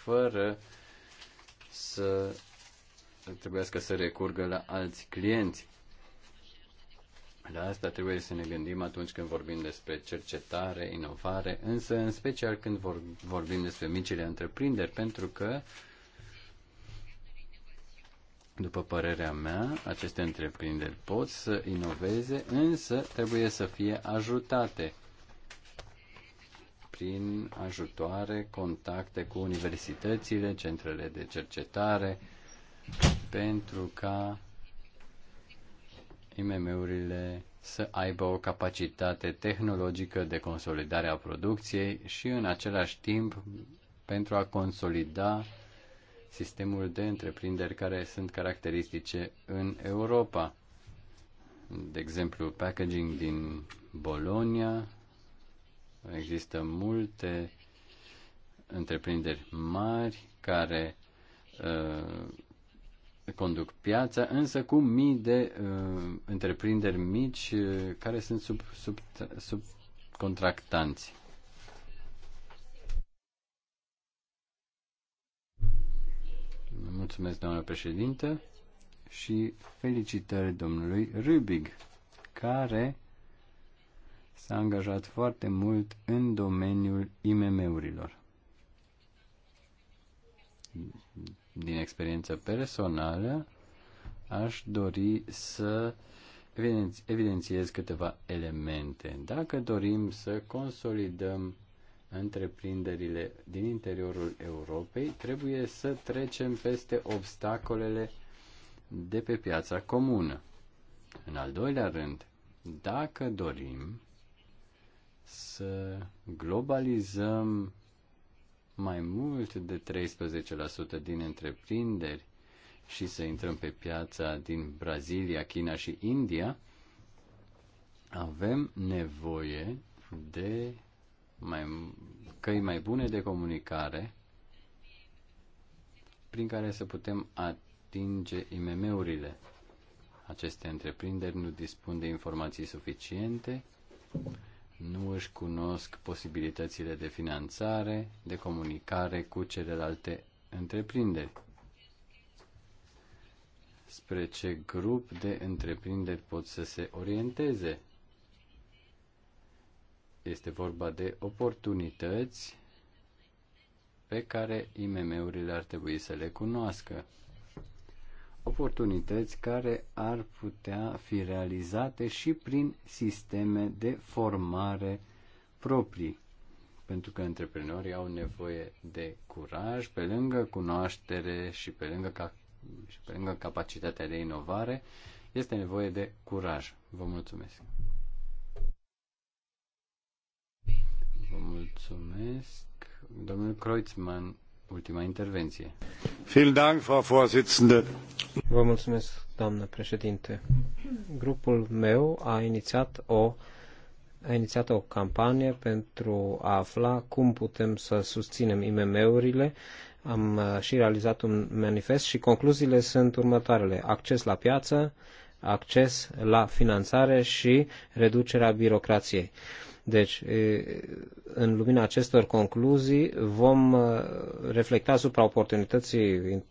fără să trebuiască să recurgă la alți clienți. La asta trebuie să ne gândim atunci când vorbim despre cercetare, inovare, însă în special când vorbim despre micile întreprinderi, pentru că, după părerea mea, aceste întreprinderi pot să inoveze, însă trebuie să fie ajutate prin ajutoare, contacte cu universitățile, centrele de cercetare, pentru ca IMM-urile să aibă o capacitate tehnologică de consolidare a producției și în același timp pentru a consolida sistemul de întreprinderi care sunt caracteristice în Europa. De exemplu, packaging din Bologna Există multe întreprinderi mari care uh, conduc piața, însă cu mii de uh, întreprinderi mici uh, care sunt sub, sub, sub contractanți. Mulțumesc, doamnă președintă, și felicitări domnului Rubig, care s-a angajat foarte mult în domeniul IMM-urilor. Din experiență personală, aș dori să evidențiez câteva elemente. Dacă dorim să consolidăm întreprinderile din interiorul Europei, trebuie să trecem peste obstacolele de pe piața comună. În al doilea rând, dacă dorim să globalizăm mai mult de 13% din întreprinderi și să intrăm pe piața din Brazilia, China și India, avem nevoie de mai, căi mai bune de comunicare prin care să putem atinge IMM-urile. Aceste întreprinderi nu dispun de informații suficiente nu își cunosc posibilitățile de finanțare, de comunicare cu celelalte întreprinderi. Spre ce grup de întreprinderi pot să se orienteze? Este vorba de oportunități pe care IMM-urile ar trebui să le cunoască oportunități care ar putea fi realizate și prin sisteme de formare proprii. Pentru că antreprenorii au nevoie de curaj, pe lângă cunoaștere și pe lângă, ca, și pe lângă capacitatea de inovare, este nevoie de curaj. Vă mulțumesc! Vă mulțumesc! Domnul Kreutzmann ultima intervenție. Vă mulțumesc, doamnă președinte. Grupul meu a inițiat o a inițiat o campanie pentru a afla cum putem să susținem IMM-urile. Am uh, și realizat un manifest și concluziile sunt următoarele. Acces la piață, acces la finanțare și reducerea birocrației. Deci, în lumina acestor concluzii, vom uh, reflecta asupra oportunității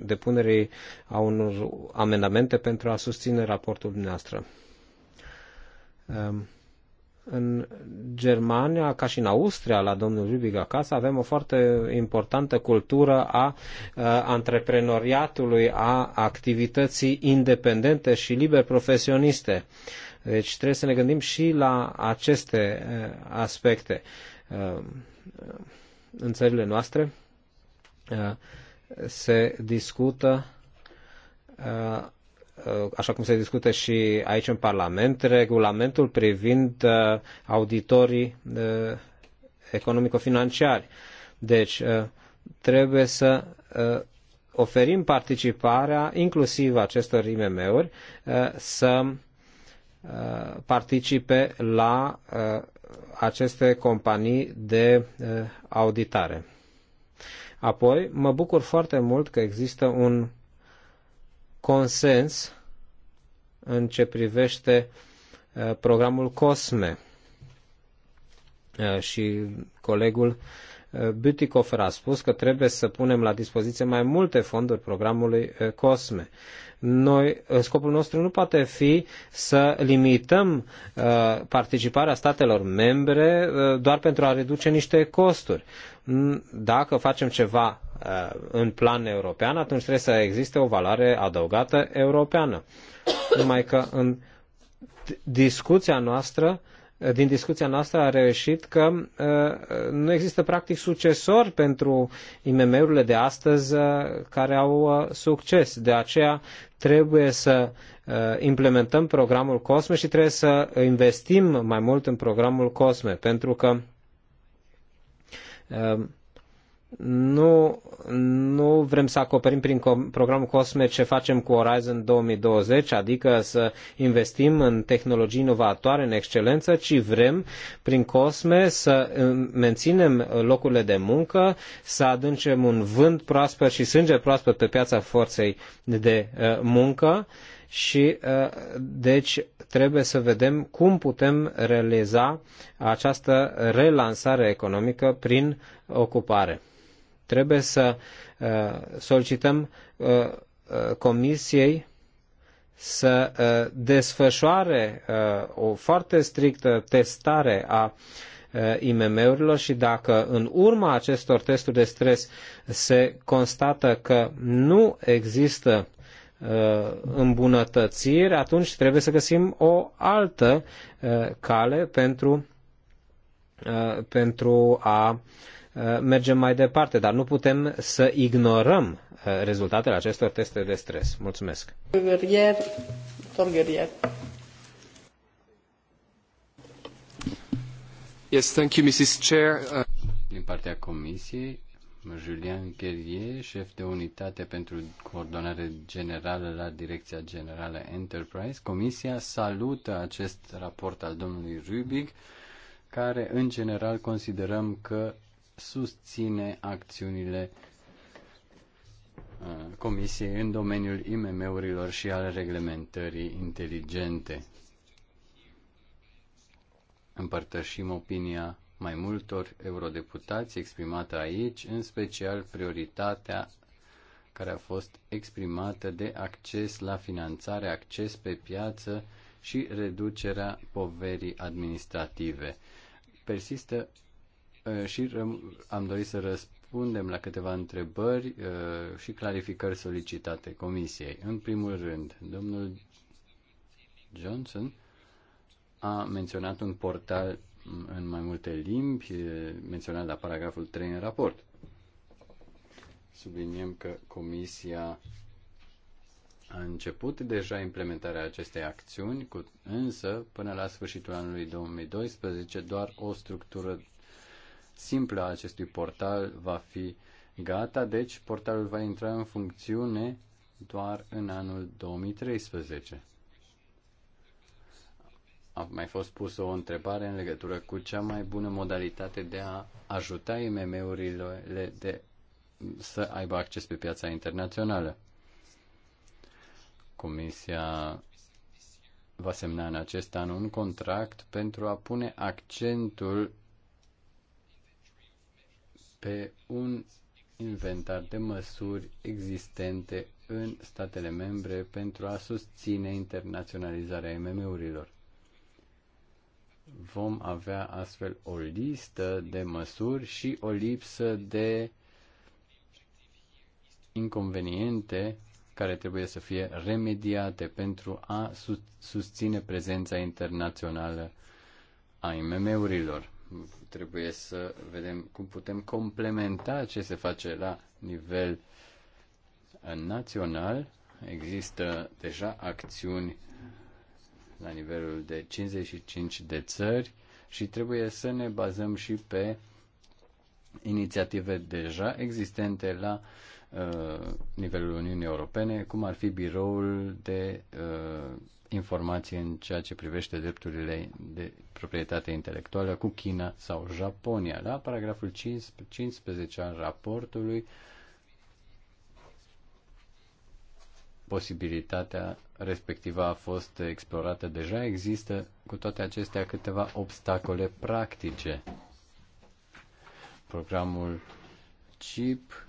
depunerii a unor amendamente pentru a susține raportul dumneavoastră. Um, în Germania, ca și în Austria, la domnul Rubic acasă, avem o foarte importantă cultură a uh, antreprenoriatului, a activității independente și liber profesioniste deci trebuie să ne gândim și la aceste eh, aspecte. Eh, în țările noastre eh, se discută așa cum se discută și aici în Parlament, regulamentul privind auditorii economico-financiari. Deci, trebuie să oferim participarea inclusiv acestor IMM-uri să Uh, participe la uh, aceste companii de uh, auditare. Apoi, mă bucur foarte mult că există un consens în ce privește programul COSME. Și colegul Eh, Bütikofer a spus că trebuie să punem la dispoziție mai multe fonduri programului eh, COSME. Noi, eh, scopul nostru nu poate fi să limităm participarea statelor membre doar pentru a reduce niște costuri. Dacă facem ceva în plan european, atunci trebuie să existe o valoare adăugată europeană. Numai că în discuția noastră din discuția noastră a reușit că uh, nu există practic succesori pentru IMM-urile de astăzi uh, care au uh, succes. De aceea trebuie să implementăm programul COSME și trebuie să investim mai mult în programul COSME, pentru că nu, nu vrem să acoperim prin programul COSME ce facem cu Horizon 2020, adică să investim în tehnologii inovatoare, în excelență, ci vrem prin COSME să menținem locurile de muncă, să aducem un vânt proaspăt și sânge proaspăt pe piața forței de uh, muncă și uh, deci trebuie să vedem cum putem realiza această relansare economică prin ocupare. Trebuie să uh, solicităm uh, uh, Comisiei să desfășoare o foarte strictă testare a IMM-urilor și dacă în urma acestor testuri de stres se constată că nu există îmbunătățiri, atunci trebuie să găsim o altă cale pentru, pentru a Uh, mergem mai departe, dar nu putem să ignorăm uh, rezultatele acestor teste de stres. Mulțumesc. Guerrier, Yes, thank you, Mrs. Chair. Uh, Din partea Comisiei, Julian Guerrier, șef de unitate pentru coordonare generală la Direcția Generală Enterprise. Comisia salută acest raport al domnului Rubic, care în general considerăm că susține acțiunile uh, Comisiei în domeniul IMM-urilor și al reglementării inteligente. Împărtășim opinia mai multor eurodeputați exprimată aici, în special prioritatea care a fost exprimată de acces la finanțare, acces pe piață și reducerea poverii administrative. Persistă și am dorit să răspundem la câteva întrebări și clarificări solicitate Comisiei. În primul rând, domnul Johnson a menționat un portal în mai multe limbi, menționat la paragraful 3 în raport. Subliniem că Comisia a început deja implementarea acestei acțiuni, cu, însă până la sfârșitul anului 2012 doar o structură simplă a acestui portal va fi gata, deci portalul va intra în funcțiune doar în anul 2013. A mai fost pusă o întrebare în legătură cu cea mai bună modalitate de a ajuta IMM-urile de să aibă acces pe piața internațională. Comisia va semna în acest an un contract pentru a pune accentul pe un inventar de măsuri existente în statele membre pentru a susține internaționalizarea MM-urilor. Vom avea astfel o listă de măsuri și o lipsă de inconveniente care trebuie să fie remediate pentru a susține prezența internațională a IMM-urilor. Trebuie să vedem cum putem complementa ce se face la nivel național. Există deja acțiuni la nivelul de 55 de țări și trebuie să ne bazăm și pe inițiative deja existente la uh, nivelul Uniunii Europene, cum ar fi biroul de uh, informații în ceea ce privește drepturile de proprietate intelectuală cu China sau Japonia. La paragraful 15 al raportului, posibilitatea respectivă a fost explorată deja, există cu toate acestea câteva obstacole practice. Programul CIP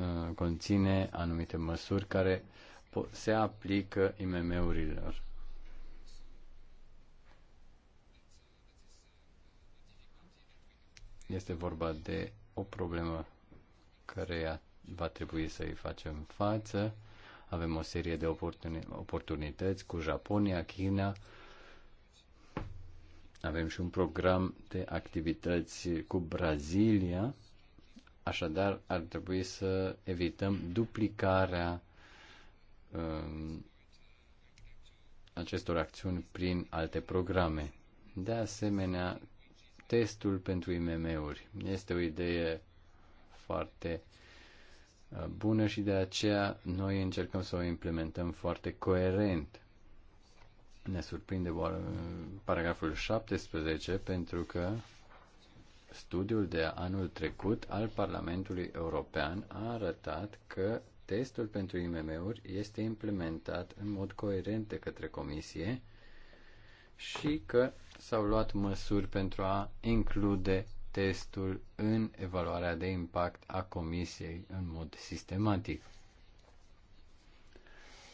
Uh, conține anumite măsuri care se aplică IMM-urilor. Este vorba de o problemă care va trebui să îi facem față. Avem o serie de oportuni- oportunități cu Japonia, China. Avem și un program de activități cu Brazilia Așadar, ar trebui să evităm duplicarea um, acestor acțiuni prin alte programe. De asemenea, testul pentru IMM-uri este o idee foarte uh, bună și de aceea noi încercăm să o implementăm foarte coerent. Ne surprinde uh, paragraful 17 pentru că Studiul de anul trecut al Parlamentului European a arătat că testul pentru IMM-uri este implementat în mod coerent de către Comisie și că s-au luat măsuri pentru a include testul în evaluarea de impact a Comisiei în mod sistematic.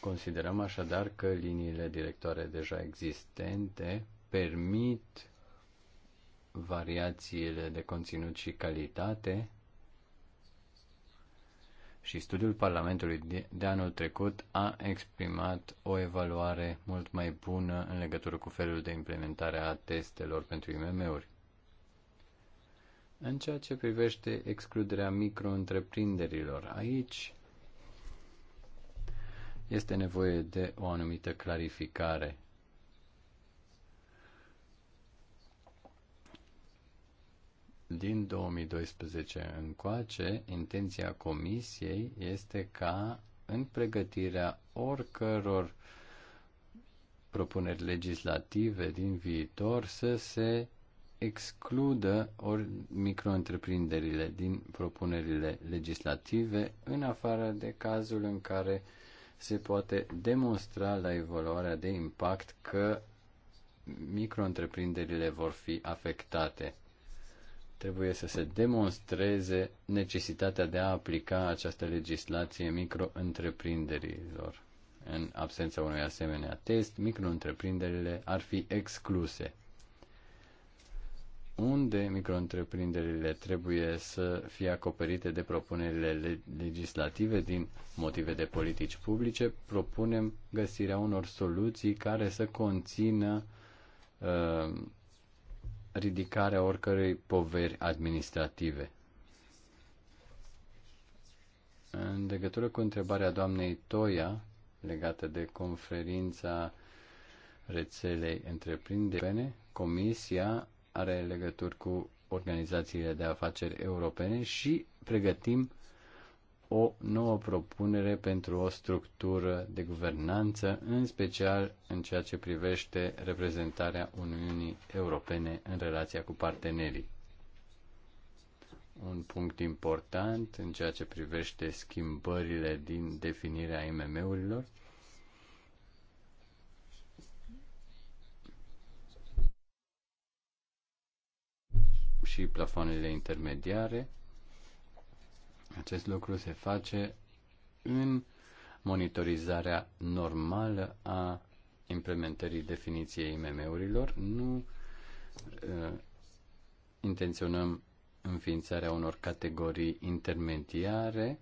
Considerăm așadar că liniile directoare deja existente permit variațiile de conținut și calitate și studiul Parlamentului de anul trecut a exprimat o evaluare mult mai bună în legătură cu felul de implementare a testelor pentru IMM-uri. În ceea ce privește excluderea micro-întreprinderilor, aici este nevoie de o anumită clarificare. din 2012 încoace, intenția Comisiei este ca în pregătirea oricăror propuneri legislative din viitor să se excludă ori micro-întreprinderile din propunerile legislative, în afară de cazul în care se poate demonstra la evaluarea de impact că micro-întreprinderile vor fi afectate trebuie să se demonstreze necesitatea de a aplica această legislație micro-întreprinderilor. În absența unui asemenea test, micro-întreprinderile ar fi excluse. Unde micro-întreprinderile trebuie să fie acoperite de propunerile legislative din motive de politici publice, propunem găsirea unor soluții care să conțină uh, ridicarea oricărei poveri administrative. În legătură cu întrebarea doamnei Toia, legată de conferința rețelei întreprinderi, Comisia are legături cu organizațiile de afaceri europene și pregătim o nouă propunere pentru o structură de guvernanță, în special în ceea ce privește reprezentarea Uniunii Europene în relația cu partenerii. Un punct important în ceea ce privește schimbările din definirea IMM-urilor și plafoanele intermediare acest lucru se face în monitorizarea normală a implementării definiției mm urilor Nu uh, intenționăm înființarea unor categorii intermediare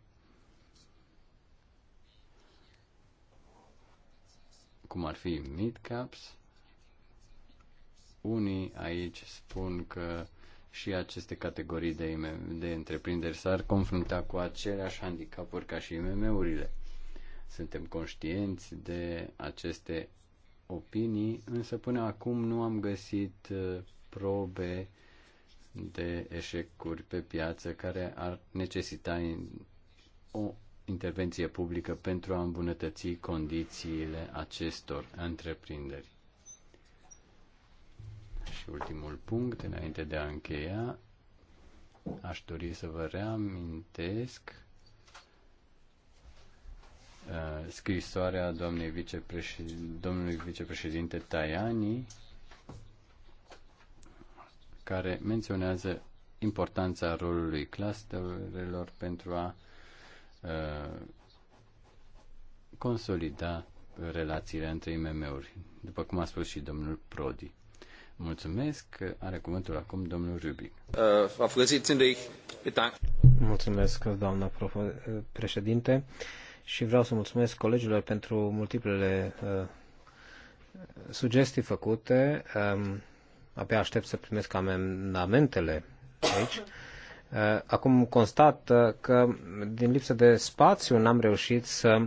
cum ar fi mid-caps. Unii aici spun că și aceste categorii de, IMM, de întreprinderi s-ar confrunta cu aceleași handicapuri ca și IMM-urile. Suntem conștienți de aceste opinii, însă până acum nu am găsit uh, probe de eșecuri pe piață care ar necesita o intervenție publică pentru a îmbunătăți condițiile acestor întreprinderi și ultimul punct, înainte de a încheia, aș dori să vă reamintesc uh, scrisoarea doamnei vicepreședinte, domnului vicepreședinte Tajani, care menționează importanța rolului clusterelor pentru a uh, consolida relațiile între IMM-uri, după cum a spus și domnul Prodi. Mulțumesc. Are cuvântul acum domnul Rubic. Uh, mulțumesc, doamna președinte, și vreau să mulțumesc colegilor pentru multiplele uh, sugestii făcute. Um, abia aștept să primesc amendamentele aici. Uh, acum constat că din lipsă de spațiu n-am reușit să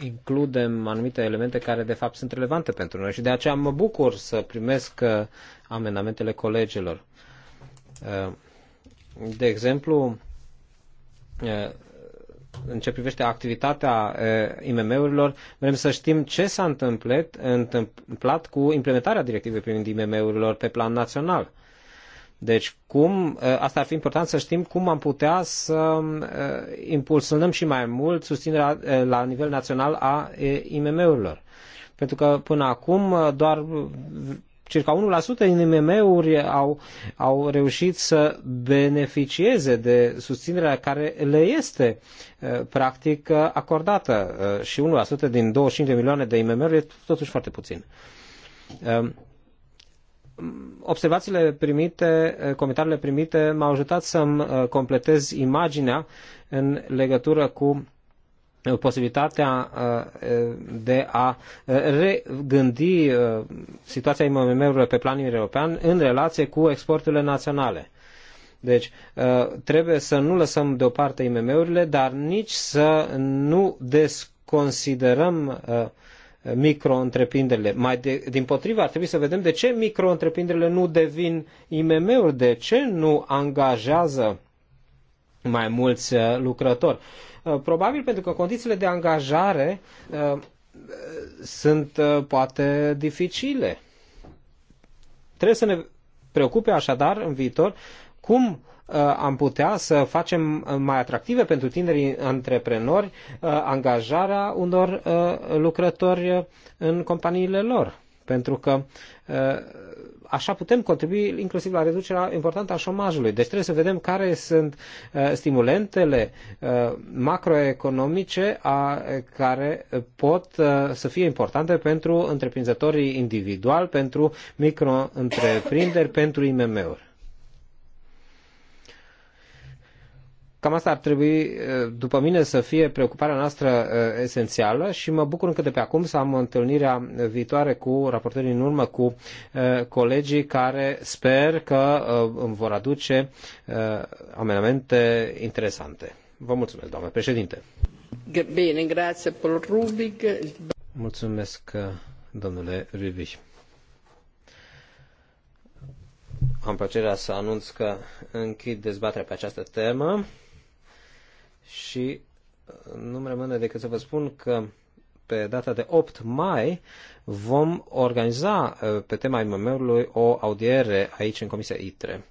includem anumite elemente care de fapt sunt relevante pentru noi și de aceea mă bucur să primesc uh, amendamentele colegilor. Uh, de exemplu, uh, în ce privește activitatea IMM-urilor, vrem să știm ce s-a întâmplat, întâmplat cu implementarea directivei privind IMM-urilor pe plan național. Deci cum, ă, asta ar fi important să știm cum am putea să ă, impulsionăm și mai mult susținerea ă, la nivel național a IMM-urilor. Pentru că până acum doar circa 1% din IMM-uri au, au reușit să beneficieze de susținerea care le este practic acordată și 1% din 25 de milioane de IMM-uri e totuși foarte puțin observațiile primite, eh, comentariile primite m-au ajutat să-mi eh, completez imaginea în legătură cu eh, posibilitatea de a regândi situația IMM-urilor pe plan european în relație cu exporturile naționale. Deci trebuie să nu lăsăm deoparte IMM-urile, dar nici să nu desconsiderăm uh, micro-întreprinderile. Mai de, din potriva, ar trebui să vedem de ce micro-întreprinderile nu devin IMM-uri, de ce nu angajează mai mulți uh, lucrători. Uh, probabil pentru că condițiile de angajare uh, sunt poate dificile. Trebuie să ne preocupe așadar în viitor cum Uh, am putea să facem uh, mai atractive pentru tinerii antreprenori uh, angajarea unor lucrători în companiile lor. Pentru că așa putem contribui inclusiv la reducerea importantă a șomajului. Deci trebuie să vedem care sunt stimulentele macroeconomice a, care pot să fie importante pentru întreprinzătorii individuali, pentru micro-întreprinderi, pentru IMM-uri. Cam asta ar trebui, eh, după mine, să fie preocuparea noastră eh, esențială și mă bucur încă de pe acum să am întâlnirea viitoare cu raportorii în urmă, cu eh, colegii care sper că îmi vor aduce amenamente interesante. Vă mulțumesc, doamnă președinte. Bine, grație, Paul Rubic. Mulțumesc, domnule Rubic. Am plăcerea să anunț că închid dezbaterea pe această temă și uh, nu-mi rămâne decât să vă spun că pe data de 8 mai vom organiza uh, pe tema IMM-ului o audiere aici în Comisia ITRE.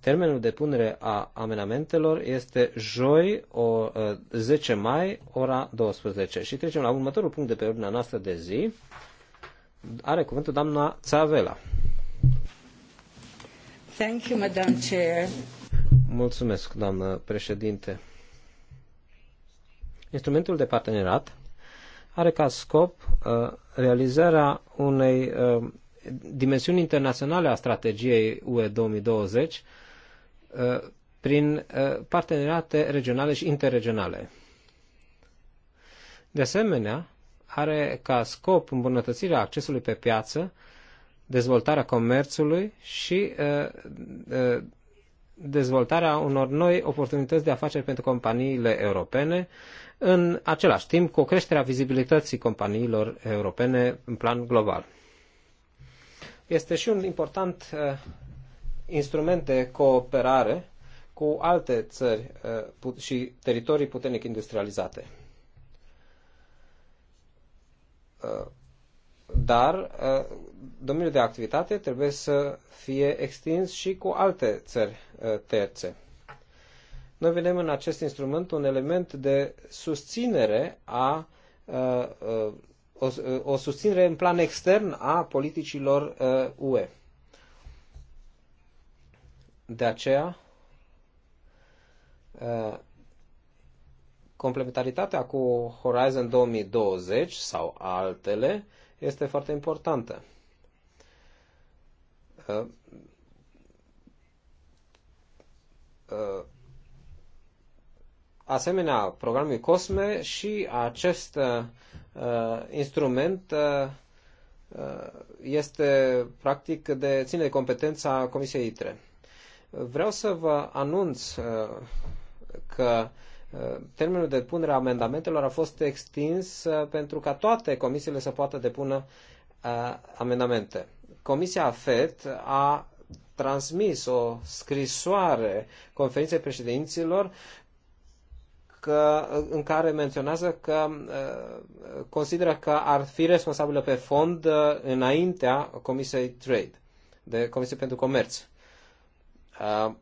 Termenul de punere a amenamentelor este joi, o, 10 uh, mai, ora 12. Și trecem la următorul punct de pe ordinea noastră de zi. Are cuvântul doamna Țavela. Thank you, Madam Chair. Mulțumesc, doamnă președinte. Instrumentul de partenerat are ca scop uh, realizarea unei uh, dimensiuni internaționale a strategiei UE 2020 uh, prin uh, parteneriate regionale și interregionale. De asemenea, are ca scop îmbunătățirea accesului pe piață, dezvoltarea comerțului și uh, uh, dezvoltarea unor noi oportunități de afaceri pentru companiile europene, în același timp cu creșterea vizibilității companiilor europene în plan global. Este și un important uh, instrument de cooperare cu alte țări uh, și teritorii puternic industrializate. Uh, dar domeniul de activitate trebuie să fie extins și cu alte țări terțe noi vedem în acest instrument un element de susținere a, o, o susținere în plan extern a politicilor UE. De aceea, a, complementaritatea cu Horizon 2020 sau altele este foarte importantă asemenea programului COSME și acest uh, uh instrument uh, uh, este practic de ține de competența Comisiei ITRE. Vreau să vă anunț uh, că uh, termenul de depunere a amendamentelor a fost extins pentru ca toate comisiile să poată depună amendamente. Comisia FET a transmis o scrisoare conferinței președinților că, în care menționează că uh, consideră că ar fi responsabilă pe fond uh, înaintea Comisiei Trade, de Comisie pentru Comerț. Uh,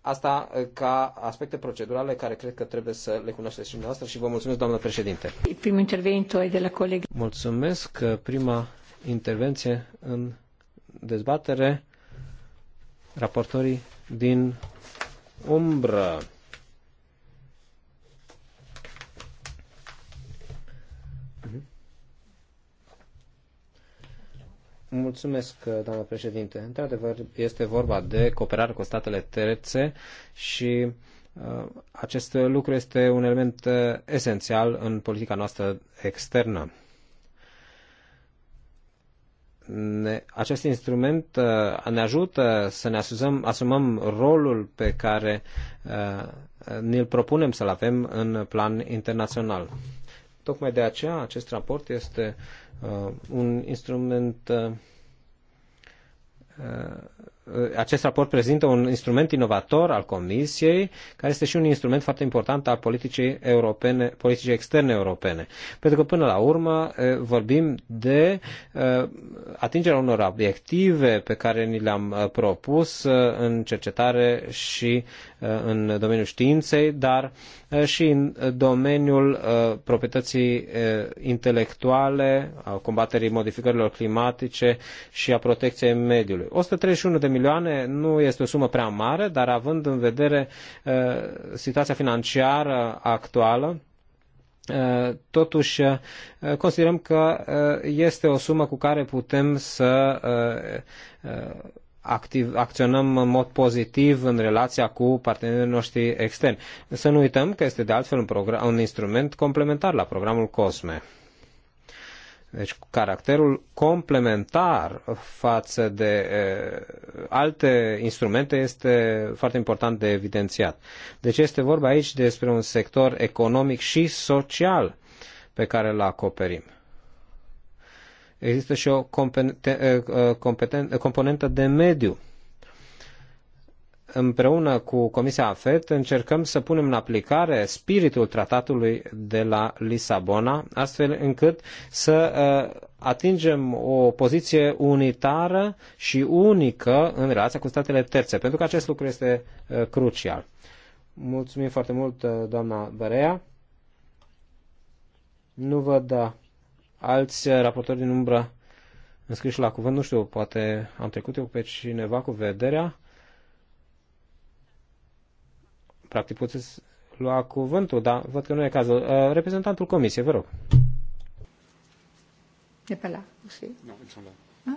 asta ca aspecte procedurale care cred că trebuie să le cunoașteți și noastră și vă mulțumesc, doamnă președinte. Primul intervento de la coleg. Mulțumesc. Prima intervenție în dezbatere. Raportorii din umbră. Mulțumesc, doamnă președinte. Într-adevăr, este vorba de cooperare cu statele terțe și uh, acest lucru este un element uh, esențial în politica noastră externă. Ne, acest instrument uh, ne ajută să ne asumăm, asumăm rolul pe care uh, uh ne-l propunem să-l avem în plan internațional. Tocmai de aceea acest raport este uh, un instrument uh, uh Uh, acest raport prezintă un instrument inovator al Comisiei, care este și un instrument foarte important al politicii, europene, politicii externe europene. Pentru că, până la urmă, uh, vorbim de uh, atingerea unor obiective pe care ni le-am propus în cercetare și în domeniul științei, dar și în domeniul proprietății intelectuale, a combaterii modificărilor climatice și a protecției mediului. 131 de milioane nu este o sumă prea mare, dar având în vedere uh, situația financiară actuală, uh, totuși uh, considerăm că este o sumă cu care putem să activ, acționăm în mod pozitiv în relația cu partenerii noștri externi. Să nu uităm că este de altfel un, program, un instrument complementar la programul COSME. Deci caracterul complementar față de alte instrumente este foarte important de evidențiat. Deci este vorba aici despre un sector economic și social pe care îl acoperim. Există și o competen- componentă de mediu împreună cu Comisia AFET încercăm să punem în aplicare spiritul tratatului de la Lisabona, astfel încât să uh, atingem o poziție unitară și unică în relația cu statele terțe, pentru că acest lucru este uh, crucial. Mulțumim foarte mult, uh, doamna Berea. Nu văd da. alți raportori din umbră înscriși la cuvânt. Nu știu, poate am trecut eu pe cineva cu vederea practic poți să lua cuvântul, dar văd că nu e cazul. Uh, reprezentantul comisiei, vă rog. De pe la, Nu, la.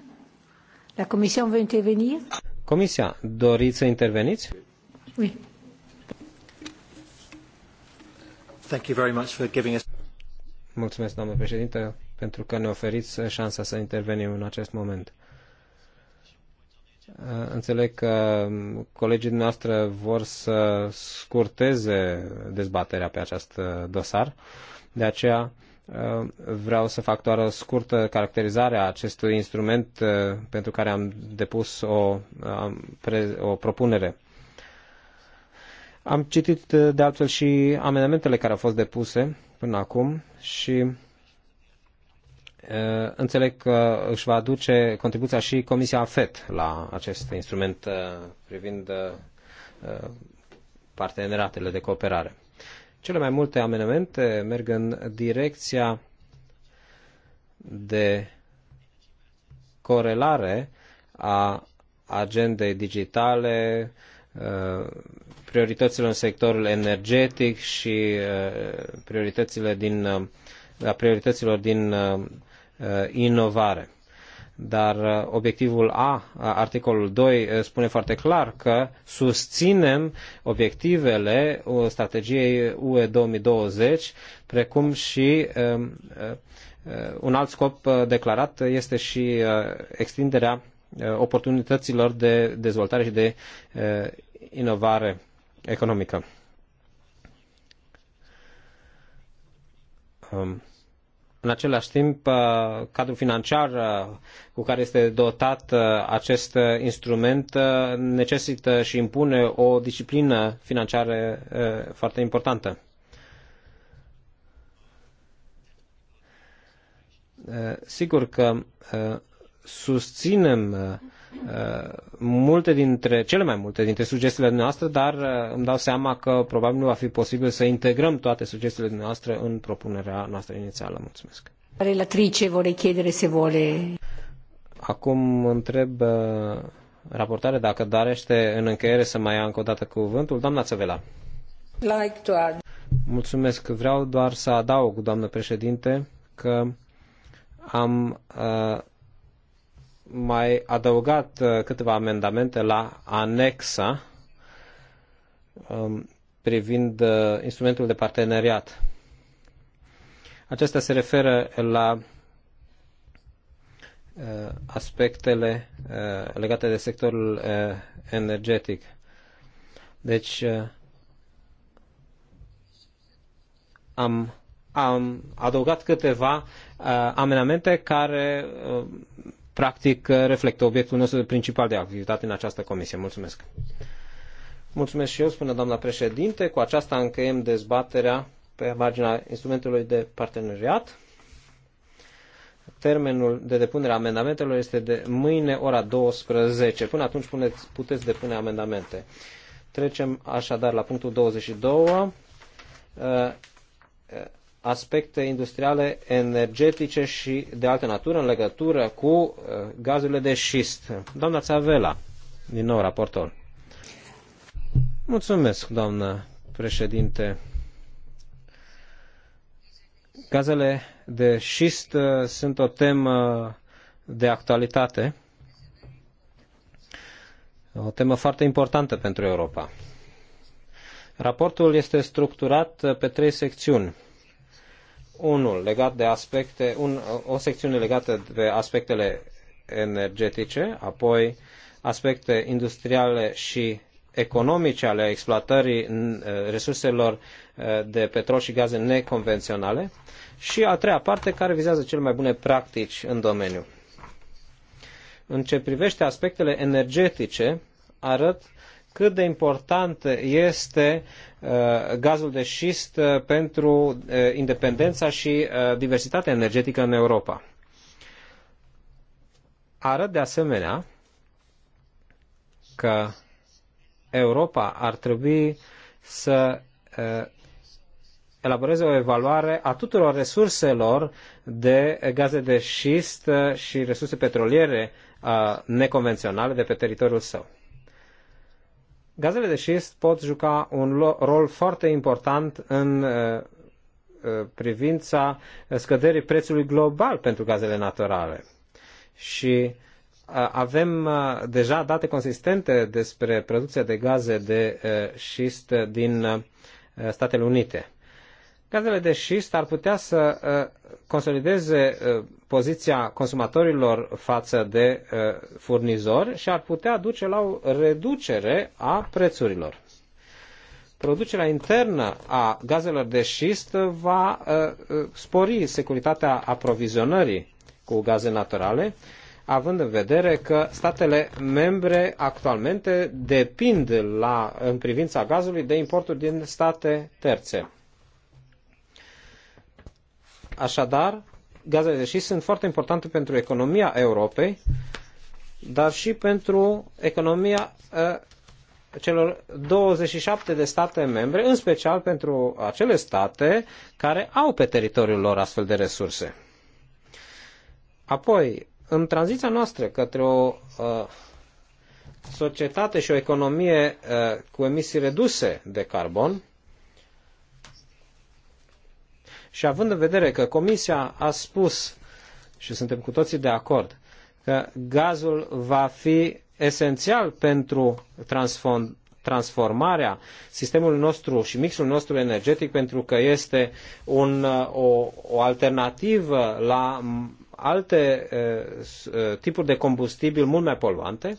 La comisie veut interveni? Comisia, doriți să interveniți? Oui. Thank you very much for giving us... Mulțumesc, doamnă președinte, pentru că ne oferiți șansa să intervenim în acest moment. Uh, înțeleg că colegii noastre vor să scurteze dezbaterea pe acest uh, dosar, de aceea uh, vreau să fac doar o scurtă caracterizare a acestui instrument pentru care am depus o, am pre, o propunere. Am citit de altfel și amendamentele care au fost depuse până acum și Uh, înțeleg că își va aduce contribuția și Comisia FET la acest instrument uh, privind uh, parteneratele de cooperare. Cele mai multe amendamente merg în direcția de corelare a agendei digitale, priorităților în sectorul energetic și prioritățile din, a priorităților din Uh, inovare. Dar uh, obiectivul A, uh, articolul 2, spune foarte clar că susținem obiectivele strategiei UE 2020, precum și um, un alt scop declarat este și extinderea oportunităților de dezvoltare și de inovare economică. Um, în același timp, uh, cadrul financiar uh, cu care este dotat uh, acest instrument necesită și impune o disciplină financiară foarte importantă. Sigur că susținem uh, Uh, multe dintre, cele mai multe dintre sugestiile noastre, dar uh, îmi dau seama că probabil nu va fi posibil să integrăm toate sugestiile noastre în propunerea noastră inițială. Mulțumesc. Relatrice, vor chiedere se vole? Acum întreb uh, raportare dacă darește în încheiere să mai ia încă o dată cuvântul. Doamna Țăvela. Like to add. Mulțumesc. Vreau doar să adaug, doamnă președinte, că am uh, mai adăugat uh, câteva amendamente la anexa um, privind uh, instrumentul de parteneriat. Acestea se referă la uh, aspectele legate de sectorul energetic. Deci am, am adăugat câteva amenamente care practic uh, reflectă obiectul nostru principal de activitate în această comisie. Mulțumesc! Mulțumesc și eu, spune doamna președinte. Cu aceasta încheiem dezbaterea pe marginea instrumentelor de parteneriat. Termenul de depunere a amendamentelor este de mâine ora 12. Până atunci puneți, puteți depune amendamente. Trecem așadar la punctul 22. Uh, uh, aspecte industriale, energetice și de altă natură în legătură cu uh, gazurile de șist. Doamna Țavela, din nou raportor. Mulțumesc, doamnă președinte. Gazele de șist uh, sunt o temă de actualitate, o temă foarte importantă pentru Europa. Raportul este structurat uh, pe trei secțiuni unul legat de aspecte, un, o secțiune legată de aspectele energetice, apoi aspecte industriale și economice ale exploatării eh, resurselor eh, de petrol și gaze neconvenționale și a treia parte care vizează cele mai bune practici în domeniu. În ce privește aspectele energetice, arăt cât de important este uh, gazul de șist uh, pentru uh, independența și diversitatea energetică în Europa. Arăt de asemenea că Europa ar trebui să elaboreze o evaluare a tuturor resurselor de gaze de șist și resurse petroliere neconvenționale de pe teritoriul său. Gazele de șist pot juca un rol foarte important în uh, uh, privința scăderii prețului global pentru gazele naturale. Și uh, avem deja date consistente despre producția de gaze de șist din Statele Unite. Gazele de șist ar putea să consolideze uh, poziția consumatorilor față de uh, furnizori și ar putea duce la o reducere a prețurilor. Producerea internă a gazelor de șist va uh, spori securitatea aprovizionării cu gaze naturale, având în vedere că statele membre actualmente depind la, în privința gazului de importuri din state terțe. Așadar, gazele de șist sunt foarte importante pentru economia Europei, dar și pentru economia ă, celor 27 de state membre, în special pentru acele state care au pe teritoriul lor astfel de resurse. Apoi, în tranziția noastră către o uh, societate și o economie uh, cu emisii reduse de carbon, și având în vedere că Comisia a spus, și suntem cu toții de acord, că gazul va fi esențial pentru transformarea sistemului nostru și mixul nostru energetic, pentru că este un, o, o alternativă la alte tipuri de combustibil mult mai poluante,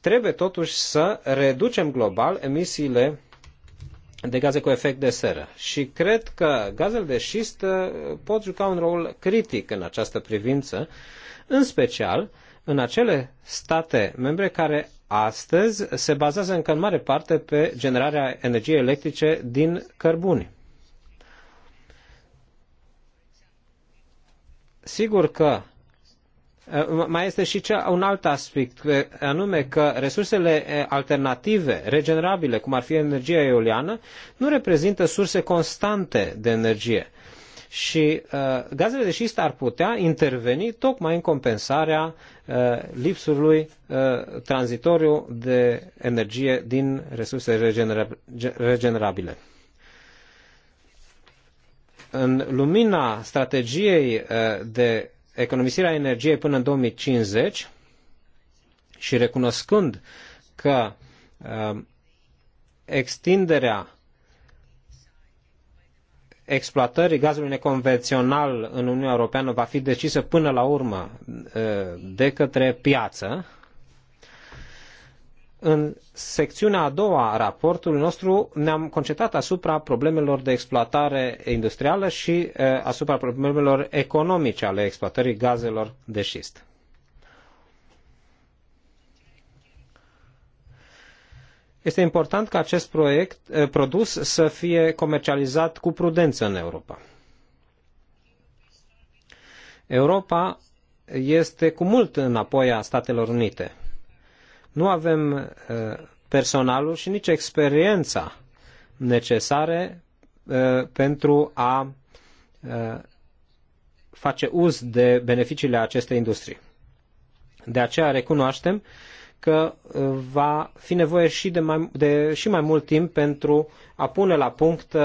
trebuie totuși să reducem global emisiile de gaze cu efect de seră. Și cred că gazele de șist uh, pot juca un rol critic în această privință, în special în acele state membre care astăzi se bazează încă în mare parte pe generarea energiei electrice din cărbuni. Sigur că Eh, mai este și un alt aspect, anume că resursele eh, alternative, regenerabile, cum ar fi energia eoliană, nu reprezintă surse constante de energie. Și uh, gazele de șist ar putea interveni tocmai în compensarea uh, lipsului uh, tranzitoriu de energie din resurse regenera regenerabile în lumina strategiei de economisirea energiei până în 2050 și recunoscând că uh, extinderea exploatării gazului neconvențional în Uniunea Europeană va fi decisă până la urmă uh, de către piață, în secțiunea a doua a raportului nostru ne-am concentrat asupra problemelor de exploatare industrială și eh, asupra problemelor economice ale exploatării gazelor de șist. Este important ca acest proiect, eh, produs să fie comercializat cu prudență în Europa. Europa este cu mult înapoi a Statelor Unite nu avem uh, personalul și nici experiența necesare uh, pentru a uh, face uz de beneficiile acestei industrii. De aceea recunoaștem că va fi nevoie și de, mai, de și mai mult timp pentru a pune la punct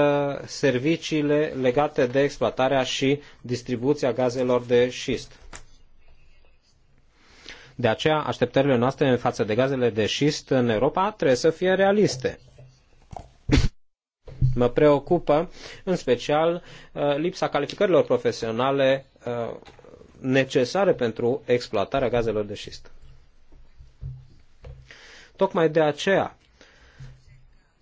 serviciile legate de exploatarea și distribuția gazelor de șist. De aceea, așteptările noastre în față de gazele de șist în Europa trebuie să fie realiste. Mă preocupă, în special, uh, lipsa calificărilor profesionale uh, necesare pentru exploatarea gazelor de șist. Tocmai de aceea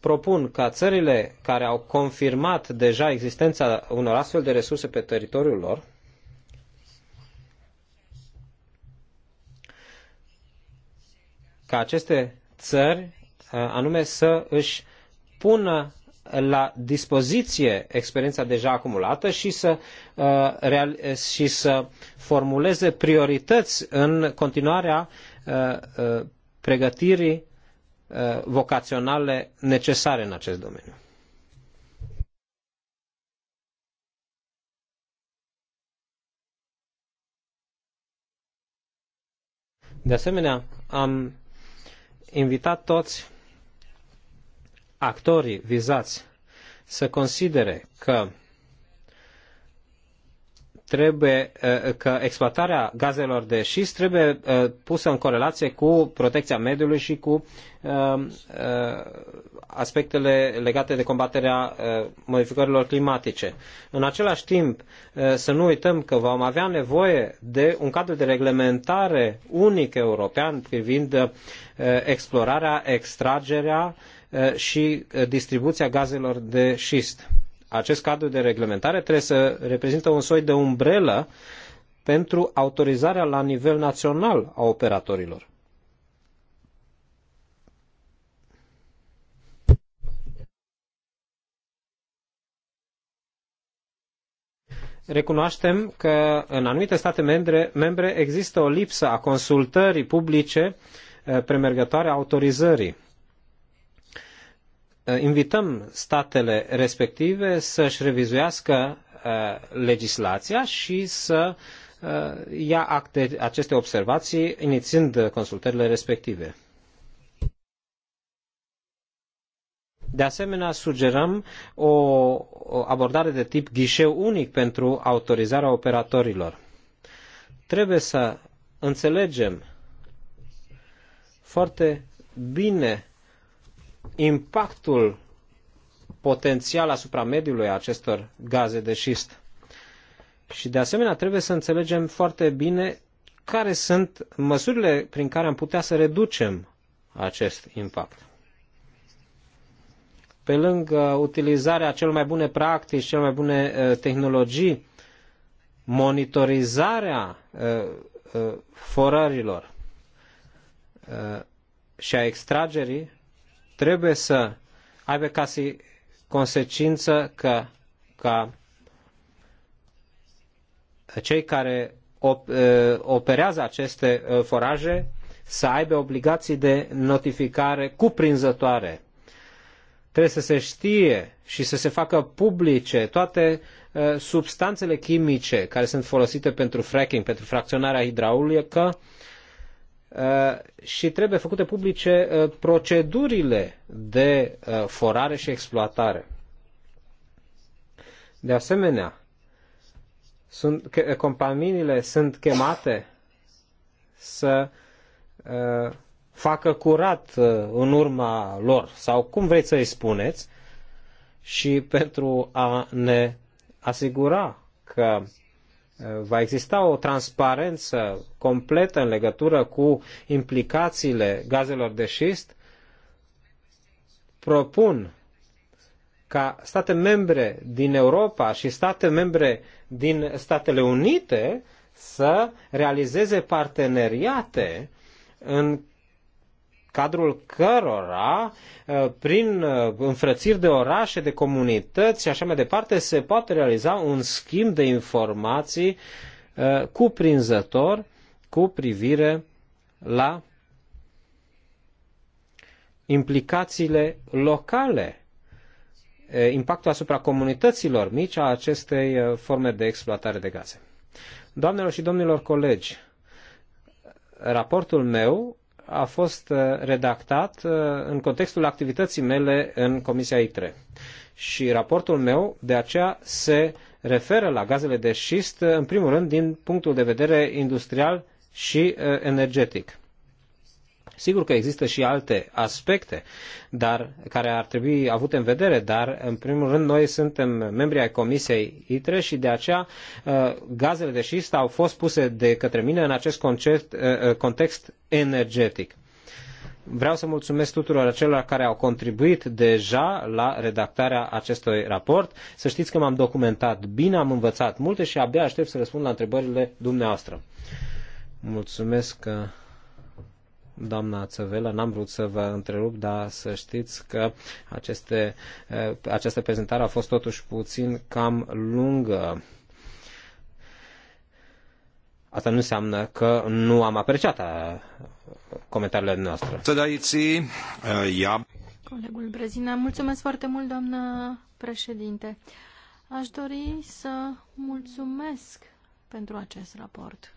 propun ca țările care au confirmat deja existența unor astfel de resurse pe teritoriul lor ca aceste țări uh, anume să își pună la dispoziție experiența deja acumulată și să, uh, și să formuleze priorități în continuarea uh, pregătirii vocaționale necesare în acest domeniu. De asemenea, am invita toți actorii vizați să considere că trebuie uh, că exploatarea gazelor de șist trebuie uh, pusă în corelație cu protecția mediului și cu uh, aspectele legate de combaterea modificărilor climatice. În același timp, să nu uităm că vom avea nevoie de un cadru de reglementare unic european privind explorarea, extragerea și distribuția gazelor de șist acest cadru de reglementare trebuie să reprezintă un soi de umbrelă pentru autorizarea la nivel național a operatorilor. Recunoaștem că în anumite state membre, membre există o lipsă a consultării publice eh, premergătoare a autorizării Uh, invităm statele respective să-și revizuiască uh, legislația și să uh, ia de aceste observații inițiind consultările respective. De asemenea, sugerăm o, abordare de tip ghișeu unic pentru autorizarea operatorilor. Trebuie să înțelegem foarte bine impactul potențial asupra mediului a acestor gaze de șist. Și de asemenea trebuie să înțelegem foarte bine care sunt măsurile prin care am putea să reducem acest impact. Pe lângă utilizarea cel mai bune practici, cel mai bune uh, tehnologii, monitorizarea uh, uh, forărilor și a extragerii trebuie să aibă ca și consecință că ca cei care op, operează aceste foraje să aibă obligații de notificare cuprinzătoare. Trebuie să se știe și să se facă publice toate substanțele chimice care sunt folosite pentru fracking, pentru fracționarea hidraulică, Uh, și trebuie făcute publice uh, procedurile de uh, forare și exploatare. De asemenea, sunt, companiile sunt chemate să uh, facă curat uh, în urma lor sau cum vreți să îi spuneți și pentru a ne asigura că va exista o transparență completă în legătură cu implicațiile gazelor de șist, propun ca state membre din Europa și state membre din Statele Unite să realizeze parteneriate în cadrul cărora, ă, prin ă, înfrățiri de orașe, de comunități și așa mai departe, se poate realiza un schimb de informații ă, cuprinzător cu privire la implicațiile locale, impactul asupra comunităților mici a acestei forme de exploatare de gaze. Doamnelor și domnilor colegi, raportul meu a fost uh, redactat uh, în contextul activității mele în Comisia ITRE. Și raportul meu de aceea se referă la gazele de șist, uh, în primul rând, din punctul de vedere industrial și energetic. Sigur că există și alte aspecte dar, care ar trebui avute în vedere, dar în primul rând noi suntem membri ai Comisiei ITRE și de aceea uh, gazele de șist au fost puse de către mine în acest concept, uh, uh, context energetic. Vreau să mulțumesc tuturor celor care au contribuit deja la redactarea acestui raport. Să știți că m-am documentat bine, am învățat multe și abia aștept să răspund la întrebările dumneavoastră. Mulțumesc doamna Țăvelă, n-am vrut să vă întrerup, dar să știți că aceste, eh, această prezentare a fost totuși puțin cam lungă. Asta nu înseamnă că nu am apreciat eh, comentariile noastre. Să daiți, eh, ia. Colegul Brezina, mulțumesc foarte mult, doamnă președinte. Aș dori să mulțumesc pentru acest raport.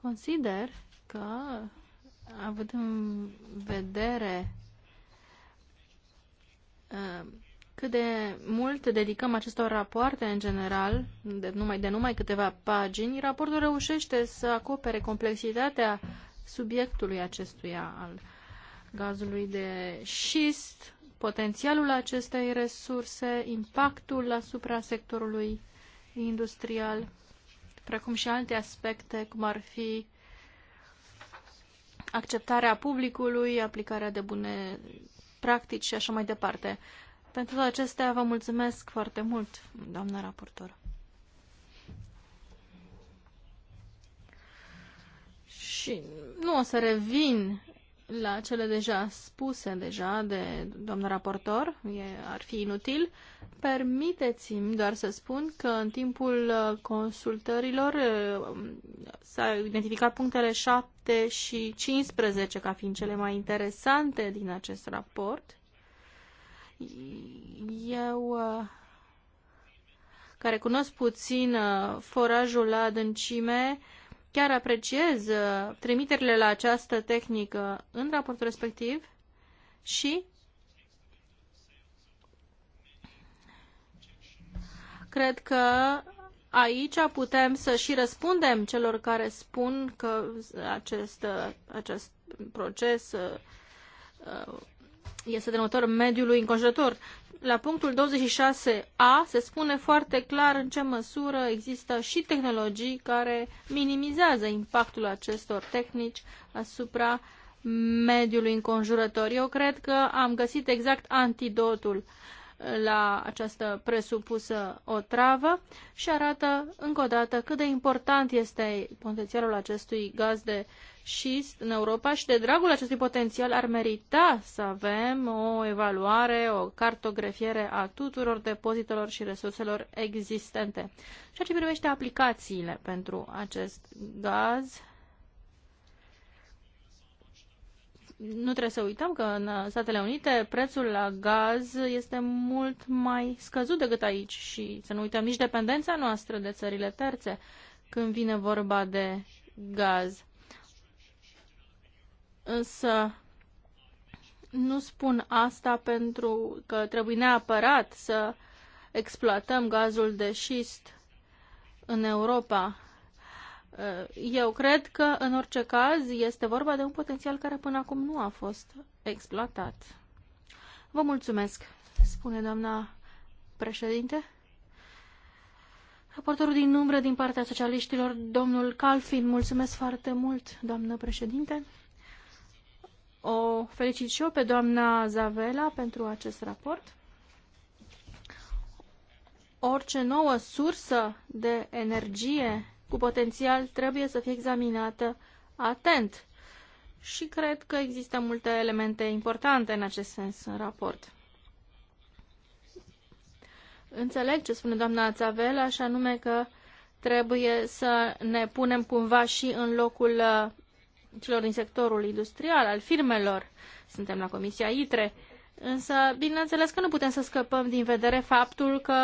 Consider că având în vedere uh, cât de mult dedicăm acestor rapoarte în general, de numai, de numai câteva pagini, raportul reușește să acopere complexitatea subiectului acestuia al gazului de șist, potențialul acestei resurse, impactul asupra sectorului industrial, precum și alte aspecte, cum ar fi acceptarea publicului, aplicarea de bune practici și așa mai departe. Pentru toate acestea vă mulțumesc foarte mult, doamna raportor. Și nu o să revin la cele deja spuse deja de domnul raportor, e, ar fi inutil, permiteți-mi doar să spun că în timpul uh, consultărilor uh, s-au identificat punctele 7 și 15 ca fiind cele mai interesante din acest raport. Eu uh, care cunosc puțin forajul la adâncime, Chiar apreciez uh, trimiterile la această tehnică în raportul respectiv și cred că aici putem să și răspundem celor care spun că acest, uh, acest proces uh, este denotor mediului înconjurător la punctul 26a se spune foarte clar în ce măsură există și tehnologii care minimizează impactul acestor tehnici asupra mediului înconjurător. Eu cred că am găsit exact antidotul la această presupusă otravă și arată încă o dată cât de important este potențialul acestui gaz de uh, și în Europa și de dragul acestui potențial ar merita să avem o evaluare, o cartografiere a tuturor depozitelor și resurselor existente. Ceea ce privește aplicațiile pentru acest gaz, nu trebuie să uităm că în Statele Unite prețul la gaz este mult mai scăzut decât aici și să nu uităm nici dependența noastră de țările terțe când vine vorba de gaz. Însă nu spun asta pentru că trebuie neapărat să exploatăm gazul de șist în Europa. Uh, eu cred că, în orice caz, este vorba de un potențial care până acum nu a fost exploatat. Vă mulțumesc, spune doamna președinte. Raportorul din umbră din partea socialiștilor, domnul Calfin, mulțumesc foarte mult, doamnă președinte o felicit și eu pe doamna Zavela pentru acest raport. Orice nouă sursă de energie cu potențial trebuie să fie examinată atent și cred că există multe elemente importante în acest sens în raport. Înțeleg ce spune doamna Zavela, și anume că trebuie să ne punem cumva și în locul celor din sectorul industrial, al firmelor. Suntem la Comisia ITRE. Însă, bineînțeles că nu putem să scăpăm din vedere faptul că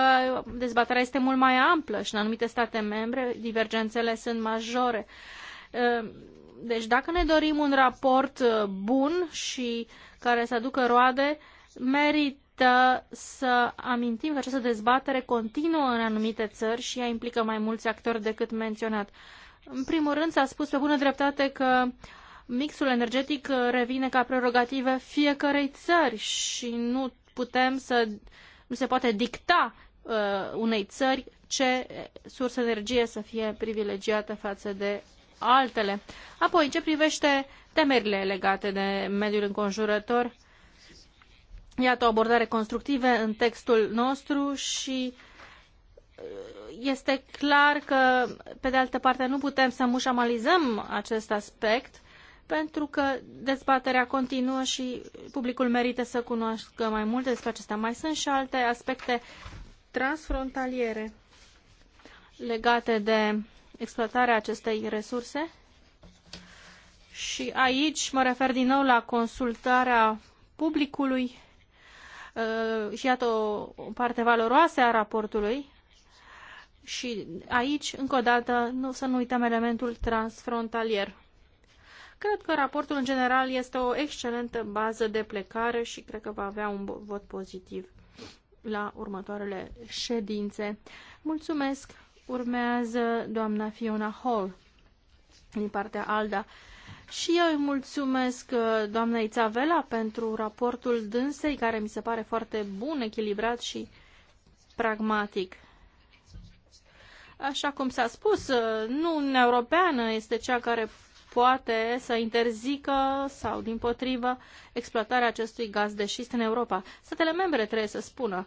dezbaterea este mult mai amplă și în anumite state membre divergențele sunt majore. Ehm, deci, dacă ne dorim un raport eh, bun și care să aducă roade, merită să amintim că această dezbatere continuă în anumite țări și ea implică mai mulți actori decât menționat. În primul rând s-a spus pe bună dreptate că mixul energetic uh, revine ca prerogative fiecărei țări și nu putem să nu se poate dicta uh, unei țări ce sursă de energie să fie privilegiată față de altele. Apoi, ce privește temerile legate de mediul înconjurător, iată o abordare constructivă în textul nostru și uh, este clar că, pe de altă parte, nu putem să mușamalizăm acest aspect, pentru că dezbaterea continuă și publicul merită să cunoască mai multe despre acestea. Mai sunt și alte aspecte transfrontaliere legate de exploatarea acestei resurse. Și aici mă refer din nou la consultarea publicului uh, și iată o, o parte valoroasă a raportului și aici, încă o dată, nu, să nu uităm elementul transfrontalier. Cred că raportul în general este o excelentă bază de plecare și cred că va avea un vot pozitiv la următoarele ședințe. Mulțumesc! Urmează doamna Fiona Hall din partea ALDA. Și eu îi mulțumesc uh, doamnei Țavela pentru raportul dânsei, care mi se pare foarte bun, echilibrat și pragmatic. Așa cum s-a spus, uh, nu Uniunea Europeană este cea care poate să interzică sau, din potrivă, exploatarea acestui gaz de șist în Europa. Statele membre trebuie să spună.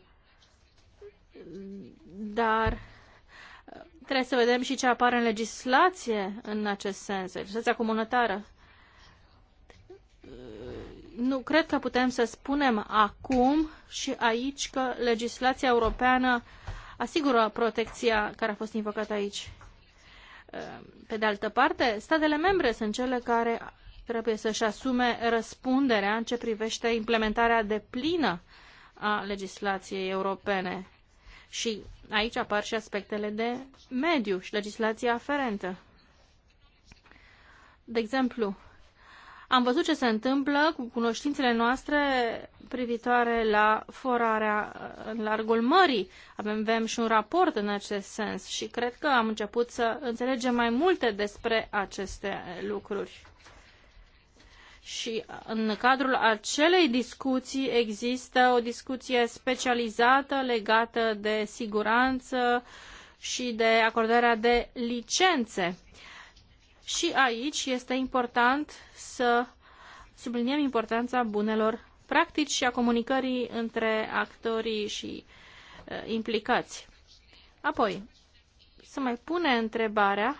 Dar uh, trebuie să vedem și ce apare în legislație în acest sens, legislația comunitară. Uh, nu cred că putem să spunem acum și aici că legislația europeană uh, asigură protecția care a fost invocată aici. Ehm, pe de altă parte, statele membre sunt cele care trebuie să-și asume răspunderea în ce privește implementarea plină a legislației europene. Și aici apar și aspectele de mediu și legislația aferentă. De exemplu, am văzut ce se întâmplă cu cunoștințele noastre privitoare la forarea în largul mării. Avem și un raport în acest sens și cred că am început să înțelegem mai multe despre aceste lucruri. Și în cadrul acelei discuții există o discuție specializată legată de siguranță și de acordarea de licențe. Uh, și aici este important să subliniem importanța bunelor practici și a comunicării între actorii și uh, implicați. Apoi, să mai pune întrebarea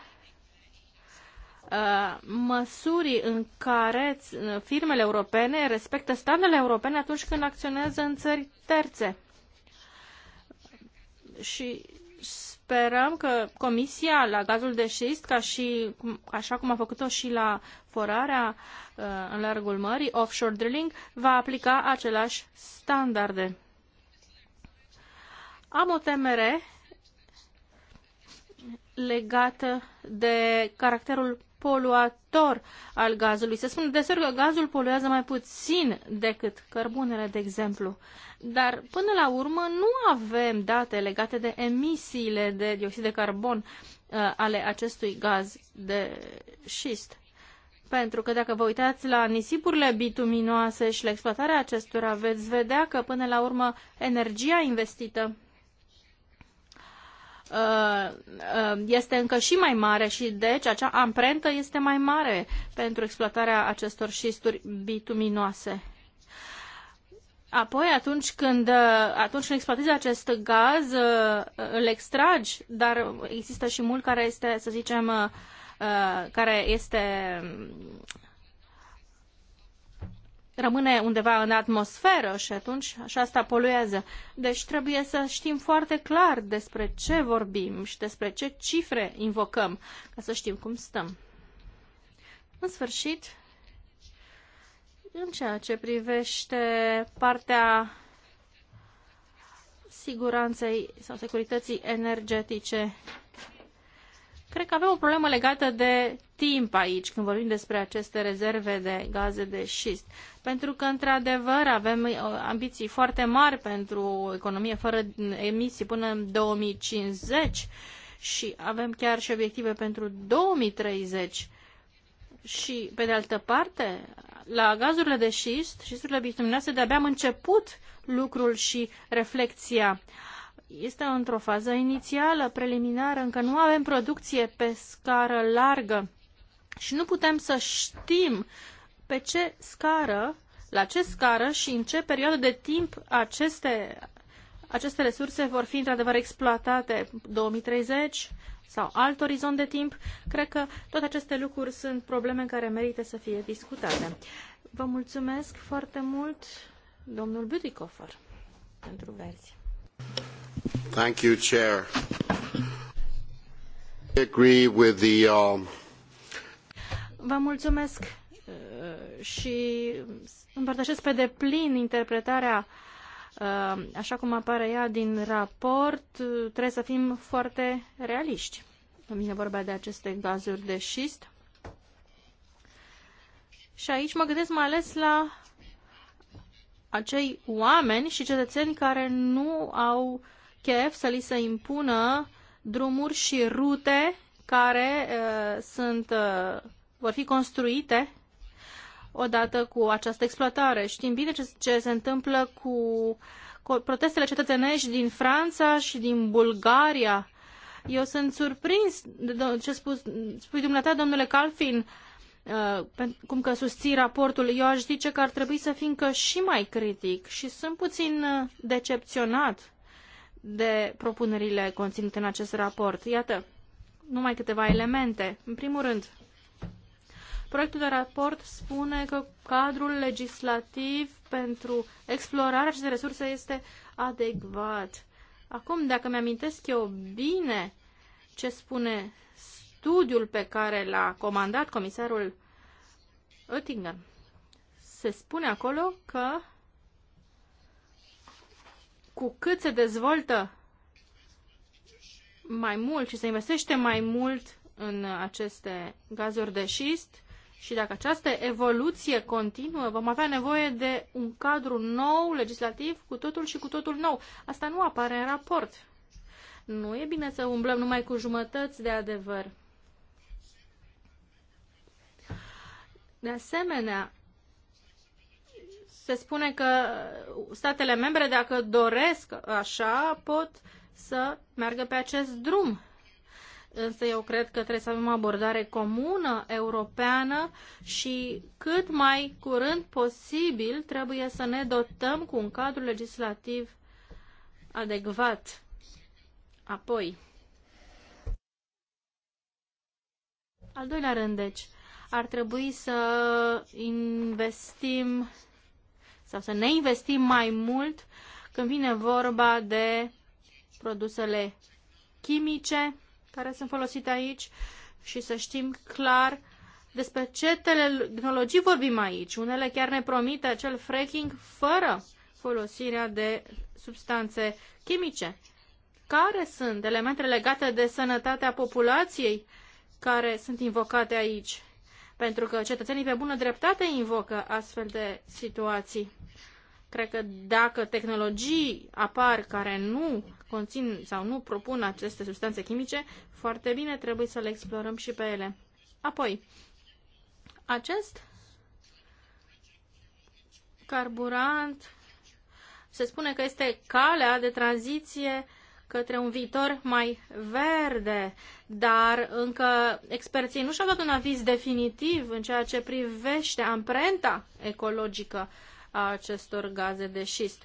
uh, măsurii în care uh, firmele europene respectă standardele europene atunci când acționează în țări terțe. Și sperăm că Comisia la gazul de șist, ca și, așa cum a făcut-o și la forarea uh, în largul mării, offshore drilling, va aplica același standarde. Am o temere legată de caracterul poluator al gazului. Se spune desigur că gazul poluează mai puțin decât cărbunele, de exemplu. Dar, până la urmă, nu avem date legate de emisiile de dioxid de carbon uh, ale acestui gaz de șist. Pentru că dacă vă uitați la nisipurile bituminoase și la exploatarea acestora, veți vedea că, până la urmă, energia investită Uh, uh, este încă și mai mare și deci acea amprentă este mai mare pentru exploatarea acestor șisturi bituminoase. Apoi, atunci când, uh, atunci când exploatezi acest gaz, îl extragi, dar există și mult care este, să zicem, care este rămâne undeva în atmosferă și atunci și asta poluează. Deci trebuie să știm foarte clar despre ce vorbim și despre ce cifre invocăm ca să știm cum stăm. În sfârșit, în ceea ce privește partea siguranței sau securității energetice, Cred că avem o problemă legată de timp aici când vorbim despre aceste rezerve de gaze de șist. Pentru că, într-adevăr, avem uh, ambiții foarte mari pentru o economie fără emisii până în 2050 și avem chiar și obiective pentru 2030. Și, pe de altă parte, la gazurile de șist, șisturile bituminoase, de-abia am început lucrul și reflexia. Uh, este într-o fază inițială, preliminară, încă nu avem producție pe scară largă și nu putem să știm pe ce scară, la ce scară și în ce perioadă de timp aceste, aceste resurse vor fi într-adevăr exploatate 2030 sau alt orizont de timp. Cred că toate aceste lucruri sunt probleme care merită să fie discutate. Vă mulțumesc foarte mult, domnul Bütikofer, pentru verzi. Thank you, Chair. I agree with the, um... Vă mulțumesc uh, și împărtășesc pe deplin interpretarea uh, așa cum apare ea din raport. Uh, trebuie să fim foarte realiști. Când vine vorba de aceste gazuri de șist. Și aici mă gândesc mai ales la acei oameni și cetățeni care nu au chef să li se impună drumuri și rute care uh, sunt, uh, vor fi construite odată cu această exploatare. Știm bine ce, ce se întâmplă cu, cu protestele cetățenești din Franța și din Bulgaria. Eu sunt surprins de ce spus, spui dumneata, domnule Calfin, uh, cum că susții raportul. Eu aș zice că ar trebui să fim încă și mai critic și sunt puțin uh, decepționat de propunerile conținute în acest raport. Iată, numai câteva elemente. În primul rând, proiectul de raport spune că cadrul legislativ pentru explorarea acestei resurse este adecvat. Acum, dacă mi-amintesc eu bine ce spune studiul pe care l-a comandat comisarul Oettinger, se spune acolo că cu cât se dezvoltă mai mult și se investește mai mult în aceste gazuri de șist și dacă această evoluție continuă, vom avea nevoie de un cadru nou, legislativ, cu totul și cu totul nou. Asta nu apare în raport. Nu e bine să umblăm numai cu jumătăți de adevăr. De asemenea, se spune că statele membre, dacă doresc așa, pot să meargă pe acest drum. Însă eu cred că trebuie să avem o abordare comună, europeană și cât mai curând posibil trebuie să ne dotăm cu un cadru legislativ adecvat. Apoi, al doilea rând, deci, ar trebui să investim sau să ne investim mai mult când vine vorba de produsele chimice care sunt folosite aici și să știm clar despre ce tehnologii vorbim aici. Unele chiar ne promite acel fracking fără folosirea de substanțe chimice. Care sunt elementele legate de sănătatea populației care sunt invocate aici? pentru că cetățenii pe bună dreptate invocă astfel de situații. Cred că dacă tehnologii apar care nu conțin sau nu propun aceste substanțe chimice, foarte bine trebuie să le explorăm și pe ele. Apoi, acest carburant se spune că este calea de tranziție uh, către un viitor mai verde, dar încă experții nu și-au dat un aviz definitiv în ceea ce privește amprenta ecologică a acestor gaze de șist.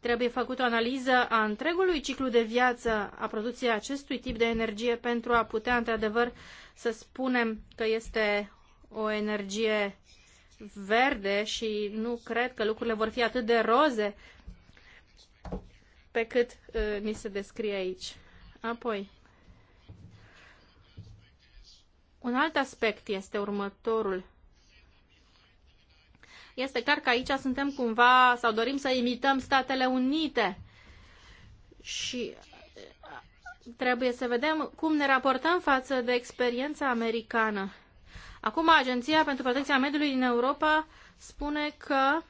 Trebuie făcut o analiză a întregului ciclu de viață a producției acestui tip de energie pentru a putea, într-adevăr, să spunem că este o energie verde și nu cred că lucrurile vor fi atât de roze pe cât uh, ni se descrie aici. Apoi, un alt aspect este următorul. Este clar că aici suntem cumva, sau dorim să imităm Statele Unite și uh, trebuie să vedem cum ne raportăm față de experiența americană. Acum, Agenția pentru Protecția Mediului din Europa spune că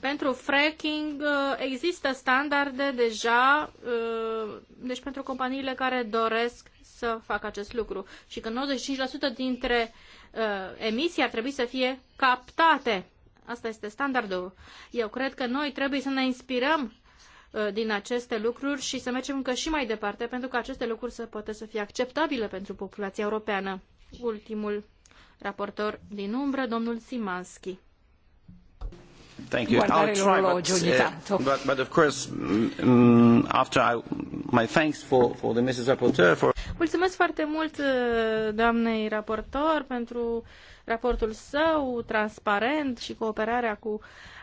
pentru fracking uh, există standarde deja, uh, deci pentru companiile care doresc să facă acest lucru și că 95% dintre uh, emisii ar trebui să fie captate. Asta este standardul. Eu cred că noi trebuie să ne inspirăm din aceste lucruri și să mergem încă și mai departe, pentru că aceste lucruri să poată să fie acceptabile pentru populația europeană. Ultimul raportor din umbră, domnul Simanski. Thank you. Guardare I'll try, but, Uh, but, but of course, um, after I, my thanks for, for the Mrs. Rapporteur for... Mulțumesc foarte mult uh, doamnei raportor pentru raportul său transparent și cooperarea cu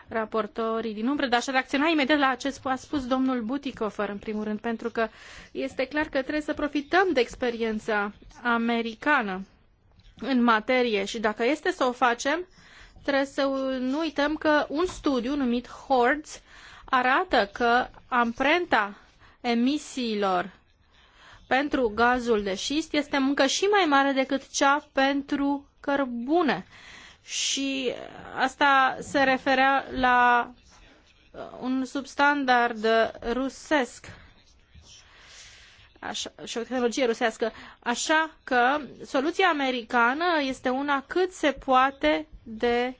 raportorii din umbră, dar aș reacționa imediat la acest a spus domnul Butikofer, în primul rând, pentru că este clar că trebuie să profităm de experiența americană în materie și dacă este să o facem, uh, trebuie să nu uităm că un studiu numit Hordes arată că amprenta emisiilor pentru gazul de șist este încă și mai mare decât cea pentru cărbune. Și asta se referea la un substandard rusesc și o tehnologie rusească. Așa că soluția americană este una cât se poate de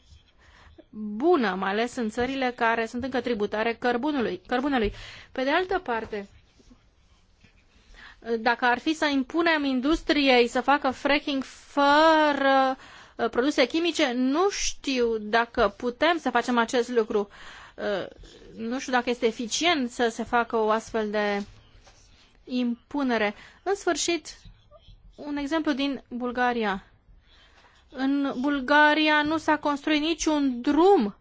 bună, mai ales în țările care sunt încă tributare cărbunului. cărbunului. Pe de altă parte, dacă ar fi să impunem industriei să facă fracking fără uh, produse chimice, nu știu dacă putem să facem acest lucru. Uh, nu știu dacă este eficient să se facă o astfel de impunere. În sfârșit, un exemplu din Bulgaria. În Bulgaria nu s-a construit niciun drum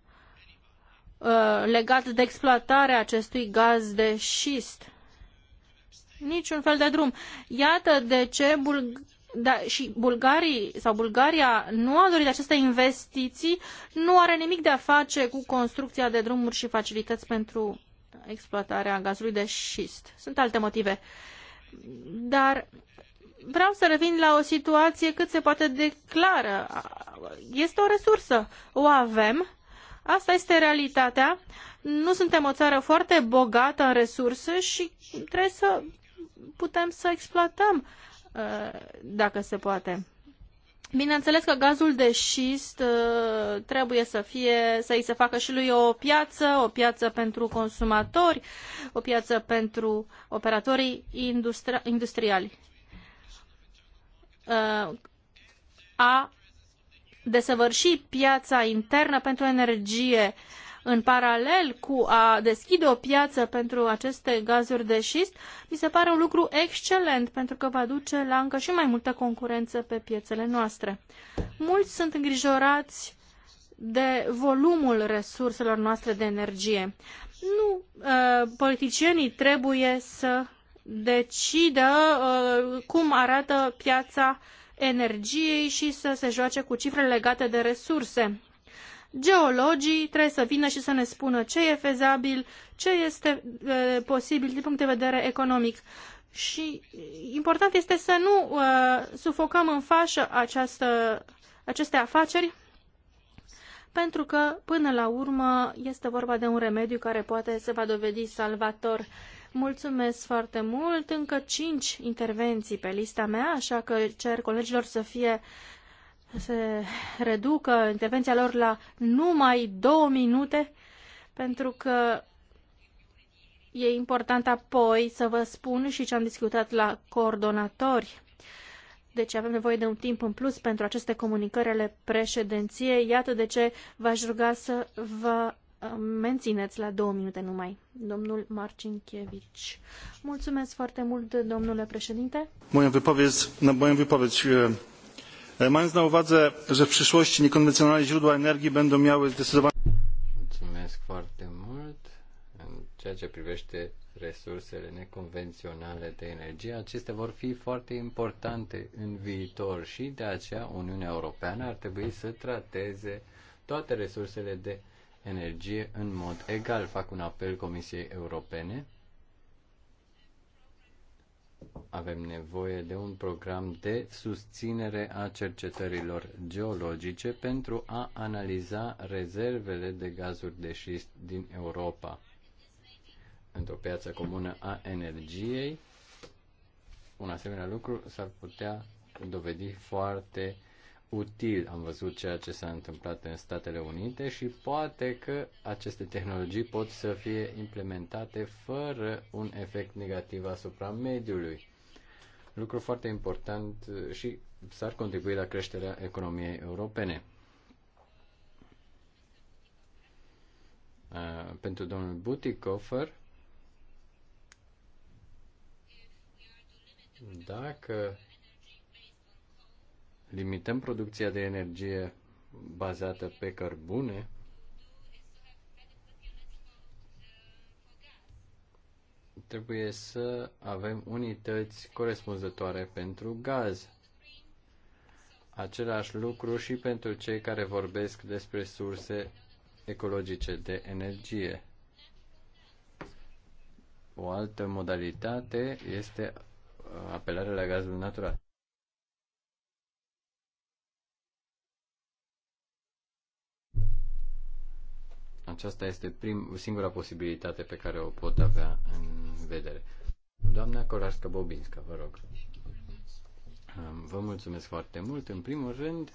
uh, legat de exploatarea acestui gaz de șist. Niciun fel de drum. Iată de ce Bulgaria da, și bulgarii sau Bulgaria nu a dorit aceste investiții, nu are nimic de a face cu construcția de drumuri și facilități pentru exploatarea gazului de șist. Sunt alte motive. Dar vreau să revin la o situație cât se poate de clară. Este o resursă. O avem. Asta este realitatea. Nu suntem o țară foarte bogată în resurse și trebuie să putem să exploatăm uh, dacă se poate. Bineînțeles că gazul de șist uh, trebuie să fie, să i se facă și lui o piață, o piață pentru consumatori, o piață pentru operatorii industri- industriali. Uh, a desăvârși piața internă pentru energie uh, în paralel cu a deschide o piață pentru aceste gazuri de șist, mi se pare un lucru excelent pentru că va duce la încă și mai multă concurență pe piețele noastre. Mulți sunt îngrijorați de volumul resurselor noastre de energie. Nu, ă, politicienii trebuie să decidă ă, cum arată piața energiei și să se joace cu cifre legate de resurse geologii trebuie să vină și să ne spună ce e fezabil, ce este e, posibil din punct de vedere economic. Și important este să nu e, sufocăm în fașă această, aceste afaceri, pentru că, până la urmă, este vorba de un remediu care poate se va dovedi salvator. Mulțumesc foarte mult, încă cinci intervenții pe lista mea, așa că cer colegilor să fie se reducă intervenția lor la numai două minute, pentru că e important apoi să vă spun și ce am discutat la coordonatori. Deci avem nevoie de un timp în plus pentru aceste comunicări ale președinției. Iată de ce v-aș ruga să vă uh, mențineți la două minute numai. Domnul Marcinkiewicz. Mulțumesc foarte mult, domnule președinte. Moją wypowiedź, na moją wypowiedź Mając na uwadze, że w przyszłości niekonwencjonalne źródła energii będą miały zdecydowanie... Mulțumesc foarte mult. În ceea ce privește resursele neconvenționale de energie, acestea vor fi foarte importante în viitor și de aceea Uniunea Europeană ar trebui să trateze toate resursele de energie în mod egal. Fac un apel Comisiei Europene avem nevoie de un program de susținere a cercetărilor geologice pentru a analiza rezervele de gazuri de șist din Europa. Într-o piață comună a energiei, un asemenea lucru s-ar putea dovedi foarte util. Am văzut ceea ce s-a întâmplat în Statele Unite și poate că aceste tehnologii pot să fie implementate fără un efect negativ asupra mediului. Lucru foarte important uh, și s-ar contribui la creșterea economiei europene. Uh, pentru domnul Butikofer, dacă limităm producția de energie bazată pe cărbune, trebuie să avem unități corespunzătoare pentru gaz. Același lucru și pentru cei care vorbesc despre surse ecologice de energie. O altă modalitate este apelarea la gazul natural. Aceasta este prim, singura posibilitate pe care o pot avea în vedere. Doamna Corarska Bobinska, vă rog. Vă mulțumesc foarte mult. În primul rând,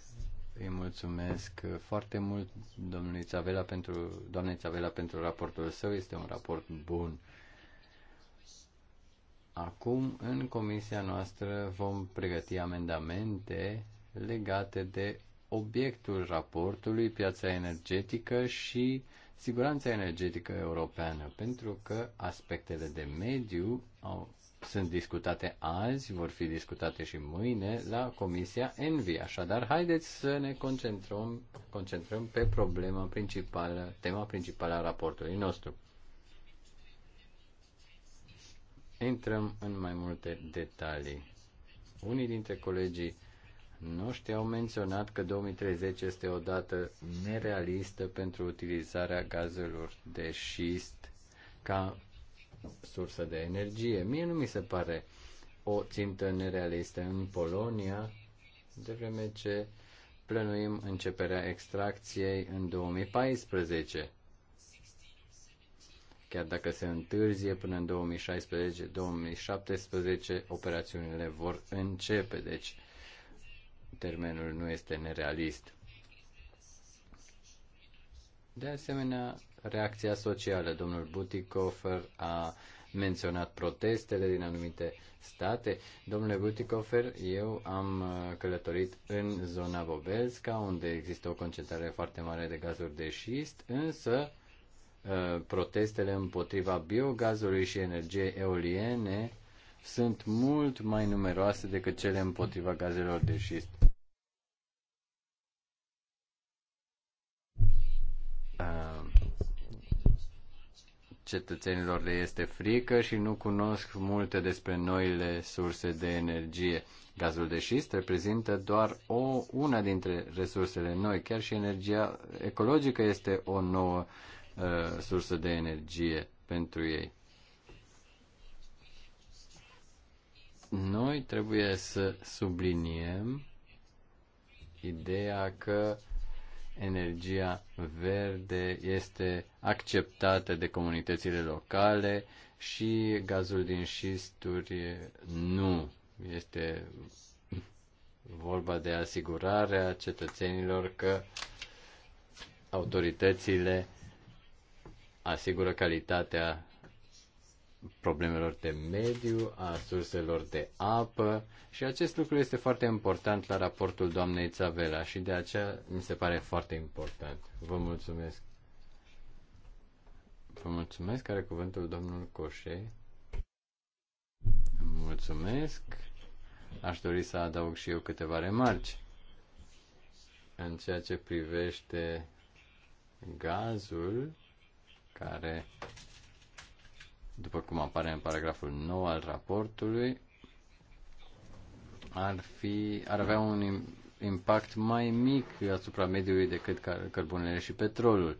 îi mulțumesc foarte mult domnului Țavela pentru, doamnei Țavela pentru raportul său. Este un raport bun. Acum, în comisia noastră, vom pregăti amendamente legate de obiectul raportului, piața energetică și uh, siguranța energetică europeană, pentru că aspectele de mediu au, sunt discutate azi, vor fi discutate și mâine la Comisia Envi. Așadar, haideți să ne concentrăm, concentrăm pe problema principală, tema principală a raportului nostru. Intrăm în mai multe detalii. Unii dintre colegii noștri au menționat că 2030 este o dată nerealistă pentru utilizarea gazelor de șist ca sursă de energie. Mie nu mi se pare o țintă nerealistă în Polonia, de vreme ce plănuim începerea extracției în 2014. Chiar dacă se întârzie până în 2016-2017, operațiunile vor începe. Deci, termenul nu este nerealist. De asemenea, reacția socială. Domnul Butikofer a menționat protestele din anumite state. Domnule Butikofer, eu am uh, călătorit în zona Bobelska, unde există o concentrare foarte mare de gazuri de șist, însă uh, protestele împotriva biogazului și energiei eoliene sunt mult mai numeroase decât cele împotriva gazelor de șist. Ah, cetățenilor le este frică și nu cunosc multe despre noile surse de energie. Gazul de șist reprezintă doar o, una dintre resursele noi, chiar și energia ecologică este o nouă uh, sursă de energie pentru ei. Noi trebuie să subliniem ideea că energia verde este acceptată de comunitățile locale și gazul din șisturi nu. Este vorba de asigurarea cetățenilor că autoritățile asigură calitatea problemelor de mediu, a surselor de apă și acest lucru este foarte important la raportul doamnei Țavela și de aceea mi se pare foarte important. Vă mulțumesc. Vă mulțumesc. care cuvântul domnul Coșe. Mulțumesc. Aș dori să adaug și eu câteva remarci în ceea ce privește gazul care după cum apare în paragraful 9 al raportului, ar, fi, ar avea un impact mai mic asupra mediului decât cărbunele și petrolul.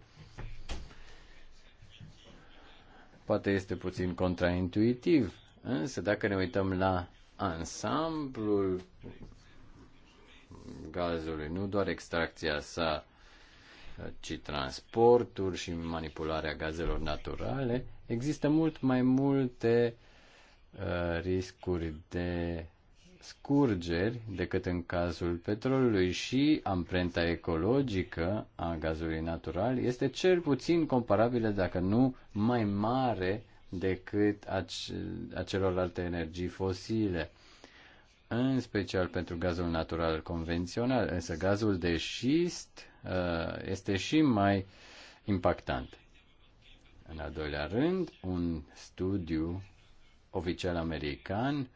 Poate este puțin contraintuitiv, însă dacă ne uităm la ansamblul gazului, nu doar extracția sa, ci transportul și manipularea gazelor naturale, există mult mai multe uh, riscuri de scurgeri decât în cazul petrolului și amprenta ecologică a gazului natural este cel puțin comparabilă, dacă nu mai mare, decât ace- acelorlalte energii fosile în special pentru gazul natural convențional, însă gazul de șist Uh, este și mai impactant. În al doilea rând, un studiu oficial american,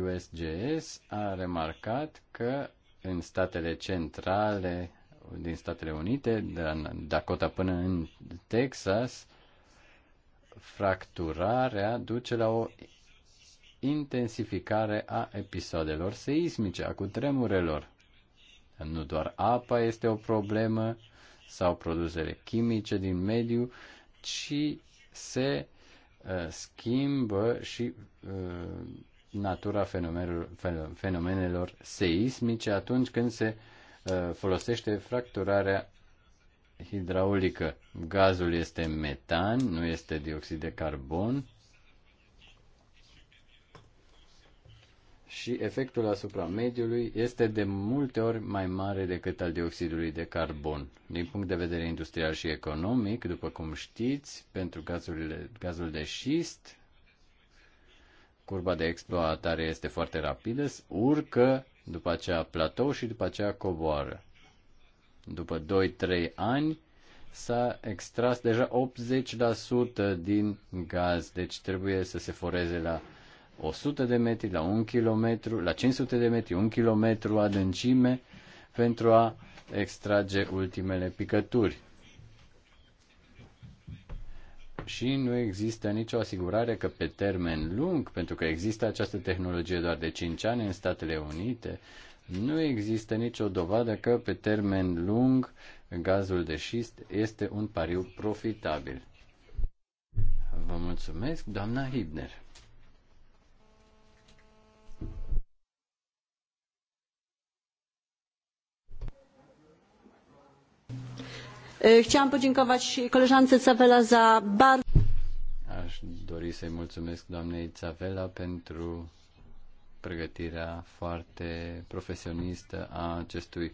USGS, uh, a remarcat că în statele centrale din Statele Unite, de la Dakota până în Texas, fracturarea duce la o intensificare a episoadelor seismice, a cutremurelor. Nu doar apa este o problemă sau produsele chimice din mediu, ci se uh, schimbă și uh, natura fenomenelor seismice atunci când se uh, folosește fracturarea hidraulică. Gazul este metan, nu este dioxid de carbon și efectul asupra mediului este de multe ori mai mare decât al dioxidului de carbon. Din punct de vedere industrial și economic, după cum știți, pentru gazurile, gazul de șist, curba de exploatare este foarte rapidă, urcă, după aceea platou și după aceea coboară. După 2-3 ani s-a extras deja 80% din gaz, deci trebuie să se foreze la 100 de metri, la 1 kilometru, la 500 de metri, 1 kilometru adâncime pentru a extrage ultimele picături. Și nu există nicio asigurare că pe termen lung, pentru că există această tehnologie doar de 5 ani în Statele Unite, nu există nicio dovadă că pe termen lung gazul de șist este un pariu profitabil. Vă mulțumesc, doamna Hibner. Chciałam podziękować koleżance Cavela za bardzo... Aș dori să-i mulțumesc doamnei Țavela pentru pregătirea foarte profesionistă a acestui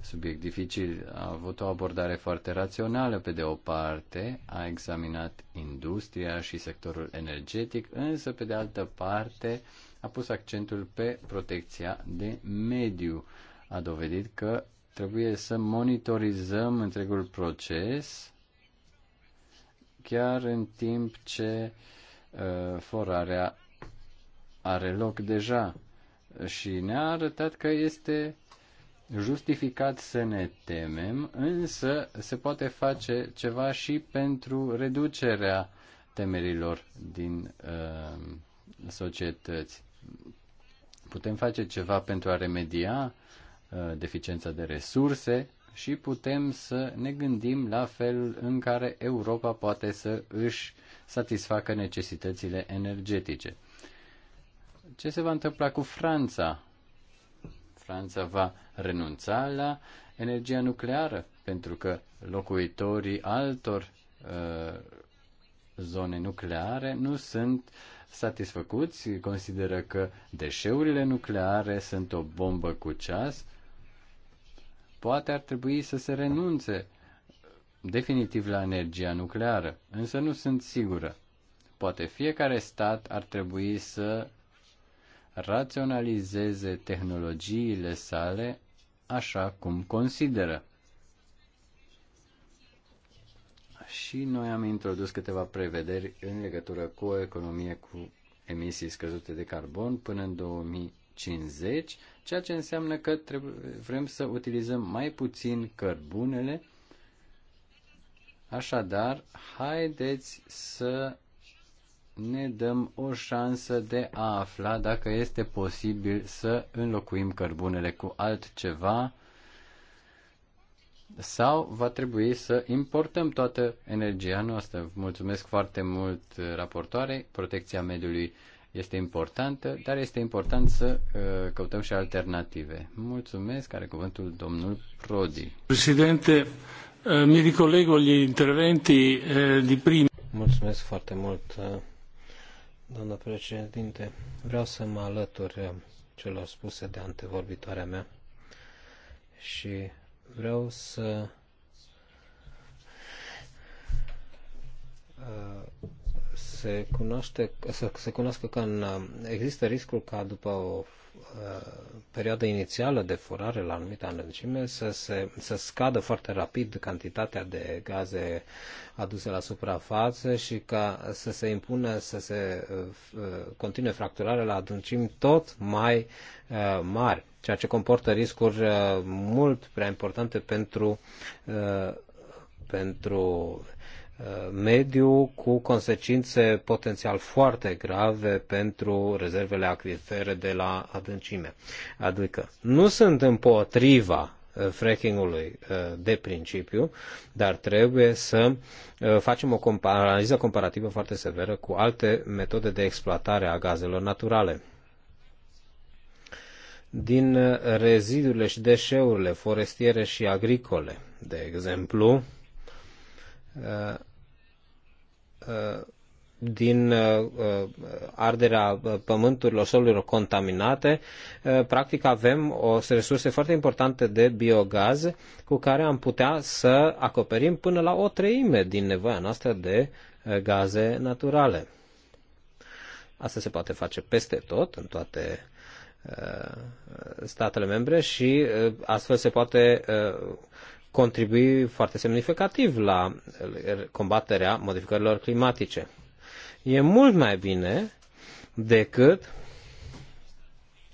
subiect dificil. A avut o abordare foarte rațională, pe de o parte, a examinat industria și sectorul energetic, însă, pe de altă parte, a pus accentul pe protecția de mediu. A dovedit că Trebuie să monitorizăm întregul proces chiar în timp ce uh, forarea are loc deja. Și ne-a arătat că este justificat să ne temem, însă se poate face ceva și pentru reducerea temerilor din uh, societăți. Putem face ceva pentru a remedia Uh, deficiența de resurse și putem să ne gândim la felul în care Europa poate să își satisfacă necesitățile energetice. Ce se va întâmpla cu Franța? Franța va renunța la energia nucleară pentru că locuitorii altor uh, zone nucleare nu sunt satisfăcuți, consideră că deșeurile nucleare sunt o bombă cu ceas poate ar trebui să se renunțe definitiv la energia nucleară, însă nu sunt sigură. Poate fiecare stat ar trebui să raționalizeze tehnologiile sale așa cum consideră. Și noi am introdus câteva prevederi în legătură cu o economie cu emisii scăzute de carbon până în 2000 50, ceea ce înseamnă că trebuie, vrem să utilizăm mai puțin cărbunele. Așadar, haideți să ne dăm o șansă de a afla dacă este posibil să înlocuim cărbunele cu altceva sau va trebui să importăm toată energia noastră. Mulțumesc foarte mult, raportoare. Protecția mediului este importantă, dar este important să uh, căutăm și alternative. Mulțumesc, are cuvântul domnul Prodi. Președinte, uh, mi ricolego gli interventi uh, di prima. Mulțumesc foarte mult, doamna președinte. Vreau să mă alătur celor spuse de antevorbitoarea mea și vreau să se, cunoaște, să se cunoască că în, um, există riscul ca după o uh, perioadă inițială de forare la anumită înălțime să, se, să scadă foarte rapid cantitatea de gaze aduse la suprafață și ca să se impună să se uh, uh, continue fracturarea la adâncimi tot mai mari, ceea ce comportă riscuri mult prea importante pentru, pentru mediu cu consecințe potențial foarte grave pentru rezervele acvifere de la adâncime. Adică nu sunt împotriva uh, frackingului uh, de principiu, dar trebuie să uh, facem o analiză comparativă foarte severă cu alte metode de exploatare a gazelor naturale. Din rezidurile și deșeurile forestiere și agricole, de exemplu, Uh, uh, din uh, arderea pământurilor, solurilor contaminate, practic avem o resurse foarte importante de biogaz cu care am putea să acoperim până la o treime din nevoia noastră de gaze naturale. Asta se poate face peste tot, în toate statele membre și astfel se poate contribui foarte semnificativ la combaterea modificărilor climatice. E mult mai bine decât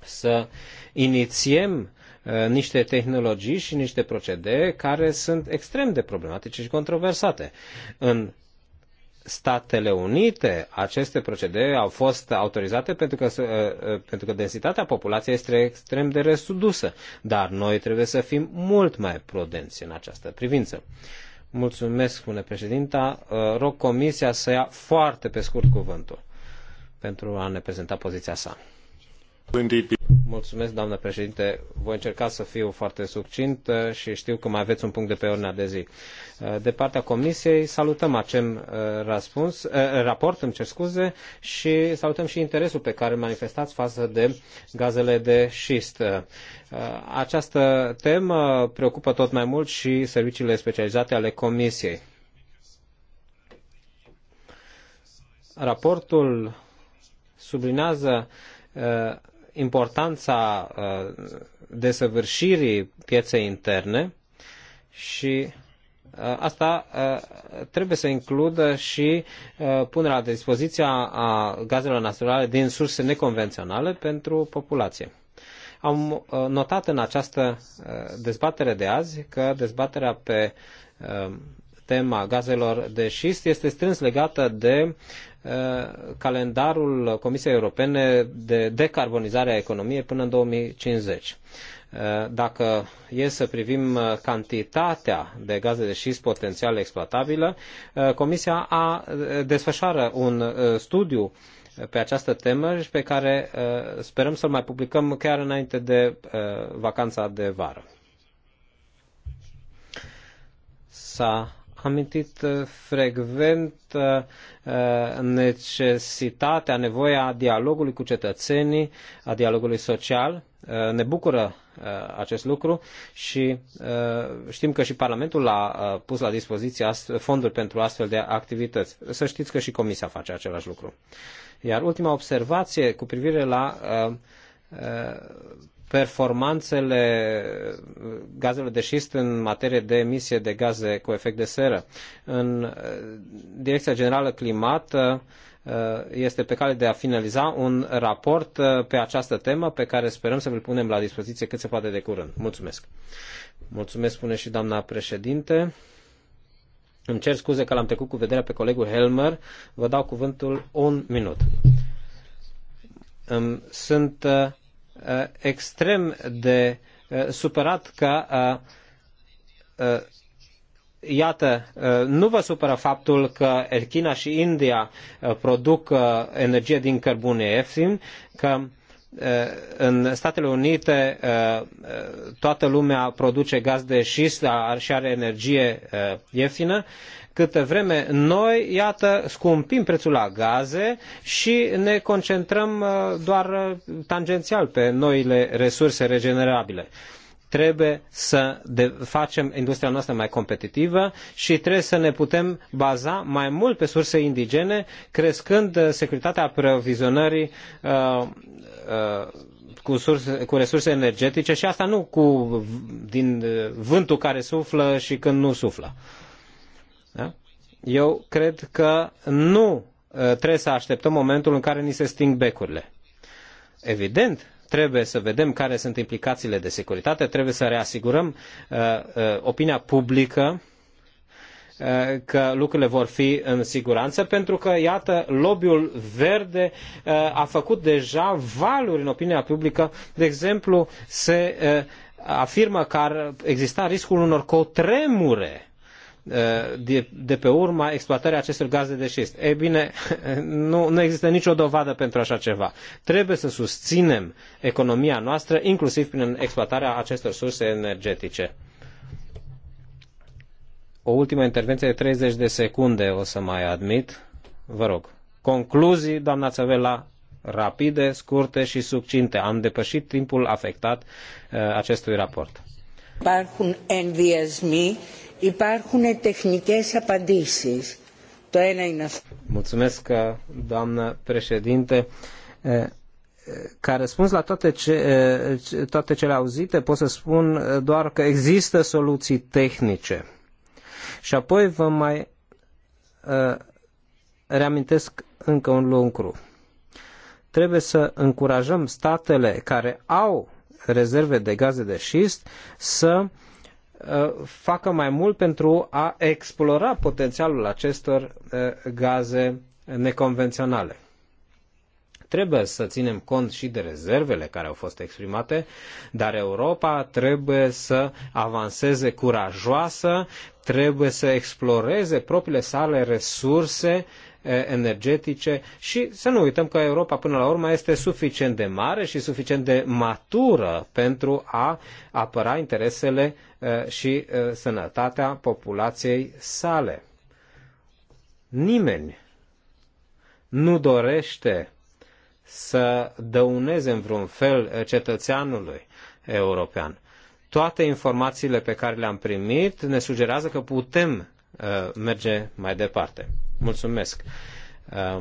să inițiem uh, niște tehnologii și niște procedee care sunt extrem de problematice și controversate. În Statele Unite, aceste procedee au fost autorizate pentru că, eh, eh, pentru că densitatea populației este extrem de resudusă, dar noi trebuie să fim mult mai prudenți în această privință. Mulțumesc, spune președinta. Eh, rog Comisia să ia foarte pe scurt cuvântul pentru a ne prezenta poziția sa. Mulțumesc, doamnă președinte. Voi încerca să fiu foarte succint uh, și știu că mai aveți un punct de pe ordinea de zi. Uh, de partea Comisiei salutăm acel uh, răspuns, raport, îmi cer scuze, și salutăm și interesul pe care îl manifestați față de gazele de șist. Această temă preocupă tot mai mult și serviciile specializate ale Comisiei. Raportul sublinează importanța uh, desăvârșirii pieței interne și uh, asta uh, trebuie să includă și punerea la dispoziția a gazelor naturale din surse neconvenționale pentru populație. Am notat în această dezbatere de azi că dezbaterea pe tema gazelor de șist este strâns legată de Uh, calendarul Comisiei Europene de decarbonizare a economiei până în 2050. Uh, dacă e să privim uh, cantitatea de gaze de șist potențial exploatabilă, Comisia a, desfășoară un studiu pe această temă și pe care sperăm să-l mai publicăm chiar înainte de vacanța de vară. S-a amintit uh, frecvent uh, uh, necesitatea, nevoia dialogului cu cetățenii, a dialogului social. Ne bucură acest lucru și știm că și Parlamentul a pus la dispoziție fonduri pentru astfel de activități. Să știți că și Comisia face același lucru. Iar ultima observație cu privire la performanțele gazelor de șist în materie de emisie de gaze cu efect de seră. În uh, Direcția Generală Climat uh, este pe cale de a finaliza un raport uh, pe această temă pe care sperăm să vi-l punem la dispoziție cât se poate de curând. Mulțumesc. Mulțumesc, spune și doamna președinte. Îmi cer scuze că l-am trecut cu vederea pe colegul Helmer. Vă dau cuvântul un minut. Sunt Uh, extrem de uh, supărat că uh, Iată, nu vă supără faptul că China și India produc energie din cărbune ieftin, că în Statele Unite toată lumea produce gaz de șist și are energie ieftină Câte vreme noi, iată, scumpim prețul la gaze și ne concentrăm uh, doar uh, tangențial pe noile resurse regenerabile trebuie să facem industria noastră mai competitivă și trebuie să ne putem baza mai mult pe surse indigene, crescând uh, securitatea aprovizionării uh, uh, cu, surse, cu resurse energetice și asta nu cu, din vântul care suflă și când nu suflă. Uh, da? Eu cred că nu uh, trebuie să așteptăm momentul în care ni se sting becurile. Evident, trebuie să vedem care sunt implicațiile de securitate, trebuie să reasigurăm uh, uh opinia publică uh, că lucrurile vor fi în siguranță, pentru că, iată, lobby-ul verde uh, a făcut deja valuri în opinia publică. De exemplu, se afirmă că ar exista riscul unor cotremure Uh, de, de pe urma exploatării acestor gaze de șist. Ei bine, (laughs) nu, nu există nicio dovadă pentru așa ceva. Trebuie să susținem economia noastră, inclusiv prin exploatarea acestor surse energetice. O ultimă intervenție de 30 de secunde o să mai admit. Vă rog. Concluzii, doamna Țăvela, rapide, scurte și succinte. Am depășit timpul afectat uh, acestui raport. Υπάρχουν me. Υπάρχουν τεχνικές απαντήσεις. Το ένα είναι αυτό. Mulțumesc, doamnă președinte. Ca răspuns la toate, ce, toate cele auzite, pot să spun doar că există soluții tehnice. Și apoi vă mai reamintesc încă un lucru. Trebuie să încurajăm statele care au rezerve de gaze de șist să uh, Uh, facă mai mult pentru a explora potențialul acestor uh, gaze neconvenționale. Trebuie să ținem cont și de rezervele care au fost exprimate, dar Europa trebuie să avanseze curajoasă, trebuie să exploreze propriile sale resurse uh, energetice și să nu uităm că Europa până la urmă este suficient de mare și suficient de matură pentru a apăra interesele și sănătatea populației sale. Nimeni nu dorește să dăuneze în vreun fel cetățeanului european. Toate informațiile pe care le-am primit ne sugerează că putem merge mai departe. Mulțumesc. Uh,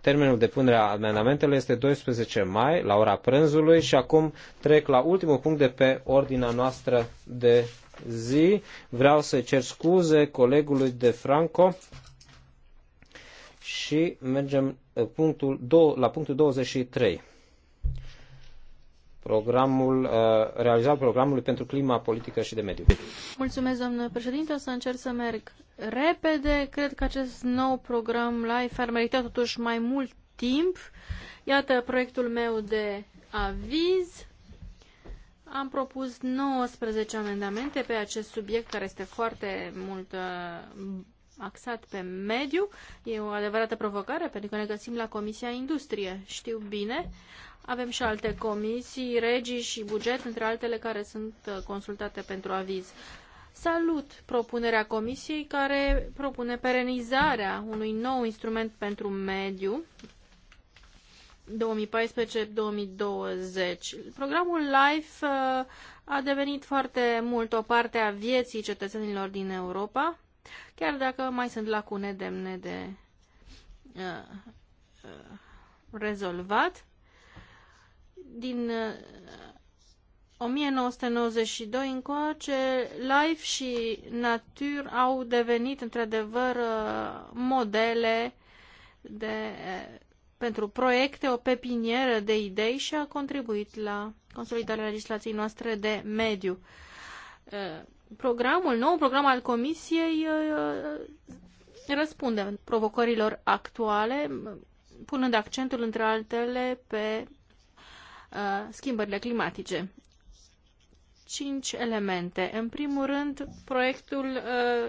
termenul de punere a amendamentelor este 12 mai, la ora prânzului, și acum trec la ultimul punct de pe ordinea noastră de zi. Vreau să cer scuze colegului de Franco și mergem uh, punctul, la punctul 23 programul, uh, realizarea programului pentru clima, politică și de mediu. Mulțumesc, domnule președinte. O să încerc să merg repede. Cred că acest nou program LIFE ar merita totuși mai mult timp. Iată proiectul meu de aviz. Am propus 19 amendamente pe acest subiect care este foarte mult uh, axat pe mediu. E o adevărată provocare pentru că ne găsim la Comisia Industrie, știu bine. Avem și alte comisii, regii și buget, între altele care sunt uh, consultate pentru aviz. Salut propunerea comisiei care propune perenizarea unui nou instrument pentru mediu 2014-2020. Programul LIFE uh, a devenit foarte mult o parte a vieții cetățenilor din Europa Chiar dacă mai sunt lacune demne de uh, uh, rezolvat, din uh, 1992 încoace, Life și Nature au devenit într-adevăr uh, modele de, uh, pentru proiecte, o pepinieră de idei și a contribuit la consolidarea legislației noastre de mediu. Uh, programul, nou program al Comisiei uh, răspunde provocărilor actuale, punând accentul, între altele, pe uh, schimbările climatice. Cinci elemente. În primul rând, proiectul,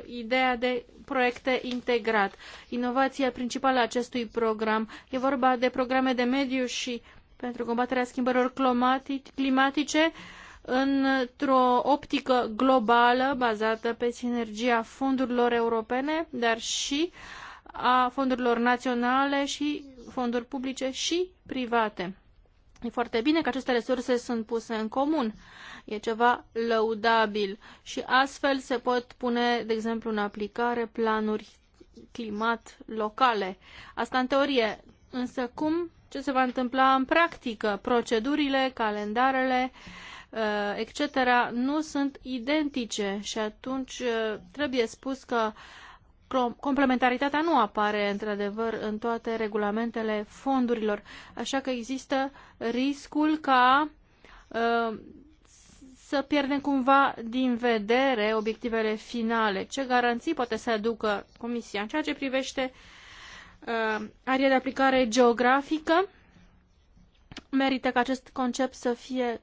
ideea de proiecte integrat. Inovația principală a acestui program e vorba de programe de mediu și pentru combaterea schimbărilor climatice, într-o optică globală bazată pe sinergia fondurilor europene, dar și a fondurilor naționale și fonduri publice și private. E foarte bine că aceste resurse sunt puse în comun. E ceva lăudabil și astfel se pot pune, de exemplu, în aplicare planuri climat locale. Asta în teorie. Însă cum? Ce se va întâmpla în practică? Procedurile, calendarele, uh, Uh, etc., nu sunt identice și atunci uh, trebuie spus că complementaritatea nu apare într-adevăr în toate regulamentele fondurilor, așa că există riscul ca uh, să pierdem cumva din vedere obiectivele finale. Ce garanții poate să aducă Comisia în ceea ce privește uh, aria de aplicare geografică? Merită ca acest concept să fie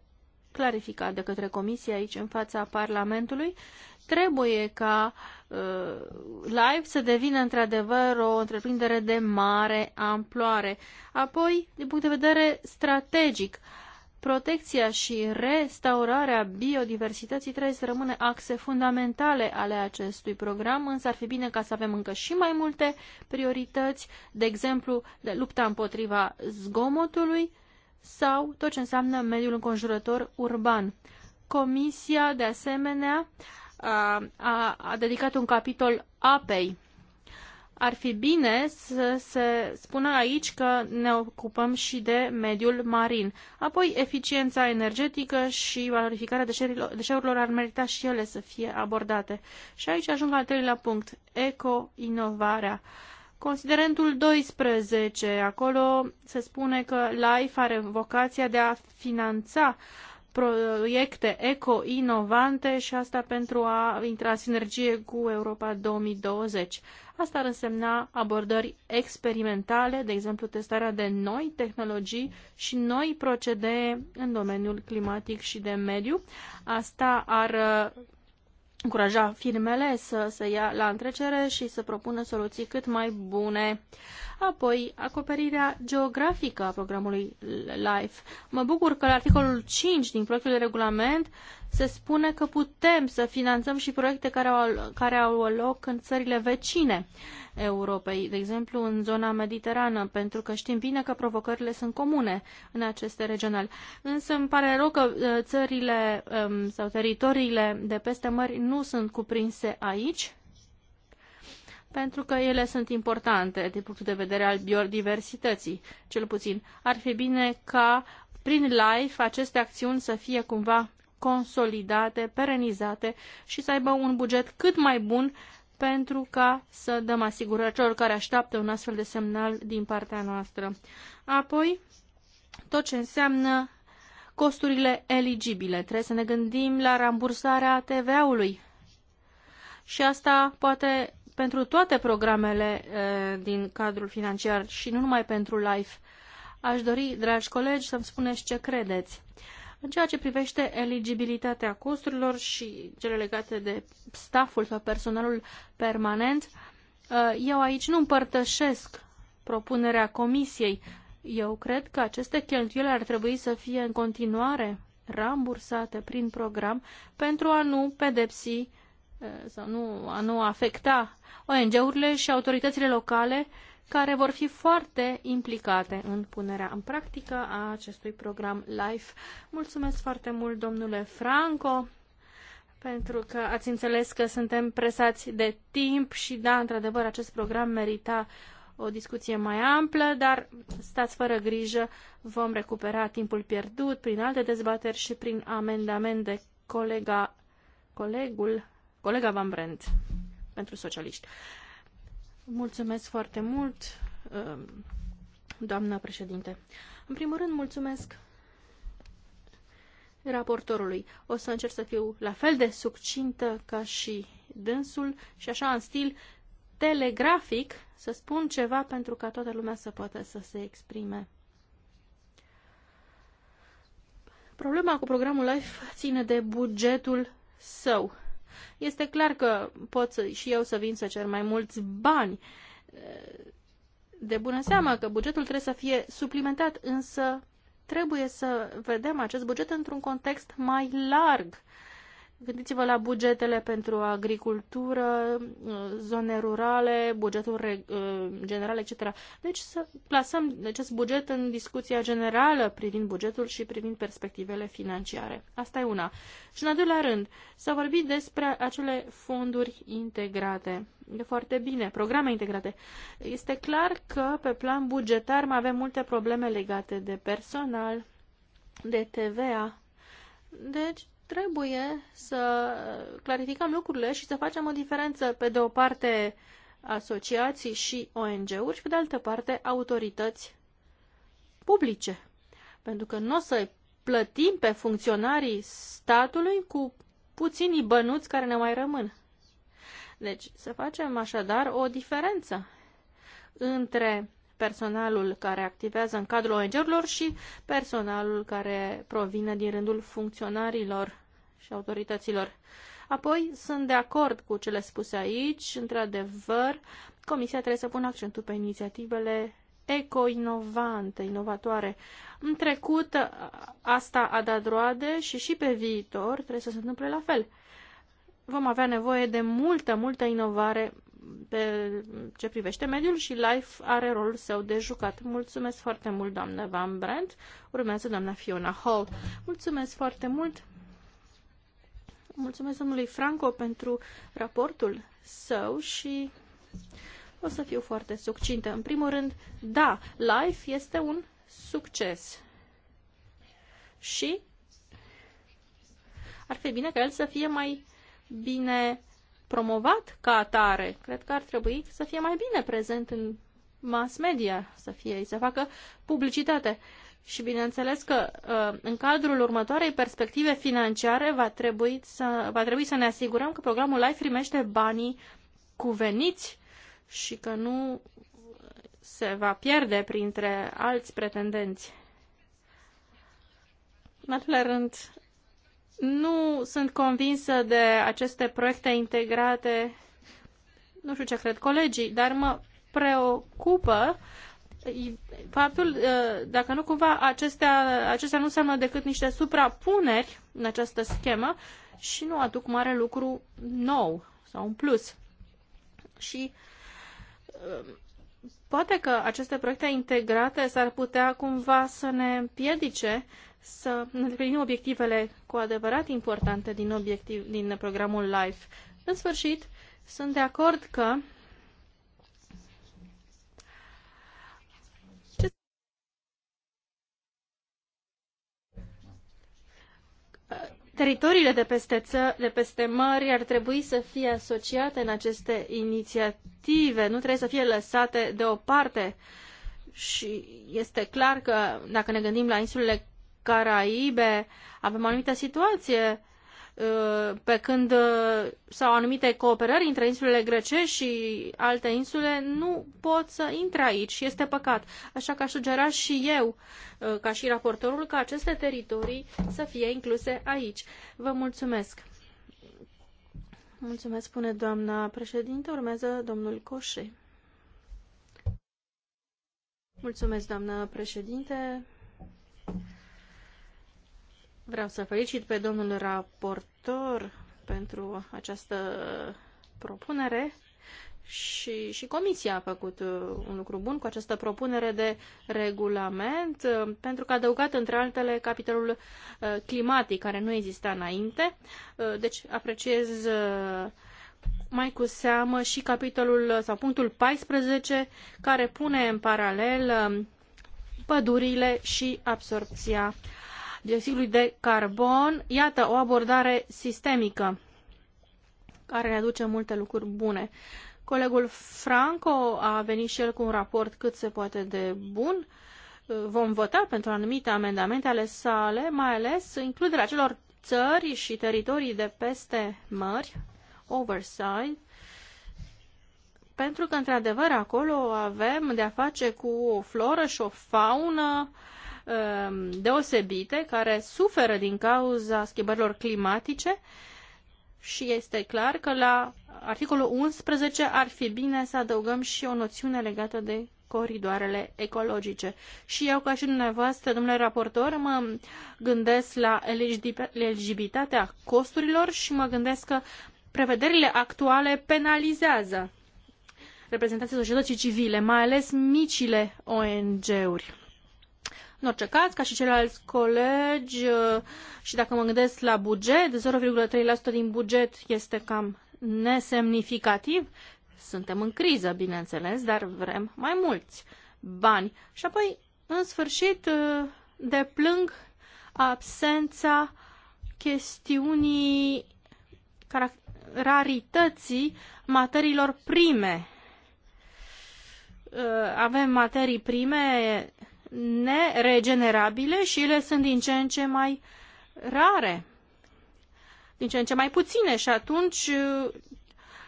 clarificat de către Comisie aici în fața Parlamentului. Trebuie ca uh, Live să devină într-adevăr o întreprindere de mare amploare. Apoi, din punct de vedere strategic, protecția și restaurarea biodiversității trebuie să rămână axe fundamentale ale acestui program, însă ar fi bine ca să avem încă și mai multe priorități, de exemplu, de lupta împotriva zgomotului, sau tot ce înseamnă mediul înconjurător urban. Comisia, de asemenea, a, a, dedicat un capitol apei. Ar fi bine să se spună aici că ne ocupăm și de mediul marin. Apoi, eficiența energetică și valorificarea deșeurilor, deșeurilor ar merita și ele să fie abordate. Și aici ajung al treilea punct, eco-inovarea. Uh, Considerentul 12, acolo se spune că LIFE are vocația de a finanța proiecte eco-inovante și asta pentru a intra în sinergie cu Europa 2020. Asta ar însemna abordări experimentale, de exemplu testarea de noi tehnologii și noi procedee în domeniul climatic și de mediu. Asta ar încuraja firmele să se ia la întrecere și să propună soluții cât mai bune. Apoi, acoperirea geografică a programului LIFE. Mă bucur că la articolul 5 din proiectul de regulament se spune că putem să finanțăm și proiecte care au, care au loc în țările vecine Europei, de exemplu în zona mediterană, pentru că știm bine că provocările sunt comune în aceste regionale. Însă îmi pare rău că ă, țările ă, sau teritoriile de peste mări nu sunt cuprinse aici pentru că ele sunt importante din punctul de vedere al biodiversității, cel puțin. Ar fi bine ca prin LIFE aceste acțiuni să fie cumva consolidate, perenizate și să aibă un buget cât mai bun pentru ca să dăm asigurări celor care așteaptă un astfel de semnal din partea noastră. Apoi, tot ce înseamnă costurile eligibile. Trebuie să ne gândim la rambursarea TVA-ului. Și asta poate pentru toate programele eh, din cadrul financiar și nu numai pentru LIFE. Aș dori, dragi colegi, să-mi spuneți ce credeți. În ceea ce privește eligibilitatea costurilor și cele legate de stafful sau personalul permanent, eh, eu aici nu împărtășesc propunerea comisiei. Eu cred că aceste cheltuieli ar trebui să fie în continuare rambursate prin program pentru a nu pedepsi sau nu, a nu afecta ONG-urile și autoritățile locale care vor fi foarte implicate în punerea în practică a acestui program LIFE. Mulțumesc foarte mult, domnule Franco, pentru că ați înțeles că suntem presați de timp și, da, într-adevăr, acest program merita o discuție mai amplă, dar stați fără grijă, vom recupera timpul pierdut prin alte dezbateri și prin amendamente. Colega, colegul Colega Van Brent, pentru socialiști. Mulțumesc foarte mult, um, doamna președinte. În primul rând, mulțumesc raportorului. O să încerc să fiu la fel de succintă ca și dânsul și așa în stil telegrafic să spun ceva pentru ca toată lumea să poată să se exprime. Problema cu programul LIFE ține de bugetul său este clar că pot să, și eu să vin să cer mai mulți bani. De bună seamă că bugetul trebuie să fie suplimentat, însă trebuie să vedem acest buget într-un context mai larg Gândiți-vă la bugetele pentru agricultură, uh, zone rurale, bugetul uh, general, etc. Deci să plasăm acest buget în discuția generală privind bugetul și privind perspectivele financiare. Asta e una. Și în al doilea rând, s-a vorbit despre acele fonduri integrate. E foarte bine, programe integrate. Este clar că pe plan bugetar mai avem multe probleme legate de personal, de TVA. Deci, trebuie să clarificăm lucrurile și să facem o diferență, pe de o parte, asociații și ONG-uri și, pe de altă parte, autorități publice. Pentru că nu o să plătim pe funcționarii statului cu puținii bănuți care ne mai rămân. Deci, să facem așadar o diferență între personalul care activează în cadrul ONG-urilor și personalul care provine din rândul funcționarilor și autorităților. Apoi, sunt de acord cu cele spuse aici. Într-adevăr, Comisia trebuie să pună accentul pe inițiativele eco-inovante, inovatoare. În trecut, asta a dat roade și și pe viitor trebuie să se întâmple la fel. Vom avea nevoie de multă, multă inovare pe ce privește mediul și Life are rolul său de jucat. Mulțumesc foarte mult, doamnă Van Brandt. Urmează doamna Fiona Hall. Mulțumesc foarte mult. Mulțumesc domnului Franco pentru raportul său și o să fiu foarte succintă. În primul rând, da, Life este un succes. Și ar fi bine ca el să fie mai bine promovat ca atare. Cred că ar trebui să fie mai bine prezent în mass media, să fie, să facă publicitate. Și bineînțeles că uh, în cadrul următoarei perspective financiare va trebui să, va trebui să ne asigurăm că programul LIFE primește banii cuveniți și că nu se va pierde printre alți pretendenți. În rând, nu sunt convinsă de aceste proiecte integrate, nu știu ce cred colegii, dar mă preocupă faptul uh, dacă nu cumva acestea, acestea nu înseamnă decât niște suprapuneri în această schemă și nu aduc mare lucru nou sau un plus. Și uh, poate că aceste proiecte integrate s-ar putea cumva să ne împiedice să îndeplinim obiectivele cu adevărat importante din, obiectiv, din programul LIFE. În sfârșit, sunt de acord că Teritoriile de peste, ță, de peste mări ar trebui să fie asociate în aceste inițiative, nu trebuie să fie lăsate deoparte. Și este clar că dacă ne gândim la insulele Caraibe avem anumite situație uh, pe când uh, sau anumite cooperări între insulele grecești și alte insule nu pot să intre aici și este păcat. Așa că aș sugera și eu, uh, ca și raportorul, ca aceste teritorii să fie incluse aici. Vă mulțumesc! Mulțumesc, spune doamna președinte. Urmează domnul Coșe. Mulțumesc, doamna președinte. Vreau să felicit pe domnul raportor pentru această propunere și, și Comisia a făcut uh, un lucru bun cu această propunere de regulament, uh, pentru că a adăugat, între altele, capitolul uh, climatic, care nu exista înainte. Deci apreciez mai cu seamă și capitolul sau punctul 14, care pune în paralel pădurile și absorpția uh, dioxidului de carbon. Iată, o abordare sistemică care ne aduce multe lucruri bune. Colegul Franco a venit și el cu un raport cât se poate de bun. Vom vota pentru anumite amendamente ale sale, mai ales includerea celor țări și teritorii de peste mări, overside, pentru că, într-adevăr, acolo avem de-a face cu o floră și o faună uh, Um, deosebite care suferă din cauza schimbărilor climatice și este clar că la articolul 11 ar fi bine să adăugăm și o noțiune legată de coridoarele ecologice. Și eu, ca și dumneavoastră, domnule raportor, mă gândesc la eligibilitatea costurilor și mă gândesc că prevederile actuale penalizează reprezentanții societății civile, mai ales micile ONG-uri. În orice caz, ca și ceilalți colegi, uh, și dacă mă gândesc la buget, 0,3% din buget este cam nesemnificativ. Suntem în criză, bineînțeles, dar vrem mai mulți bani. Și apoi, în sfârșit, uh, deplâng absența chestiunii rarității materiilor prime. Uh, avem materii prime neregenerabile și ele sunt din ce în ce mai rare, din ce în ce mai puține și atunci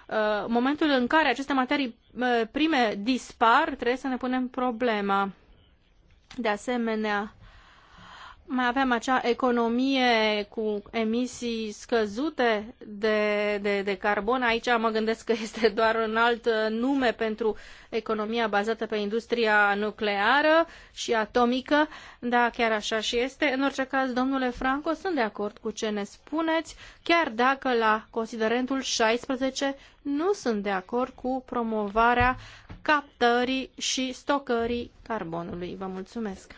uh, momentul în care aceste materii uh, prime dispar, trebuie să ne punem problema. De asemenea, mai avem acea economie cu emisii scăzute de, de, de carbon. Aici mă gândesc că este (laughs) doar un alt nume pentru economia bazată pe industria nucleară și atomică. Da, chiar așa și este. În orice caz, domnule Franco, sunt de acord cu ce ne spuneți, chiar dacă la considerentul 16 nu sunt de acord cu promovarea captării și stocării carbonului. Vă mulțumesc!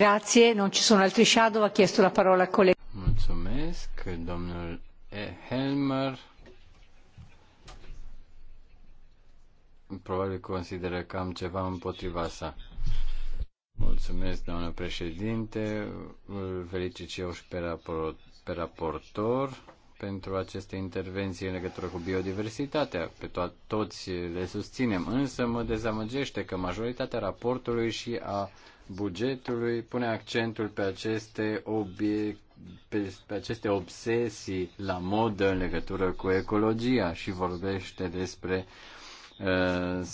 Grazie, non ci sono altri shadow, ha chiesto la parola colega. Mulțumesc, domnul Helmer. Probabil consideră că am ceva împotriva sa. Mulțumesc, doamnă președinte. Îl felicit și eu și pe raportor pentru aceste intervenții în legătură cu biodiversitatea. Pe to- toți le susținem, însă mă dezamăgește că majoritatea raportului și a bugetului pune accentul pe aceste obiecte pe, pe aceste obsesii la modă în legătură cu ecologia și vorbește despre uh,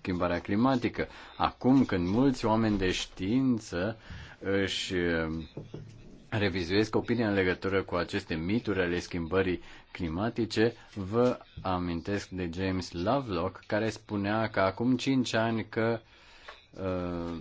schimbarea climatică. Acum când mulți oameni de știință își uh, revizuiesc opinia în legătură cu aceste mituri ale schimbării climatice, vă amintesc de James Lovelock, care spunea că acum 5 ani că uh,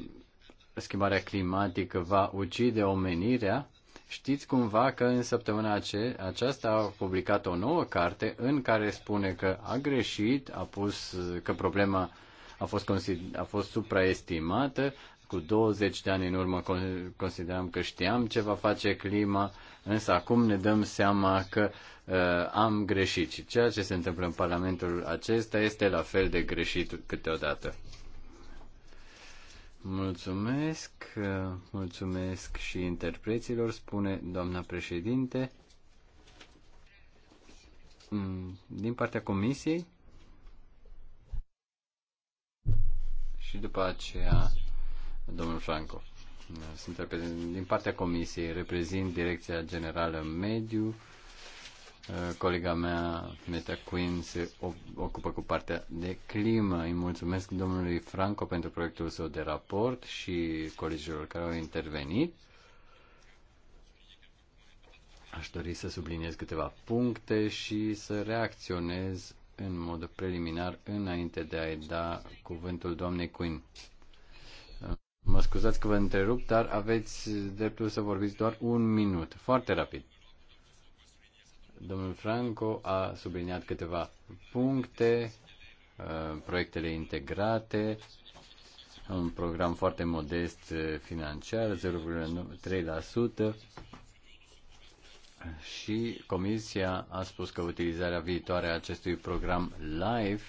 schimbarea climatică va ucide omenirea, știți cumva că în săptămâna ace- aceasta a publicat o nouă carte în care spune că a greșit, a pus că problema a fost, a fost supraestimată, cu 20 de ani în urmă consideram că știam ce va face clima, însă acum ne dăm seama că uh, am greșit și ceea ce se întâmplă în Parlamentul acesta este la fel de greșit câteodată. Mulțumesc, mulțumesc și interpreților, spune doamna președinte. Mm, din partea comisiei și după aceea domnul Franco. Sunt din partea comisiei, reprezint Direcția Generală Mediu, Colega mea, Meta Queen, se ocupă cu partea de climă. Îi mulțumesc domnului Franco pentru proiectul său de raport și colegilor care au intervenit. Aș dori să subliniez câteva puncte și să reacționez în mod preliminar înainte de a-i da cuvântul doamnei Queen. Mă scuzați că vă întrerup, dar aveți dreptul să vorbiți doar un minut, foarte rapid. Domnul Franco a subliniat câteva puncte, uh, proiectele integrate, un program foarte modest uh, financiar, 0,3%, și Comisia a spus că utilizarea viitoare a acestui program LIFE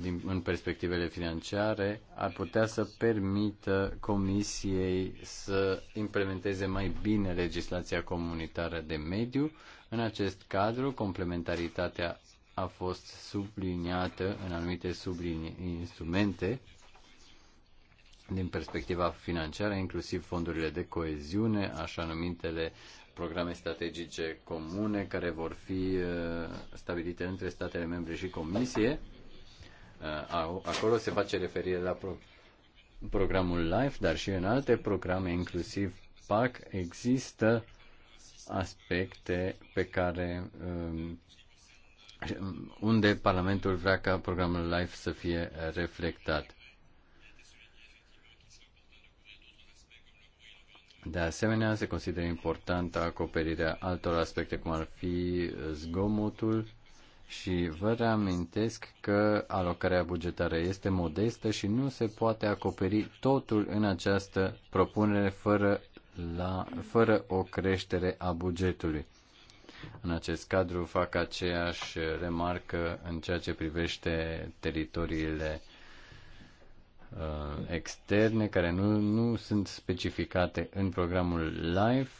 din, în perspectivele financiare ar putea să permită Comisiei să implementeze mai bine legislația comunitară de mediu. În acest cadru, complementaritatea a fost subliniată în anumite sublini- instrumente din perspectiva financiară, inclusiv fondurile de coeziune, așa numitele programe strategice comune care vor fi uh, stabilite între statele membre și Comisie Acolo se face referire la pro- programul LIFE, dar și în alte programe, inclusiv PAC, există aspecte pe care um, unde Parlamentul vrea ca programul LIFE să fie reflectat. De asemenea, se consideră importantă acoperirea altor aspecte, cum ar fi zgomotul, și vă reamintesc că alocarea bugetară este modestă și nu se poate acoperi totul în această propunere fără, la, fără o creștere a bugetului. În acest cadru fac aceeași remarcă în ceea ce privește teritoriile uh, externe care nu, nu sunt specificate în programul LIFE,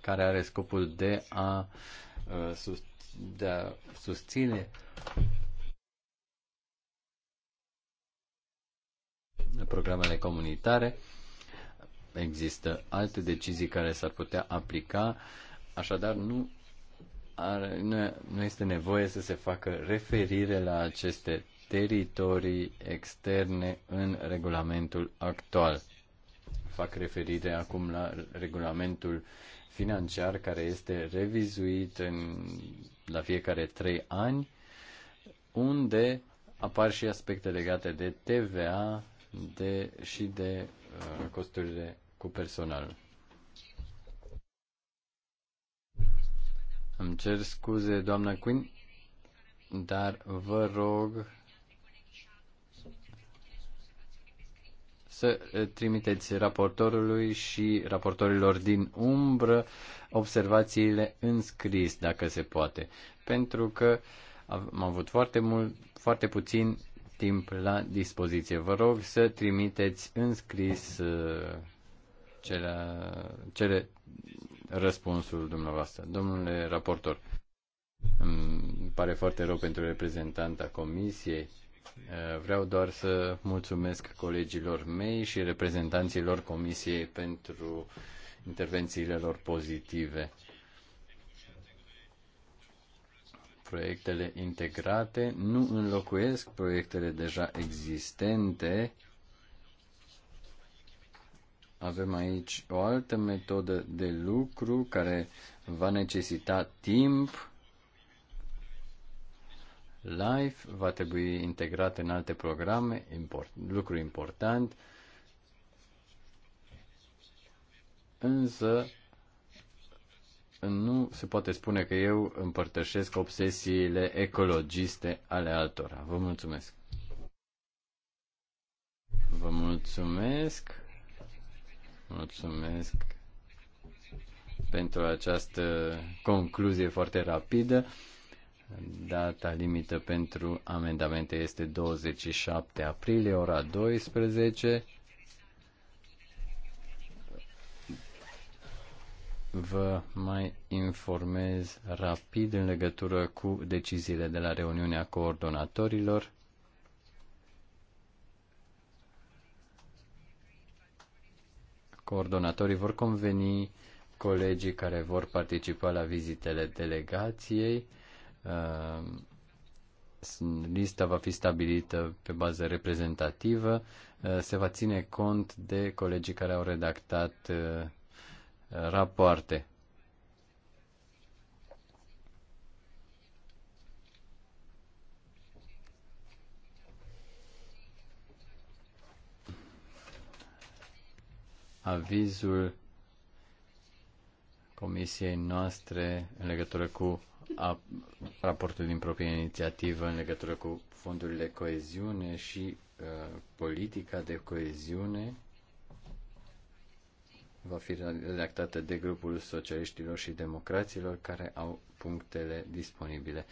care are scopul de a uh, Uh, de a susține programele comunitare. Există alte decizii care s-ar putea aplica, așadar nu, are, nu, nu este nevoie să se facă referire la aceste teritorii externe în regulamentul actual. Fac referire acum la regulamentul financiar care este revizuit în, la fiecare trei ani, unde apar și aspecte legate de TVA de, și de uh, costurile cu personal. Îmi cer scuze, doamna Quinn, dar vă rog să eh, trimiteți raportorului și raportorilor din umbră observațiile în scris, dacă se poate, pentru că am avut foarte, mult, foarte puțin timp la dispoziție. Vă rog să trimiteți în scris eh, cele, cele răspunsul dumneavoastră. Domnule raportor, îmi pare foarte rău pentru reprezentanta comisiei Eh, vreau doar să mulțumesc colegilor mei și reprezentanților Comisiei pentru intervențiile lor pozitive. Proiectele integrate nu înlocuiesc proiectele deja existente. Avem aici o altă metodă de lucru care va necesita timp LIFE va trebui integrat în alte programe, import, lucru important, însă nu se poate spune că eu împărtășesc obsesiile ecologiste ale altora. Vă mulțumesc! Vă mulțumesc! Mulțumesc pentru această concluzie foarte rapidă. Data limită pentru amendamente este 27 aprilie, ora 12. Vă mai informez rapid în legătură cu deciziile de la reuniunea coordonatorilor. Coordonatorii vor conveni colegii care vor participa la vizitele delegației Uh, lista va fi stabilită pe bază reprezentativă, uh, se va ține cont de colegii care au redactat uh, rapoarte. Avizul comisiei noastre în legătură cu a, raportul din proprie inițiativă în legătură cu fondurile coeziune și uh, politica de coeziune va fi redactată de grupul socialiștilor și democraților care au punctele disponibile.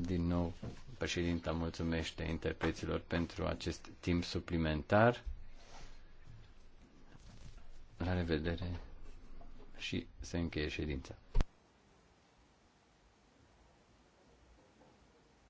Din nou, președinta mulțumește interpreților pentru acest timp suplimentar. La revedere și se încheie ședința.